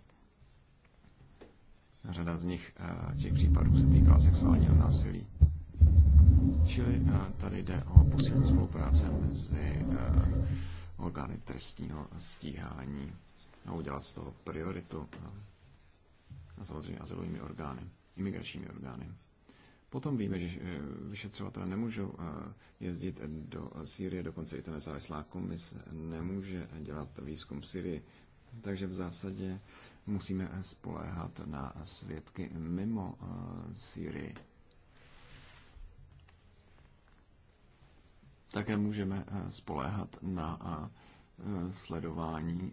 řada z nich, eh, těch případů se týkala sexuálního násilí. Čili tady jde o posílení spolupráce mezi orgány trestního stíhání a udělat z toho prioritu a samozřejmě azylovými orgány, imigračními orgány. Potom víme, že vyšetřovatelé nemůžou eh, jezdit do Sýrie, dokonce i ta nezávislá komise nemůže dělat výzkum v Syrii. Takže v zásadě musíme spoléhat na svědky mimo eh, Syrii. Také můžeme eh, spoléhat na sledování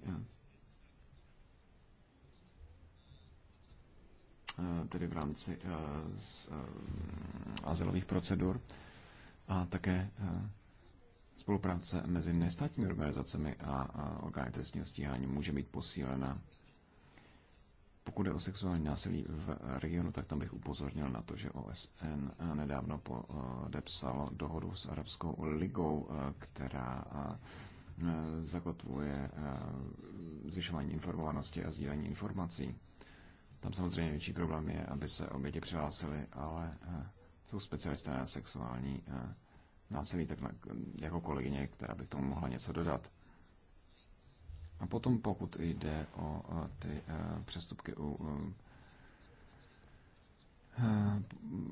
Eh, tedy v rámci eh, eh, azylových procedur a také spolupráce mezi nestátními organizacemi a orgány trestního stíhání může být posílena. Pokud je o sexuální násilí v regionu, tak tam bych upozornil na to, že OSN nedávno podepsalo dohodu s Arabskou ligou, která zakotvuje zvyšování informovanosti a sdílení informací. Tam samozřejmě větší problém je, aby se oběti přihlásili, ale eh, jsou specialisté na sexuální eh, násilí, tak jako kolegyně, která by k tomu mohla něco dodat. A potom pokud jde o eh, ty přestupky u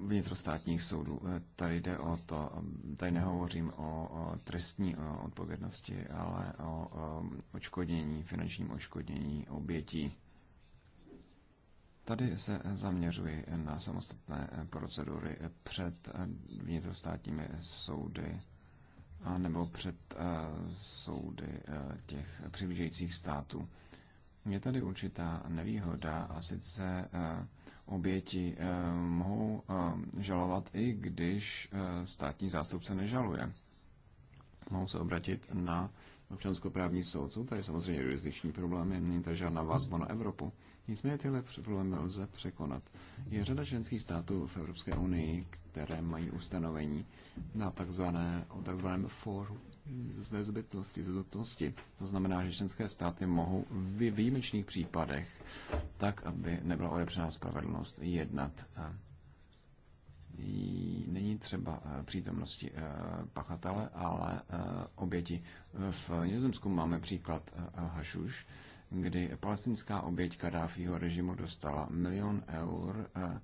vnitrostátních soudů. Tady jde o to, tady nehovořím o, trestní odpovědnosti, ale o, očkodnění, finančním očkodnění obětí. Tady se zaměřuji na samostatné procedury před vnitrostátními soudy a nebo před eh, soudy eh, těch přiblížejících států. Je tady určitá nevýhoda a sice eh, oběti mohou žalovat i když státní zástupce nežaluje. Mohou se obratit na občanskoprávní soud. Jsou tady samozřejmě jurisdikční problémy, není tady žádná vazba na Evropu. Nicméně tyhle problémy lze překonat. Je řada členských států v Evropské unii, které mají ustanovení na takzvané, o takzvaném fóru z nezbytnosti, z nutnosti. To znamená, že členské státy mohou v výjimečných případech, tak aby nebyla odepřená spravedlnost, jednat není třeba eh, přítomnosti eh, pachatele, ale eh, oběti. V Nizozemsku máme příklad Hašuš, kdy palestinská oběť Kadáfího režimu dostala milion eur eh,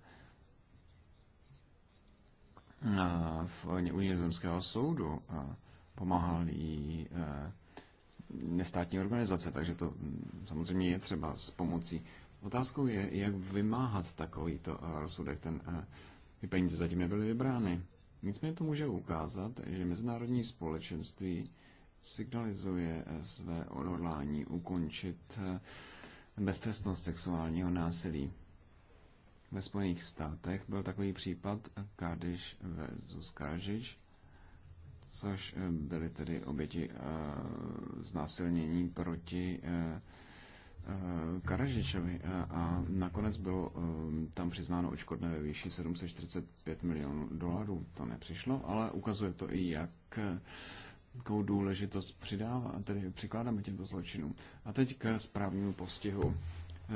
eh, v unizemského soudu. Pomáhal jí eh, nestátní organizace, takže to hm, samozřejmě je třeba s pomocí. Otázkou je, jak vymáhat takovýto rozsudek. Ten, ty peníze zatím nebyly vybrány. Nicméně to může ukázat, že mezinárodní společenství signalizuje eh, své odhodlání ukončit eh, beztrestnost sexuálního násilí. Ve Spojených státech byl takový případ Kadiš versus Karžič, což eh, byly tedy oběti znásilnění proti Karažičovi a nakonec bylo tam přiznáno očkodné ve výši 745 milionů dolarů. To nepřišlo, ale ukazuje to i, jak velkou důležitost přidává, tedy přikládáme těmto zločinům. A teď k správnímu postihu.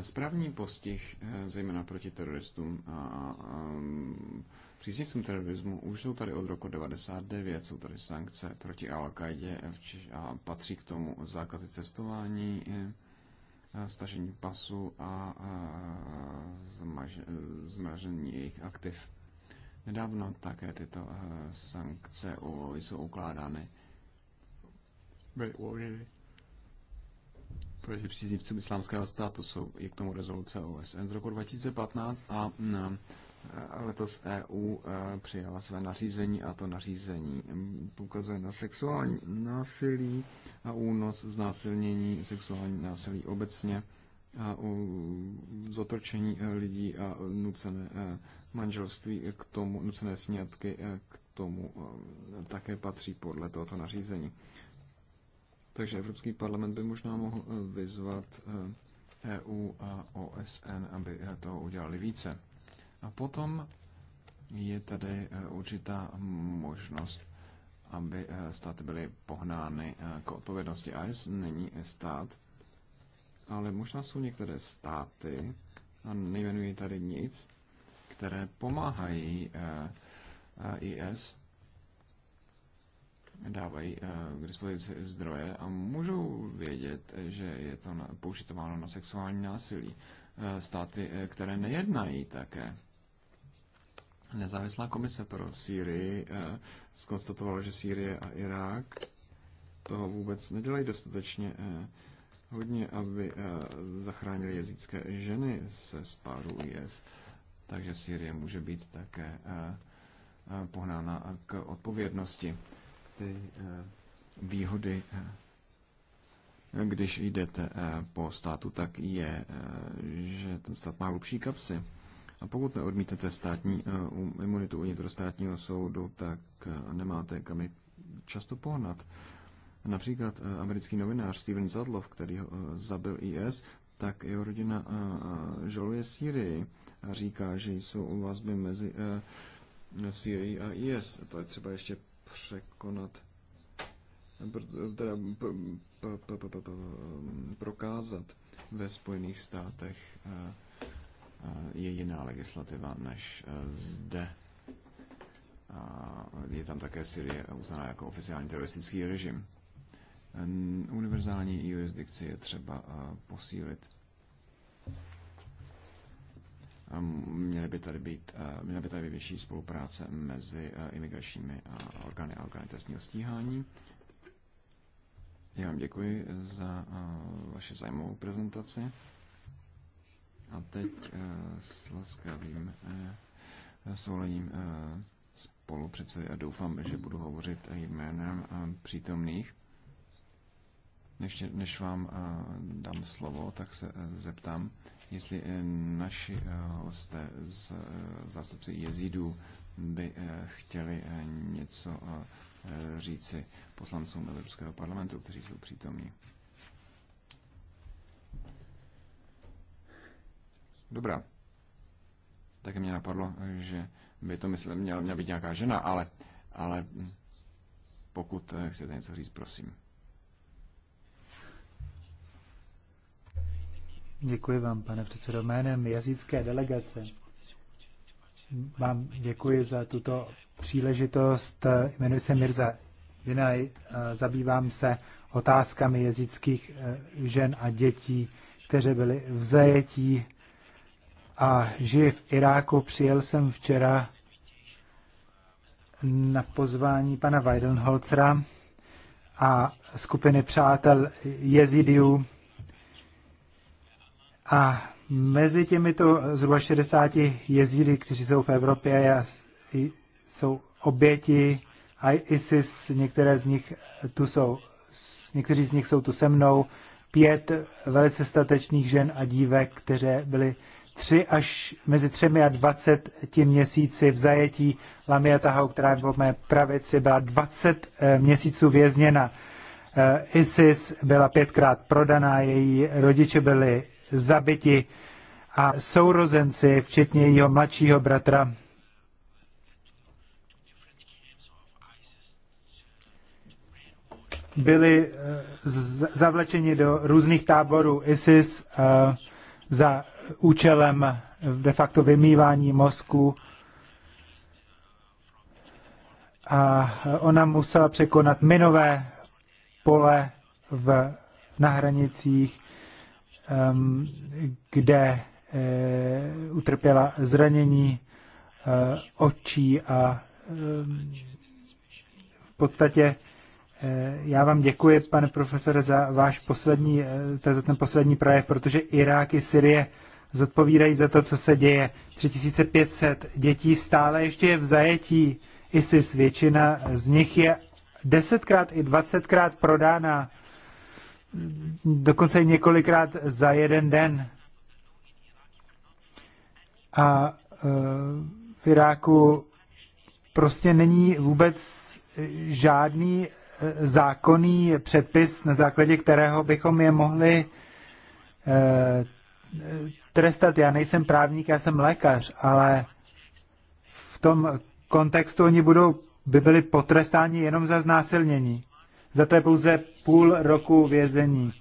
Správní postih, eh, zejména proti teroristům a, a mm, příznivcům terorismu, už jsou tady od roku 99, jsou tady sankce proti al qaidě eh, a patří k tomu zákazy cestování, eh, stažení pasu a, zmražení jejich aktiv. Nedávno také tyto sankce jsou ukládány byly uloženy příznivcům islámského státu. Jsou i k tomu rezoluce OSN z roku 2015 mm, a letos EU e, přijala své nařízení a to nařízení mm, poukazuje na sexuální násilí a únos, znásilnění, sexuální násilí obecně a zotročení e, lidí a nucené e, manželství k tomu, nucené snědky k tomu také patří podle tohoto nařízení. Takže Evropský parlament by možná mohl eh, vyzvat EU eh, e a OSN, aby eh, toho udělali více. A potom je tady určitá možnost, aby státy byly pohnány k odpovědnosti. AS není stát, ale možná jsou některé státy, a nejmenuji tady nic, které pomáhají IS dávají eh, k dispozici zdroje a můžou vědět, že je to použitováno na sexuální násilí. Eh, státy, eh, které nejednají také. Nezávislá komise pro Sýrii zkonstatovala, že Sýrie a Irák toho vůbec nedělají dostatečně hodně, aby zachránili jezické ženy se spáru IS. Takže Sýrie může být také pohnána k odpovědnosti ty eh, výhody, eh, když jdete eh, po státu, tak je, že ten stát má hlubší kapsy. A pokud neodmítnete státní um, imunitu u vnitrostátního soudu, tak nemáte kam je často pohnat. Například americký novinář Steven Zadlov, který ho zabil IS, tak jeho rodina žaluje Sýrii a říká, že jsou vazby mezi Sýrií a IS. To je třeba ještě překonat teda prokázat ve Spojených státech eh, eh, je jiná legislativa než eh, zde. Je tam také Syrie uznána jako oficiální teroristický režim. Univerzální jurisdikci je třeba posílit. Ehm, měly by tady být, eh, měla by tady být větší spolupráce mezi eh, imigračními orgány a orgány trestního stíhání. Já vám děkuji za eh, vaše zajímavou prezentaci. A teď s laskavým svolením spolupředsedy a doufám, že budu hovořit jménem přítomných. Než, než vám dám slovo, tak se zeptám, jestli eh, naši eh, hosté z eh, zástupci jezidů by chtěli něco říci poslancům Evropského parlamentu, kteří jsou přítomní. Dobrá. Také mě napadlo, že by to myslím, měla, měla být nějaká žena, ale, ale pokud chcete něco říct, prosím. Děkuji vám, pane předsedo. Jménem jazycké delegace vám děkuji za tuto příležitost. Jmenuji se Mirza Vinaj, zabývám se otázkami jazyckých eh, žen a dětí, které byly v zajetí a žijí v Iráku. Přijel jsem včera na pozvání pana Weidenholzera a skupiny přátel jezidiů a mezi těmito zhruba 60 jezídy, kteří jsou v Evropě, jsou oběti a ISIS, některé z nich tu jsou, někteří z nich jsou tu se mnou, pět velice statečných žen a dívek, které byly tři až mezi třemi a dvaceti měsíci v zajetí Lamia Tahou, která byla v mé pravici, byla 20 eh, měsíců vězněna. Eh, ISIS byla pětkrát prodaná, její rodiče byli zabiti a sourozenci, včetně jeho mladšího bratra, byli eh, zavlečeni do různých táborů ISIS eh, za účelem de facto vymývání mozku. A ona musela překonat minové pole v, na hranicích kde eh, utrpěla zranění eh, očí a v podstatě eh, já vám děkuji, pane profesore, za váš poslední, za ten poslední projev, protože Irák i Syrie zodpovídají za to, co se děje. 3500 dětí stále ještě je v zajetí ISIS. Většina z nich je desetkrát i dvacetkrát prodána dokonce několikrát za jeden den. A e, v Iráku prostě není vůbec žádný e, zákonný předpis, na základě kterého bychom je mohli e, trestat. Já nejsem právník, já jsem lékař, ale v tom kontextu oni budou, by byli potrestáni jenom za znásilnění. Za to je pouze půl roku vězení.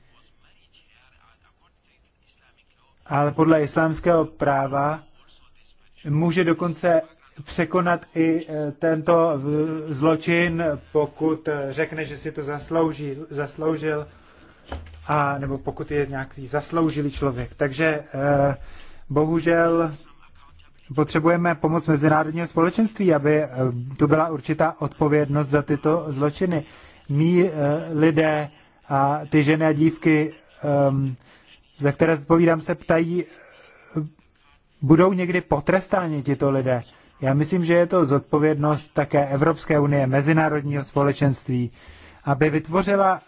Ale podle islámského práva může dokonce překonat i eh, tento eh, zločin, pokud eh, řekne, že si to zaslouží, zasloužil, a, nebo pokud je nějaký zasloužilý člověk. Takže bohužel potřebujeme pomoc mezinárodního společenství, aby tu byla určitá odpovědnost za tyto zločiny mí eh, lidé a ty ženy a dívky, ehm, za které zpovídám, se ptají, eh, budou někdy potrestáni tito lidé. Já myslím, že je to zodpovědnost také Evropské unie, mezinárodního společenství, aby vytvořila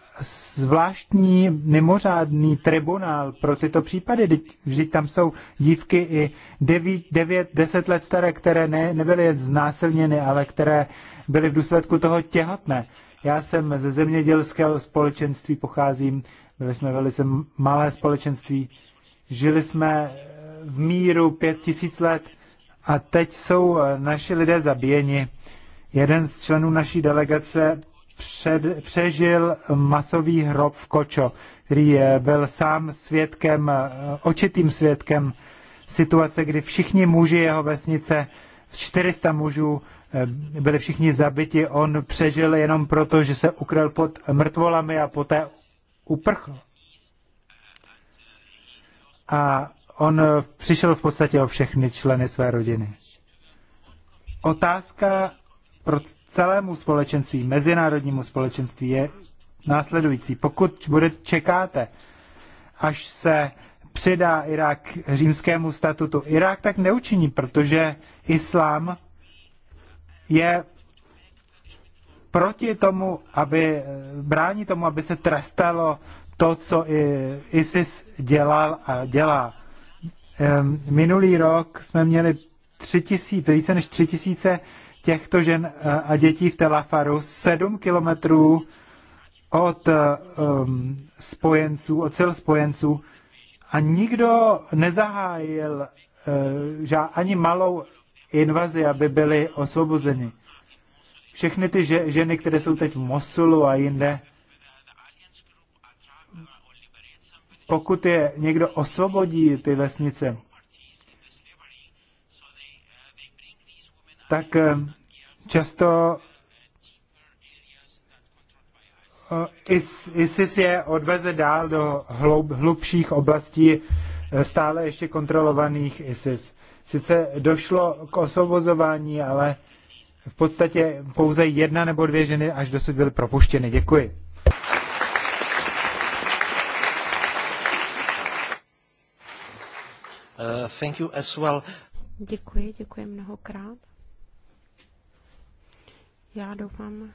zvláštní mimořádný tribunál pro tyto případy. Vždyť tam jsou dívky i 9, 9 10 let staré, které ne, nebyly znásilněny, ale které byly v důsledku toho těhotné. Já jsem ze zemědělského společenství pocházím, byli jsme velice malé společenství, žili jsme eh, v míru pět tisíc let a teď jsou eh, naši lidé zabíjeni. Jeden z členů naší delegace před, přežil masový hrob v Kočo, který eh, byl sám svědkem, očitým svědkem situace, kdy všichni muži jeho vesnice 400 mužů, eh, byli všichni zabiti, on přežil jenom proto, že se ukryl pod mrtvolami a poté uprchl. A on přišel v podstatě o všechny členy své rodiny. Otázka pro celému společenství, mezinárodnímu společenství je následující. Pokud budete čekáte, až se přidá Irák římskému statutu. Irák tak neučiní, protože islám je proti tomu, aby brání tomu, aby se trestalo to, co ISIS dělal a dělá. Minulý rok jsme měli tři tisíce, více než tři tisíce těchto žen eh, a dětí v Telafaru, sedm kilometrů od um, spojenců, od sil spojenců a nikdo nezahájil eh, že ani malou invazi, aby byly osvobozeny. Všechny ty ženy, které jsou teď v Mosulu a jinde, pokud je někdo osvobodí ty vesnice, tak eh, často Eh, ISIS je odveze dál do hloub, hlubších oblastí eh, stále ještě kontrolovaných ISIS. Sice došlo k osvobozování, ale v podstatě pouze jedna nebo dvě ženy až dosud byly propuštěny. Děkuji. Uh, thank you as well. Děkuji, děkuji mnohokrát. Já doufám,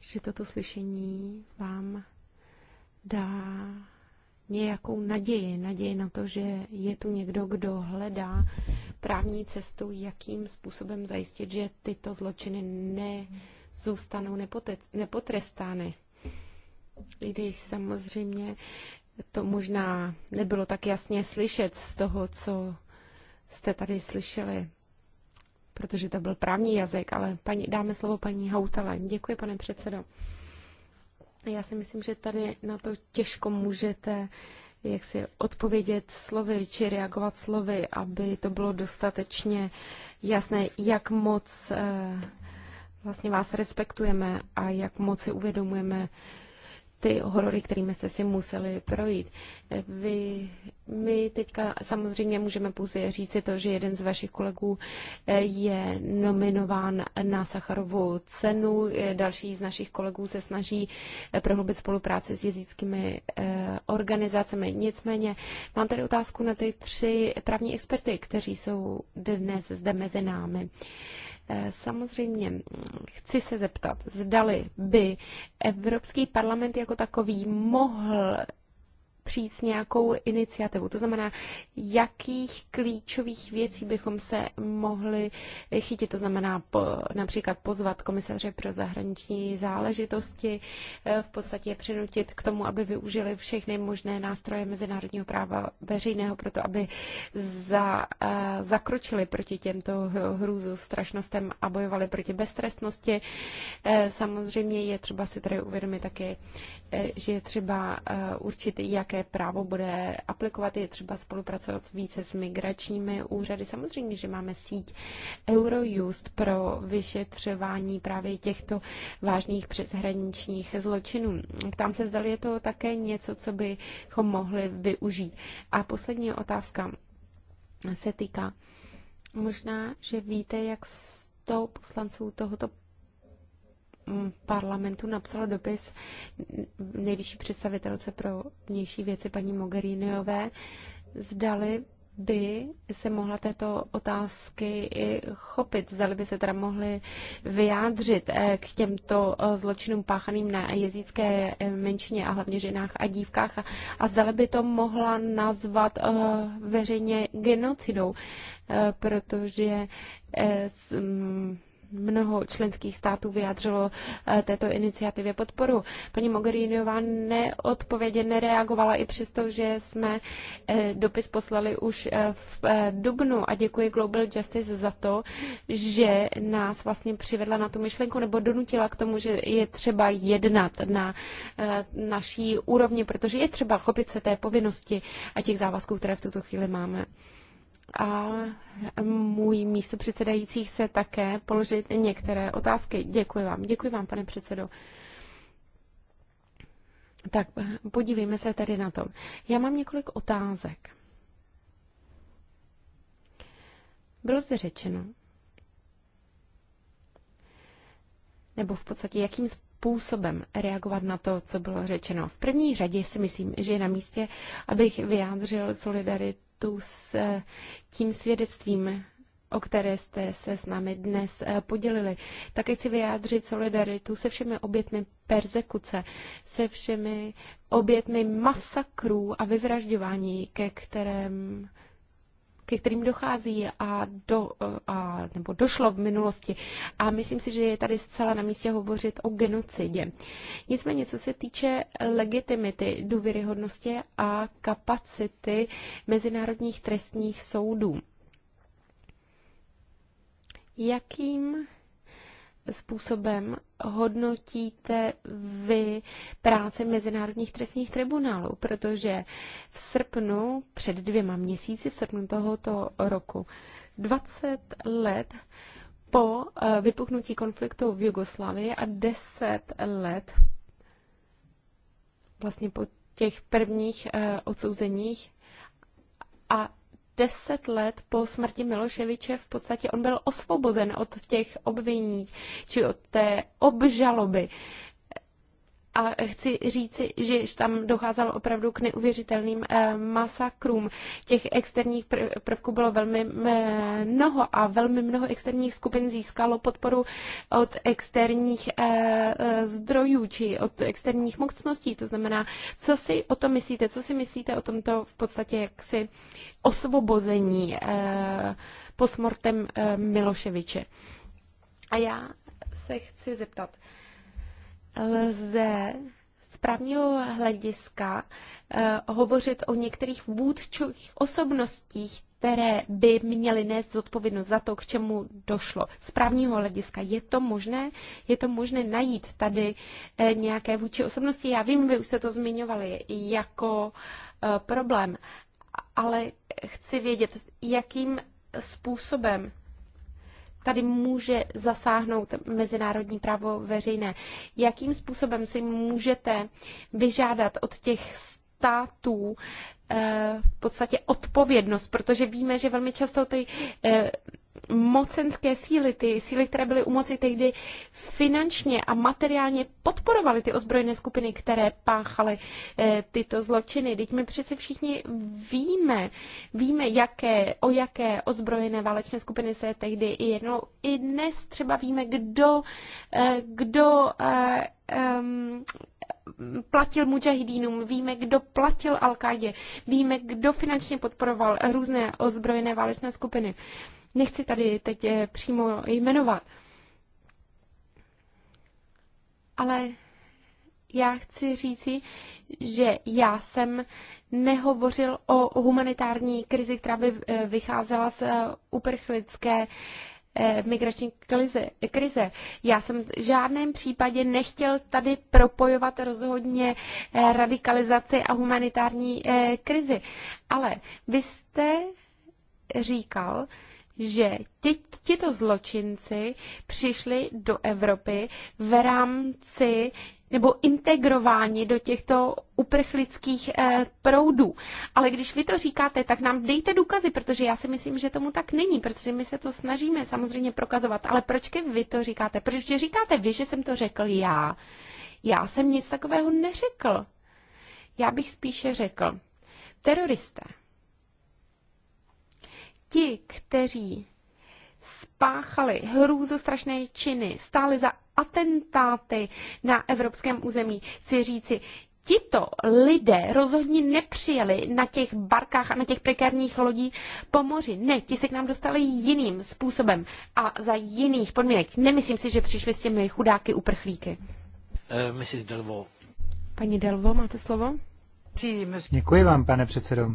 že toto slyšení vám dá nějakou naději, naději na to, že je tu někdo, kdo hledá právní cestu, jakým způsobem zajistit, že tyto zločiny nezůstanou nepotrestány. I když samozřejmě to možná nebylo tak jasně slyšet z toho, co jste tady slyšeli protože to byl právní jazyk, ale paní, dáme slovo paní Hautale. Děkuji, pane předsedo. Já si myslím, že tady na to těžko můžete jak si odpovědět slovy či reagovat slovy, aby to bylo dostatečně jasné, jak moc eh, vlastně vás respektujeme a jak moc si uvědomujeme, ty horory, kterými jste si museli projít. Vy, my teďka samozřejmě můžeme pouze říci to, že jeden z vašich kolegů eh, je nominován na Sacharovou cenu, eh, další z našich kolegů se snaží eh, prohlubit spolupráci s jezickými organizacemi. Nicméně mám tady otázku na ty tři právní experty, kteří jsou dnes zde mezi námi. Eh, samozřejmě mm, chci se zeptat, zdali by Evropský parlament jako takový mohl přijít s nějakou iniciativu. To znamená, jakých klíčových věcí bychom se mohli chytit. To znamená po, například pozvat komisaře pro zahraniční záležitosti, eh, v podstatě přinutit k tomu, aby využili všechny možné nástroje mezinárodního práva veřejného, proto aby za, eh, zakročili proti těmto hrůzu strašnostem a bojovali proti beztrestnosti. Eh, samozřejmě je třeba si tady uvědomit taky, že je třeba určit, jaké jaké právo bude aplikovat, je třeba spolupracovat více s migračními úřady. Samozřejmě, že máme síť Eurojust pro vyšetřování právě těchto vážných přeshraničních zločinů. Tam se zdali, je to také něco, co bychom mohli využít. A poslední otázka se týká možná, že víte, jak 100 poslanců tohoto Mm, parlamentu napsalo dopis nejvyšší představitelce pro vnější věci paní Mogheriniové, zdali by se mohla této otázky i chopit, zdali by se teda mohly vyjádřit eh, k těmto eh, zločinům páchaným na jezícké eh, menšině a hlavně ženách a dívkách a, a zdali by to mohla nazvat veřejně genocidou, protože mm, mnoho členských států vyjádřilo eh, této iniciativě podporu. Paní Mogherinová neodpovědě nereagovala i přesto, že jsme eh, dopis poslali už eh, v Dubnu a děkuji Global Justice za to, že nás vlastně přivedla na tu myšlenku nebo donutila k tomu, že je třeba jednat na naší úrovni, protože je třeba chopit se té povinnosti a těch závazků, které v tuto chvíli máme a můj místo předsedající chce také položit některé otázky. Děkuji vám. Děkuji vám, pane předsedo. Tak podívejme se tady na to. Já mám několik otázek. Bylo zde řečeno, nebo v podstatě jakým způsobem reagovat na to, co bylo řečeno. V první řadě si myslím, že je na místě, abych vyjádřil solidaritu tu s tím svědectvím, o které jste se s námi dnes eh, podělili. Také chci vyjádřit solidaritu se všemi obětmi persekuce, se všemi obětmi masakrů a vyvražďování, ke kterém ke kterým dochází a, do, a nebo došlo v minulosti. A myslím si, že je tady zcela na místě hovořit o genocidě. Nicméně, co se týče legitimity, důvěryhodnosti a kapacity mezinárodních trestních soudů. Jakým způsobem hodnotíte vy práci mezinárodních trestních tribunálů, protože v srpnu, před dvěma měsíci, v srpnu tohoto roku, 20 let po eh, vypuknutí konfliktu v Jugoslavii a 10 let vlastně po těch prvních eh, odsouzeních a deset let po smrti Miloševiče v podstatě on byl osvobozen od těch obvinění či od té obžaloby a chci říci, že tam docházelo opravdu k neuvěřitelným eh, masakrům. Těch externích prvků bylo velmi mnoho a velmi mnoho externích skupin získalo podporu od externích eh, eh, zdrojů či od externích mocností. To znamená, co si o tom myslíte, co si myslíte o tomto v podstatě jaksi osvobození posmortem Miloševiče. A já se chci zeptat, lze z právního hlediska eh, hovořit o některých vůdčích osobnostích, které by měly nést zodpovědnost za to, k čemu došlo. Z právního hlediska je to možné? Je to možné najít tady eh, nějaké vůči osobnosti? Já vím, vy už jste to zmiňovali jako eh, problém, ale chci vědět, jakým způsobem tady může zasáhnout mezinárodní právo veřejné. Jakým způsobem si můžete vyžádat od těch států eh, v podstatě odpovědnost, protože víme, že velmi často ty eh, mocenské síly, ty síly, které byly u moci tehdy finančně a materiálně podporovaly ty ozbrojené skupiny, které páchaly eh, tyto zločiny. Teď my přece všichni víme, víme, jaké, o jaké ozbrojené válečné skupiny se tehdy i jednou. I dnes třeba víme, kdo, kdo platil mujahidínům, víme, kdo platil al víme, kdo finančně podporoval různé ozbrojené válečné skupiny. Nechci tady teď eh, přímo jmenovat. Ale já chci říci, že já jsem nehovořil o humanitární krizi, která by eh, vycházela z eh, uprchlické Eh, migrační krize, krize. Já jsem v žádném případě nechtěl tady propojovat rozhodně eh, radikalizaci a humanitární eh, krizi. Ale vy jste říkal, že tito zločinci přišli do Evropy v rámci nebo integrováni do těchto uprchlických eh, proudů. Ale když vy to říkáte, tak nám dejte důkazy, protože já si myslím, že tomu tak není, protože my se to snažíme samozřejmě prokazovat. Ale proč vy to říkáte? Proč říkáte vy, že jsem to řekl já? Já jsem nic takového neřekl. Já bych spíše řekl, teroristé, ti, kteří spáchali hrůzostrašné činy, stály za atentáty na evropském území, chci říci, tito lidé rozhodně nepřijeli na těch barkách a na těch prekárních lodí po moři. Ne, ti se k nám dostali jiným způsobem a za jiných podmínek. Nemyslím si, že přišli s těmi chudáky uprchlíky. Uh, Mrs. Delvo. Paní Delvo, máte slovo? Děkuji vám, pane předsedo.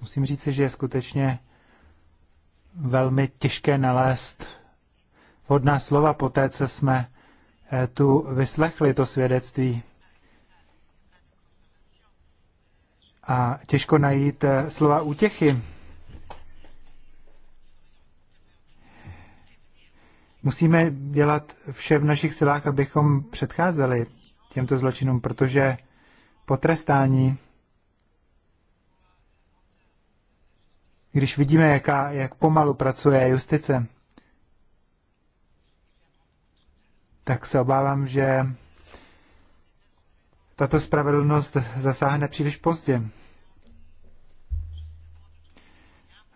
Musím říct, že je skutečně velmi těžké nalézt vhodná slova po té, co jsme eh, tu vyslechli to svědectví. A těžko najít eh, slova útěchy. Musíme dělat vše v našich silách, abychom předcházeli těmto zločinům, protože potrestání když vidíme, jaká, jak pomalu pracuje justice, tak se obávám, že tato spravedlnost zasáhne příliš pozdě.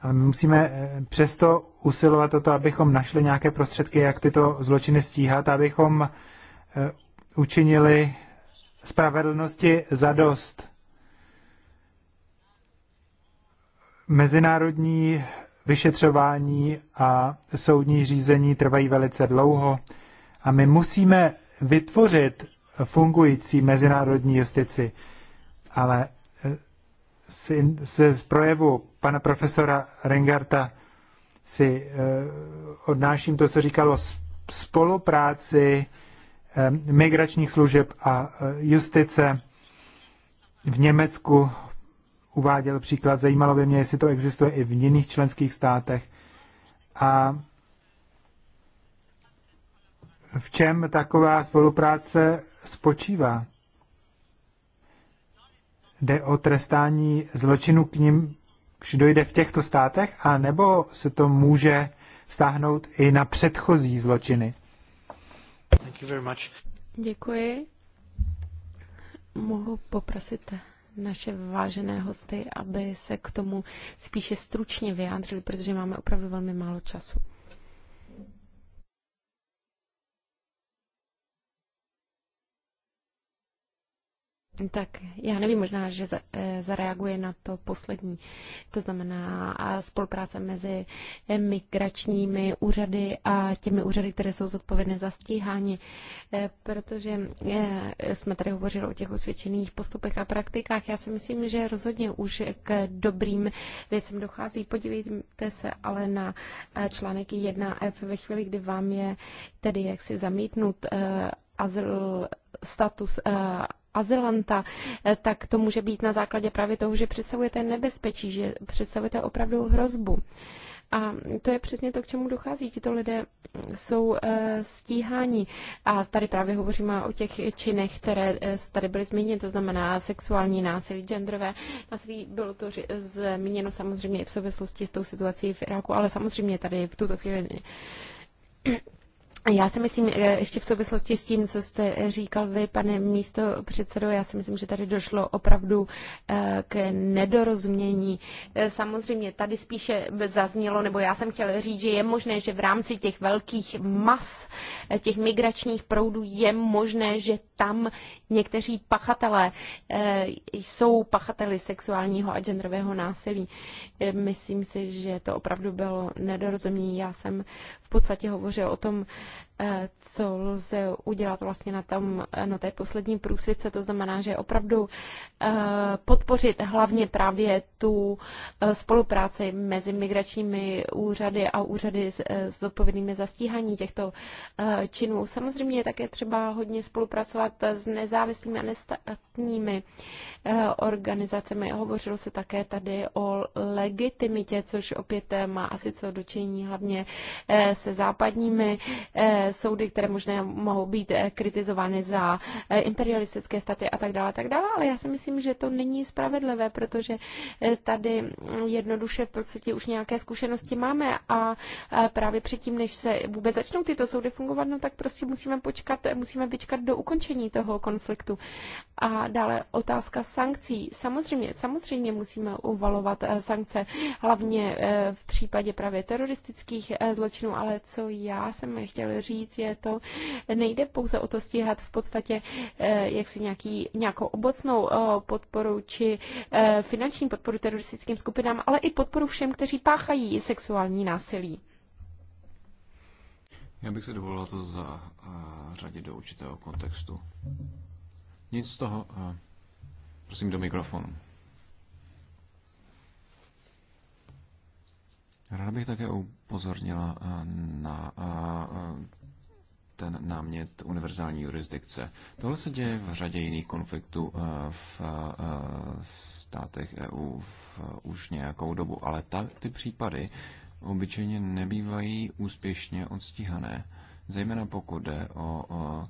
Ale my musíme eh, přesto usilovat o to, abychom našli nějaké prostředky, jak tyto zločiny stíhat, abychom eh, učinili spravedlnosti zadost. Mezinárodní vyšetřování a soudní řízení trvají velice dlouho a my musíme vytvořit fungující mezinárodní justici. Ale eh, se z projevu pana profesora Rengarta si eh, odnáším to, co říkalo spolupráci eh, migračních služeb a justice v Německu uváděl příklad, zajímalo by mě, jestli to existuje i v jiných členských státech a v čem taková spolupráce spočívá. Jde o trestání zločinu k ním, když dojde v těchto státech, a nebo se to může vztáhnout i na předchozí zločiny. Děkuji. Mohu poprosit naše vážené hosty, aby se k tomu spíše stručně vyjádřili, protože máme opravdu velmi málo času. Tak já nevím, možná, že eh, zareaguje na to poslední. To znamená spolupráce mezi eh, migračními úřady a těmi úřady, které jsou zodpovědné za stíhání, eh, protože jsme tady hovořili o těch osvědčených postupech a praktikách. Já si myslím, že rozhodně už k dobrým věcem dochází. Podívejte se ale na článek 1F ve chvíli, kdy vám je tedy jaksi zamítnut azyl status azylanta, eh, tak to může být na základě právě toho, že představujete nebezpečí, že představujete opravdu hrozbu. A to je přesně to, k čemu dochází. Tito lidé jsou eh, stíháni. A tady právě hovoříme o těch činech, které eh, tady byly zmíněny, to znamená sexuální násilí, genderové násilí. Bylo to zmíněno samozřejmě i v souvislosti s tou situací v Iráku, ale samozřejmě tady v tuto chvíli já si myslím, eh, ještě v souvislosti s tím, co jste říkal vy, pane místo předsedo, já si myslím, že tady došlo opravdu eh, k nedorozumění. Eh, samozřejmě tady spíše zaznělo, nebo já jsem chtěl říct, že je možné, že v rámci těch velkých mas, těch migračních proudů je možné, že tam někteří pachatelé eh, jsou pachateli sexuálního a genderového násilí. Eh, myslím si, že to opravdu bylo nedorozumění. Já jsem v podstatě hovořil o tom Eh, co lze udělat vlastně na, tom, eh, na té poslední průsvědce. To znamená, že opravdu eh, podpořit hlavně právě tu spolupráci mezi migračními úřady a úřady s, odpovědnými za stíhání těchto činů. Samozřejmě je také třeba hodně spolupracovat s nezávislými a nestatními organizacemi. Hovořilo se také tady o legitimitě, což opět má asi co dočinění hlavně se západními soudy, které možná mohou být eh, kritizovány za eh, imperialistické staty a tak dále, tak dále, ale já si myslím, že to není spravedlivé, protože eh, tady mm, jednoduše v podstatě už nějaké zkušenosti máme a právě předtím, než se vůbec začnou tyto soudy fungovat, no tak prostě musíme počkat, musíme vyčkat do ukončení toho konfliktu. A dále otázka sankcí. Samozřejmě, samozřejmě musíme uvalovat sankce, hlavně v případě právě teroristických zločinů, ale co já jsem chtěl říct, říct, je to, nejde pouze o to stíhat v podstatě eh, jak si nějaký, nějakou obocnou eh, podporu či eh, finanční podporu teroristickým skupinám, ale i podporu všem, kteří páchají sexuální násilí. Já bych se dovolila to zařadit do určitého kontextu. Nic z toho. prosím do mikrofonu. Ráda bych také upozornila na ten námět univerzální jurisdikce. Tohle se děje v řadě jiných konfliktů eh, v eh, státech EU v eh, už nějakou dobu, ale ta, ty případy obyčejně nebývají úspěšně odstíhané, zejména pokud jde o, o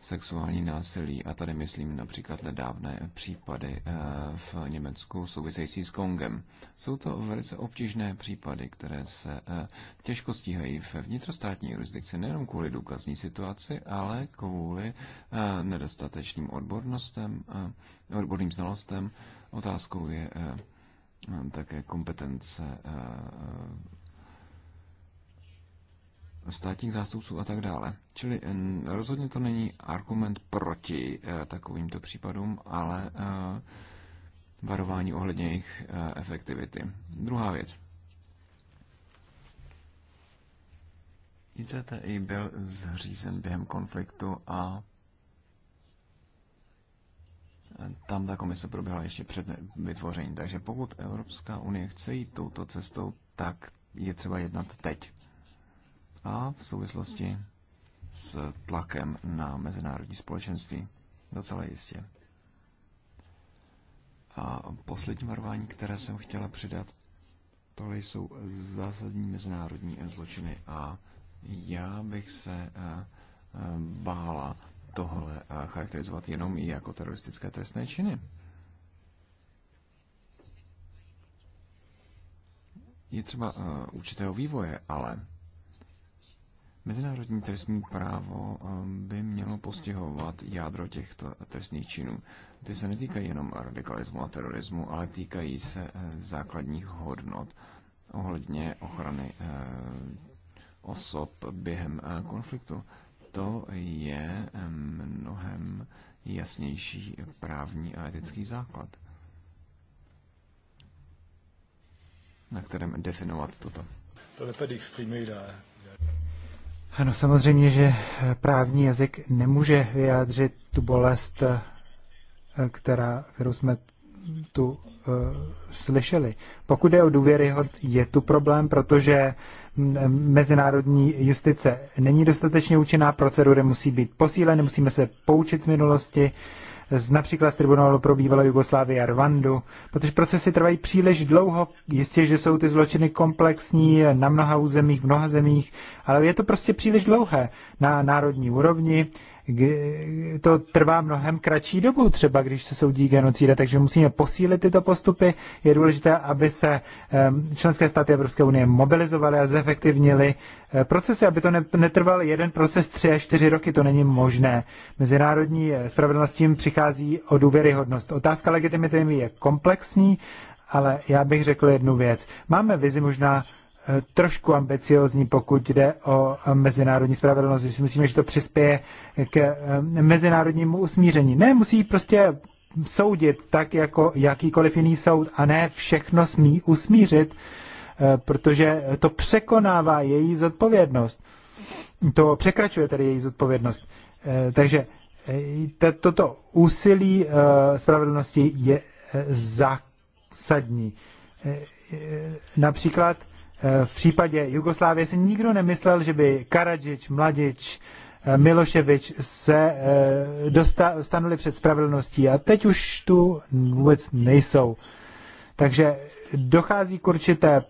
sexuální násilí. A tady myslím například nedávné případy eh, v Německu související s Kongem. Jsou to velice obtížné případy, které se eh, těžko stíhají ve vnitrostátní jurisdikci nejenom kvůli důkazní situaci, ale kvůli eh, nedostatečným odbornostem, odborným znalostem. Otázkou je také kompetence státních zástupců a tak dále. Čili eh, rozhodně to není argument proti eh, takovýmto případům, ale eh, varování ohledně jejich efektivity. Druhá věc. ICTI byl zřízen během konfliktu a tam ta komise proběhla ještě před vytvořením. Takže pokud Evropská unie chce jít touto cestou, tak je třeba jednat teď a v souvislosti s tlakem na mezinárodní společenství. Docela jistě. A poslední varování, které jsem chtěla přidat, tohle jsou zásadní mezinárodní zločiny a já bych se eh, eh, bála tohle eh, charakterizovat jenom i jako teroristické trestné činy. Je třeba určitého vývoje, ale Mezinárodní trestní právo um, by mělo postihovat jádro těchto trestných činů. Ty se netýkají jenom radikalismu a terorismu, ale týkají se eh, základních hodnot ohledně ochrany eh, osob během eh, konfliktu. To je mnohem jasnější právní a etický základ, na kterém definovat toto. To n'est pas d'exprimer ano, samozřejmě, že právní jazyk nemůže vyjádřit tu bolest, eh, která, kterou jsme tu uh, slyšeli. Pokud je o důvěryhodnost, je tu problém, protože mm, eh, mezinárodní justice není dostatečně účinná, procedury musí být posíleny, musíme se poučit z minulosti. Uh, z, například z tribunálu pro bývalou Jugoslávii a Rwandu, protože procesy trvají příliš dlouho. Jistě, že jsou ty zločiny komplexní na mnoha územích, v mnoha zemích, ale je to prostě příliš dlouhé na národní úrovni to trvá mnohem kratší dobu, třeba když se soudí genocída, takže musíme posílit tyto postupy. Je důležité, aby se členské státy Evropské unie mobilizovaly a zefektivnily eh, procesy, aby to netrval jeden proces tři až čtyři roky, to není možné. Mezinárodní eh, spravedlnost tím přichází o důvěryhodnost. Otázka legitimity je komplexní, ale já bych řekl jednu věc. Máme vizi možná trošku ambiciozní, pokud jde o mezinárodní spravedlnost. Si myslíme, že to přispěje k eh, mezinárodnímu usmíření. Ne, musí prostě soudit tak, jako jakýkoliv jiný soud a ne všechno smí usmířit, eh, protože to překonává její zodpovědnost. To překračuje tedy její zodpovědnost. Eh, takže toto úsilí spravedlnosti je zásadní. Například Eh, v případě Jugoslávie si nikdo nemyslel, že by Karadžič, Mladič, eh, Miloševič se eh, dostanuli před spravedlností a teď už tu vůbec nejsou. Takže dochází k určitému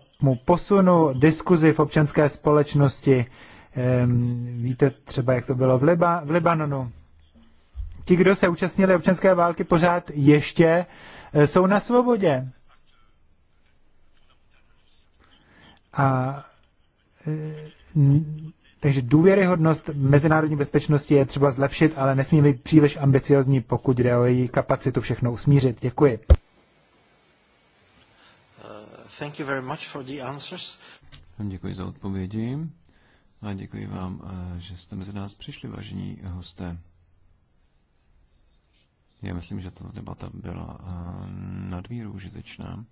posunu diskuzi v občanské společnosti. Víte třeba, jak to bylo v, Liba, v Libanonu. Ti, kdo se účastnili občanské války, pořád ještě jsou na svobodě. A e, takže důvěryhodnost mezinárodní bezpečnosti je třeba zlepšit, ale nesmí být příliš ambiciozní, pokud jde o její kapacitu všechno usmířit. Děkuji. Uh, thank you very much for the answers. Děkuji za odpovědi a děkuji vám, uh, že jste mezi nás přišli, vážení hosté. Já myslím, že tato debata byla uh, nadmíru užitečná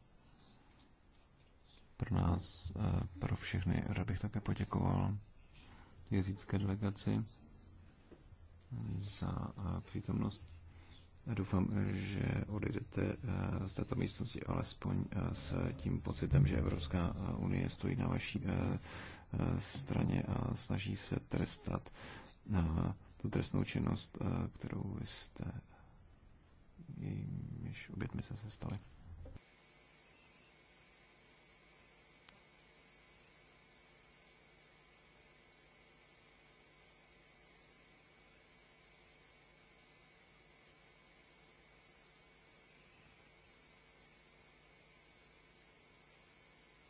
pro nás, eh, pro všechny. Rád bych také poděkoval jezícké delegaci za eh, přítomnost. Doufám, že odejdete eh, z této místnosti alespoň s tím pocitem, že Evropská unie stojí na vaší straně a snaží se trestat tu trestnou činnost, kterou vy jste jejímiž obětmi se stali.